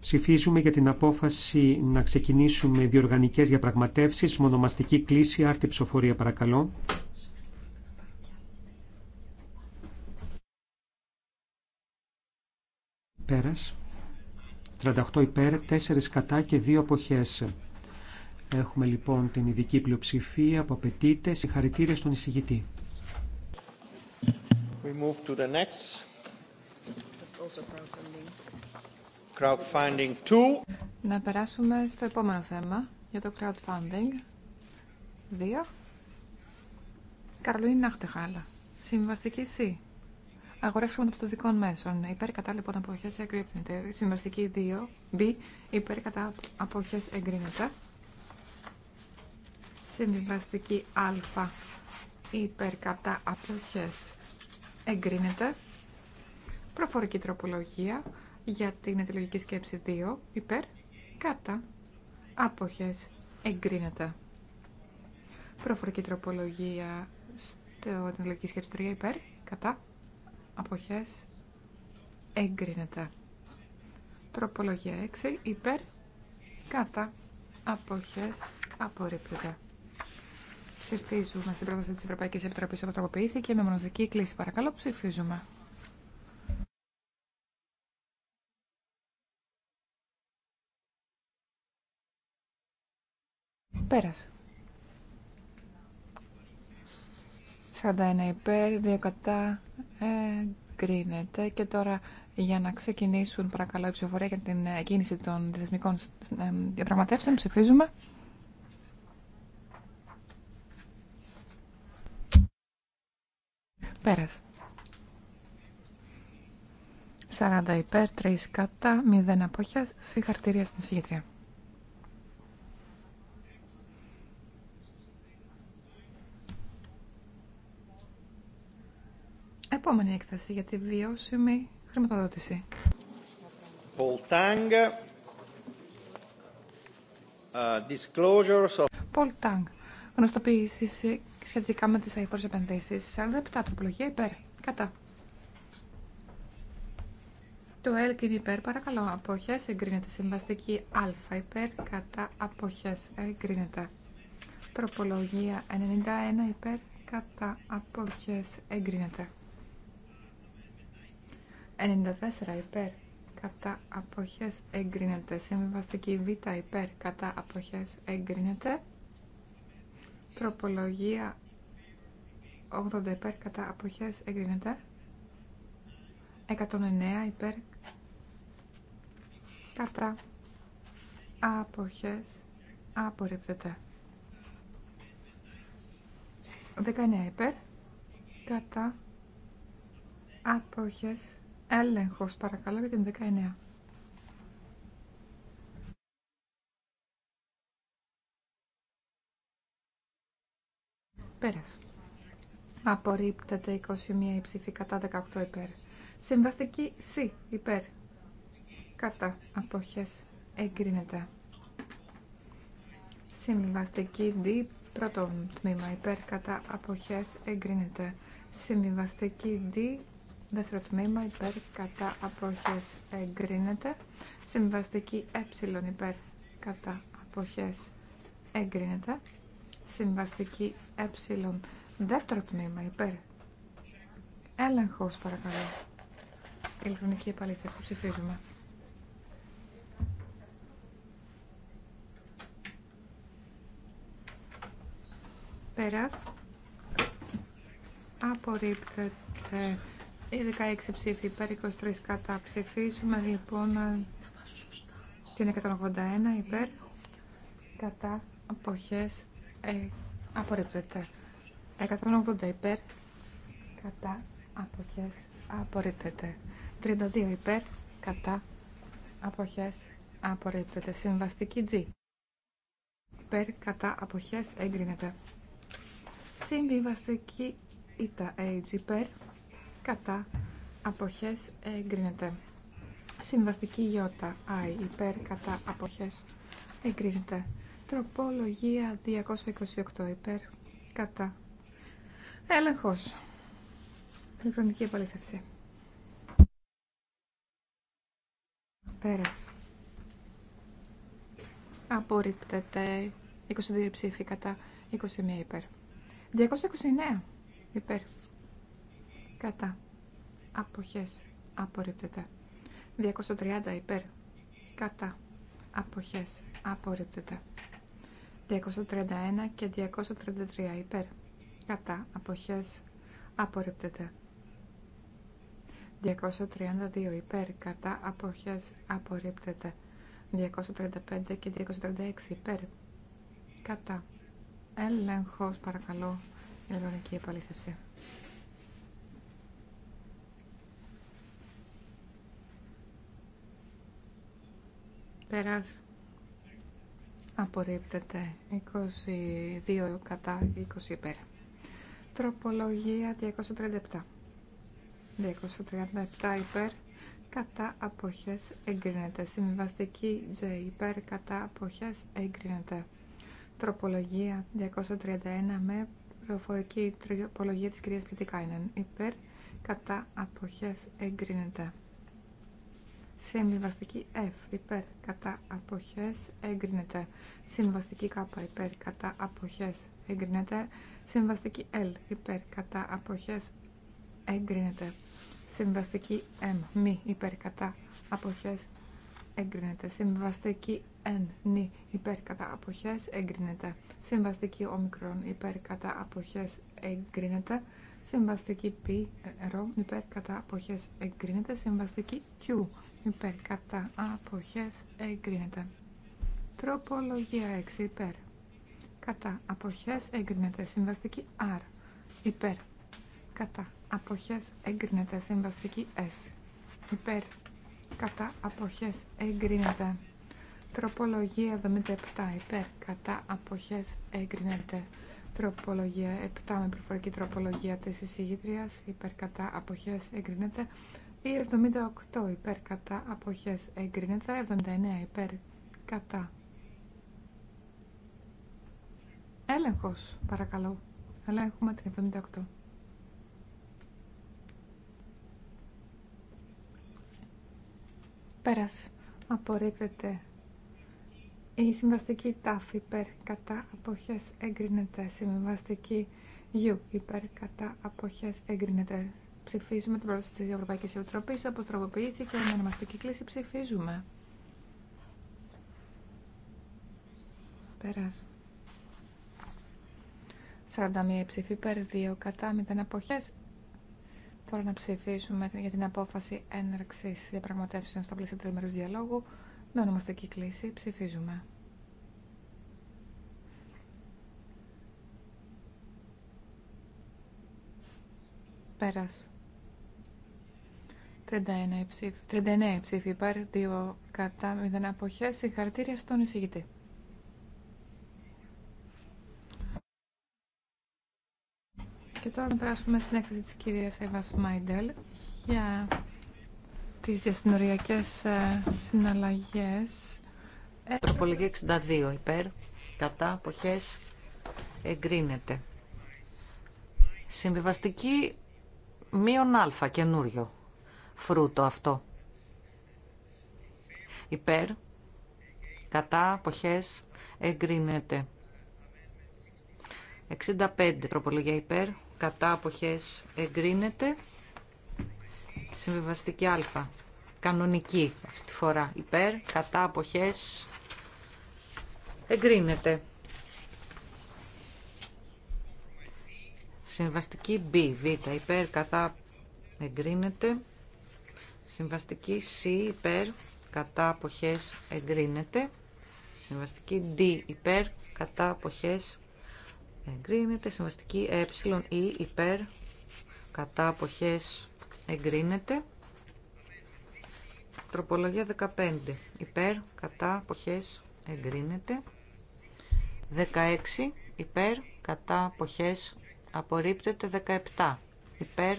Ψηφίζουμε για την απόφαση να ξεκινήσουμε διοργανικές διαπραγματεύσεις, μονομαστική κλίση, άρτη ψηφοφορία παρακαλώ. Πέρας. 38 υπέρ, 4 κατά και 2 αποχές. Έχουμε λοιπόν την ειδική πλειοψηφία που απαιτείται. Συγχαρητήρια στον εισηγητή. We move to the next. Crowdfunding 2. Να περάσουμε στο επόμενο θέμα για το crowdfunding. 2. Καρολίνη Νάχτεχάλα. Συμβαστική C αγορέ χρηματοπιστωτικών δικο μέσων. Υπέρ κατά λοιπόν αποχές εγκρίνεται. Συμβαστική 2. B. Υπέρ κατά αποχές εγκρίνεται. Συμβαστική α. Υπέρ κατά αποχές εγκρίνεται. Προφορική τροπολογία για την αιτιολογική σκέψη 2. Υπέρ κατά Απόχε εγκρίνεται. Προφορική τροπολογία στο αιτιολογική σκέψη 3. Υπέρ κατά αποχές εγκρίνεται. Τροπολογία 6 υπέρ κατά αποχές απορρίπτεται. Ψηφίζουμε στην πρόταση της Ευρωπαϊκής Επιτροπής όπως τροποποιήθηκε με μονοδική κλίση. Παρακαλώ ψηφίζουμε. Πέρασε. 41 υπέρ, 2 κατά, Εγκρίνεται. Και τώρα για να ξεκινήσουν παρακαλώ η ψηφοφορία για την ε, κίνηση των διεθνικών ε, διαπραγματεύσεων ψηφίζουμε. Πέρας. 40 υπέρ, 3 κατά, 0 απόχεια. Συγχαρητήρια στην συγκεκριά. επόμενη έκθεση για τη βιώσιμη χρηματοδότηση. Πολ Τάγκ. Γνωστοποίηση σχετικά με τι αηφόρε επενδύσει. 47 τροπολογία υπέρ. Κατά. Το ΕΛΚ είναι υπέρ, παρακαλώ. Αποχέ εγκρίνεται. Συμβαστική Α υπέρ. Κατά. Αποχέ εγκρίνεται. Τροπολογία 91 υπέρ. Κατά. Αποχέ εγκρίνεται. 94 υπέρ κατά αποχές εγκρίνεται. Συμβιβαστική Β υπέρ κατά αποχές εγκρίνεται. Τροπολογία 80 υπέρ κατά αποχές εγκρίνεται. 109 υπέρ κατά αποχές απορρίπτεται. 19 υπέρ κατά αποχές Έλεγχος παρακαλώ για την 19. Πέρας. Απορρίπτεται 21 η ψήφη κατά 18 υπέρ. Συμβαστική C υπέρ. Κατά αποχές εγκρίνεται. Συμβαστική D πρώτο τμήμα υπέρ κατά αποχές εγκρίνεται. Συμβαστική D Δεύτερο τμήμα υπέρ κατά αποχές εγκρίνεται. Συμβαστική ε υπέρ κατά αποχές εγκρίνεται. Συμβαστική ε δεύτερο τμήμα υπέρ. Έλεγχος παρακαλώ. Ηλεκτρονική επαλήθευση ψηφίζουμε. Πέρας. Απορρίπτεται οι ε, 16 ψήφοι υπέρ 23 κατά. ψηφίσουμε λοιπόν την 181 υπέρ κατά αποχές ε, απορρίπτεται. 180 υπέρ κατά αποχές απορρίπτεται. 32 υπέρ κατά αποχές απορρίπτεται. Συμβαστική G. Υπέρ κατά αποχές εγκρίνεται. Συμβιβαστική ΙΤΑ H υπέρ κατά αποχές εγκρίνεται. Συμβαστική γιώτα αι υπέρ κατά αποχές εγκρίνεται. Τροπολογία 228 υπέρ κατά. Έλεγχος. Ηλεκτρονική επαλήθευση. Πέρας. Απορρίπτεται 22 ψήφοι κατά 21 υπέρ. 229 υπέρ κατά αποχές απορρίπτεται 230 υπέρ κατά αποχές απορρίπτεται 231 και 233 υπέρ κατά αποχές απορρίπτεται 232 υπέρ κατά αποχές απορρίπτεται 235 και 236 υπέρ κατά έλεγχος παρακαλώ ηλεκτρονική επαλήθευση Πέρας. Απορρίπτεται. 22 κατά 20 υπέρ. Τροπολογία 237. 237 υπέρ. Κατά αποχές εγκρίνεται. Συμβαστική J υπέρ. Κατά αποχές εγκρίνεται. Τροπολογία 231 με προφορική τροπολογία της κυρίας Πιτικάινεν. Υπέρ. Κατά αποχές εγκρίνεται. Συμβιβαστική F υπέρ κατά αποχές εγκρίνεται. Συμβαστική K υπέρ κατά αποχές εγκρίνεται. Συμβαστική L υπέρ κατά αποχές εγκρίνεται. Συμβαστική M μη υπέρ κατά αποχές εγκρίνεται. Συμβαστική N νη υπέρ κατά αποχές εγκρίνεται. Συμβαστική ομικρόν υπέρ κατά αποχές εγκρίνεται. Συμβαστική P ε, ε, ρο υπέρ κατά αποχές εγκρίνεται. Συμβαστική Q υπέρ κατά αποχές εγκρίνεται. Τροπολογία 6 υπέρ κατά αποχές εγκρίνεται. Συμβαστική R υπέρ κατά αποχές εγκρίνεται. Συμβαστική S υπέρ κατά αποχές εγκρίνεται. Τροπολογία 77 υπέρ κατά αποχές εγκρίνεται. Τροπολογία 7 με προφορική τροπολογία της εισηγήτριας υπέρ κατά αποχές εγκρίνεται. Ή 78 υπέρ κατά αποχές εγκρίνεται, 79 υπέρ κατά. Έλεγχος, παρακαλώ. Ελέγχουμε την 78. Πέρας. Απορρίπτεται. Η συμβαστική τάφη υπέρ κατά αποχές εγκρίνεται. Συμβαστική γιου υπέρ κατά αποχές εγκρίνεται. Ψηφίζουμε την πρόταση της Ευρωπαϊκής Επιτροπής, αποστροποποιήθηκε, Η ονομαστική κλίση ψηφίζουμε. Πέρας. 41 ψηφί περ 2 κατά 0 αποχές. Τώρα να ψηφίσουμε για την απόφαση έναρξης διαπραγματεύσεων στα πλαίσια τριμερούς διαλόγου. Με ονομαστική κλίση ψηφίζουμε. Πέρασε. 39 ψήφοι, υπέρ, 2 κατά, 0 αποχές. Συγχαρητήρια στον εισηγητή. Και τώρα να περάσουμε στην έκθεση της κυρίας Εύας Μάιντελ για τις διασυνοριακές ε, συναλλαγές. Τροπολογία 62 υπέρ, κατά, αποχές, εγκρίνεται. Συμβιβαστική μείον α καινούριο φρούτο αυτό. Υπέρ, κατά, αποχές, εγκρίνεται. 65 τροπολογία υπέρ, κατά, αποχές, εγκρίνεται. Συμβιβαστική α, κανονική αυτή τη φορά. Υπέρ, κατά, αποχές, εγκρίνεται. Συμβαστική B, Β, υπέρ, κατά, εγκρίνεται. Συμβαστική C υπέρ κατά αποχές εγκρίνεται. Συμβαστική D υπέρ κατά αποχές εγκρίνεται. Συμβαστική ε e, υπέρ κατά αποχές εγκρίνεται. Τροπολογία 15 υπέρ κατά αποχές εγκρίνεται. 16 υπέρ κατά αποχές απορρίπτεται. 17 υπέρ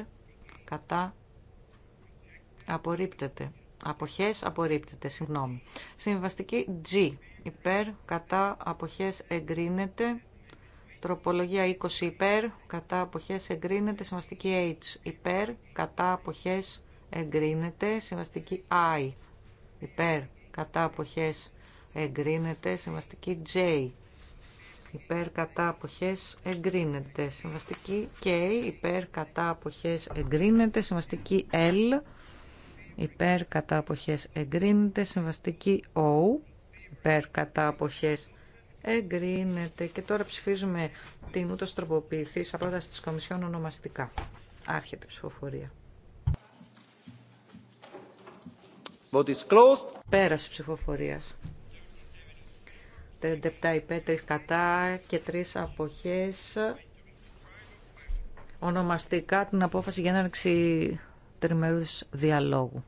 κατά απορρίπτεται. Αποχές απορρίπτεται, συγγνώμη. Συμβαστική G. Υπέρ, κατά, αποχές εγκρίνεται. Τροπολογία 20 υπέρ, κατά αποχές εγκρίνεται. Συμβαστική H υπέρ, κατά αποχές εγκρίνεται. Συμβαστική I υπέρ, κατά αποχές εγκρίνεται. Συμβαστική J υπέρ, κατά αποχές εγκρίνεται. Συμβαστική K υπέρ, κατά αποχές εγκρίνεται. Συμβαστική L υπέρ κατά αποχές εγκρίνεται, συμβαστική O, υπέρ κατά αποχές εγκρίνεται και τώρα ψηφίζουμε την ούτως τροποποιηθή σαν πρόταση της Κομισιόν ονομαστικά. Άρχεται η ψηφοφορία. is closed. Πέραση ψηφοφορίας. 37 υπέρ, 3 κατά και 3 αποχές. Ονομαστικά την απόφαση για έναρξη τριμερούς διαλόγου.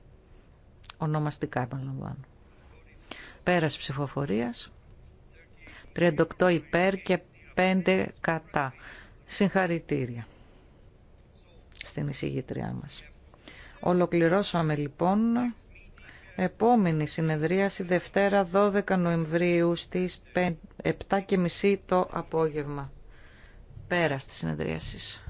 Ονομαστικά επαναλαμβάνω. Πέρας ψηφοφορίας. 38 υπέρ και 5 κατά. Συγχαρητήρια στην εισηγήτριά μας. Ολοκληρώσαμε λοιπόν επόμενη συνεδρίαση Δευτέρα 12 Νοεμβρίου στις 7.30 το απόγευμα. Πέρα της συνεδρίασης.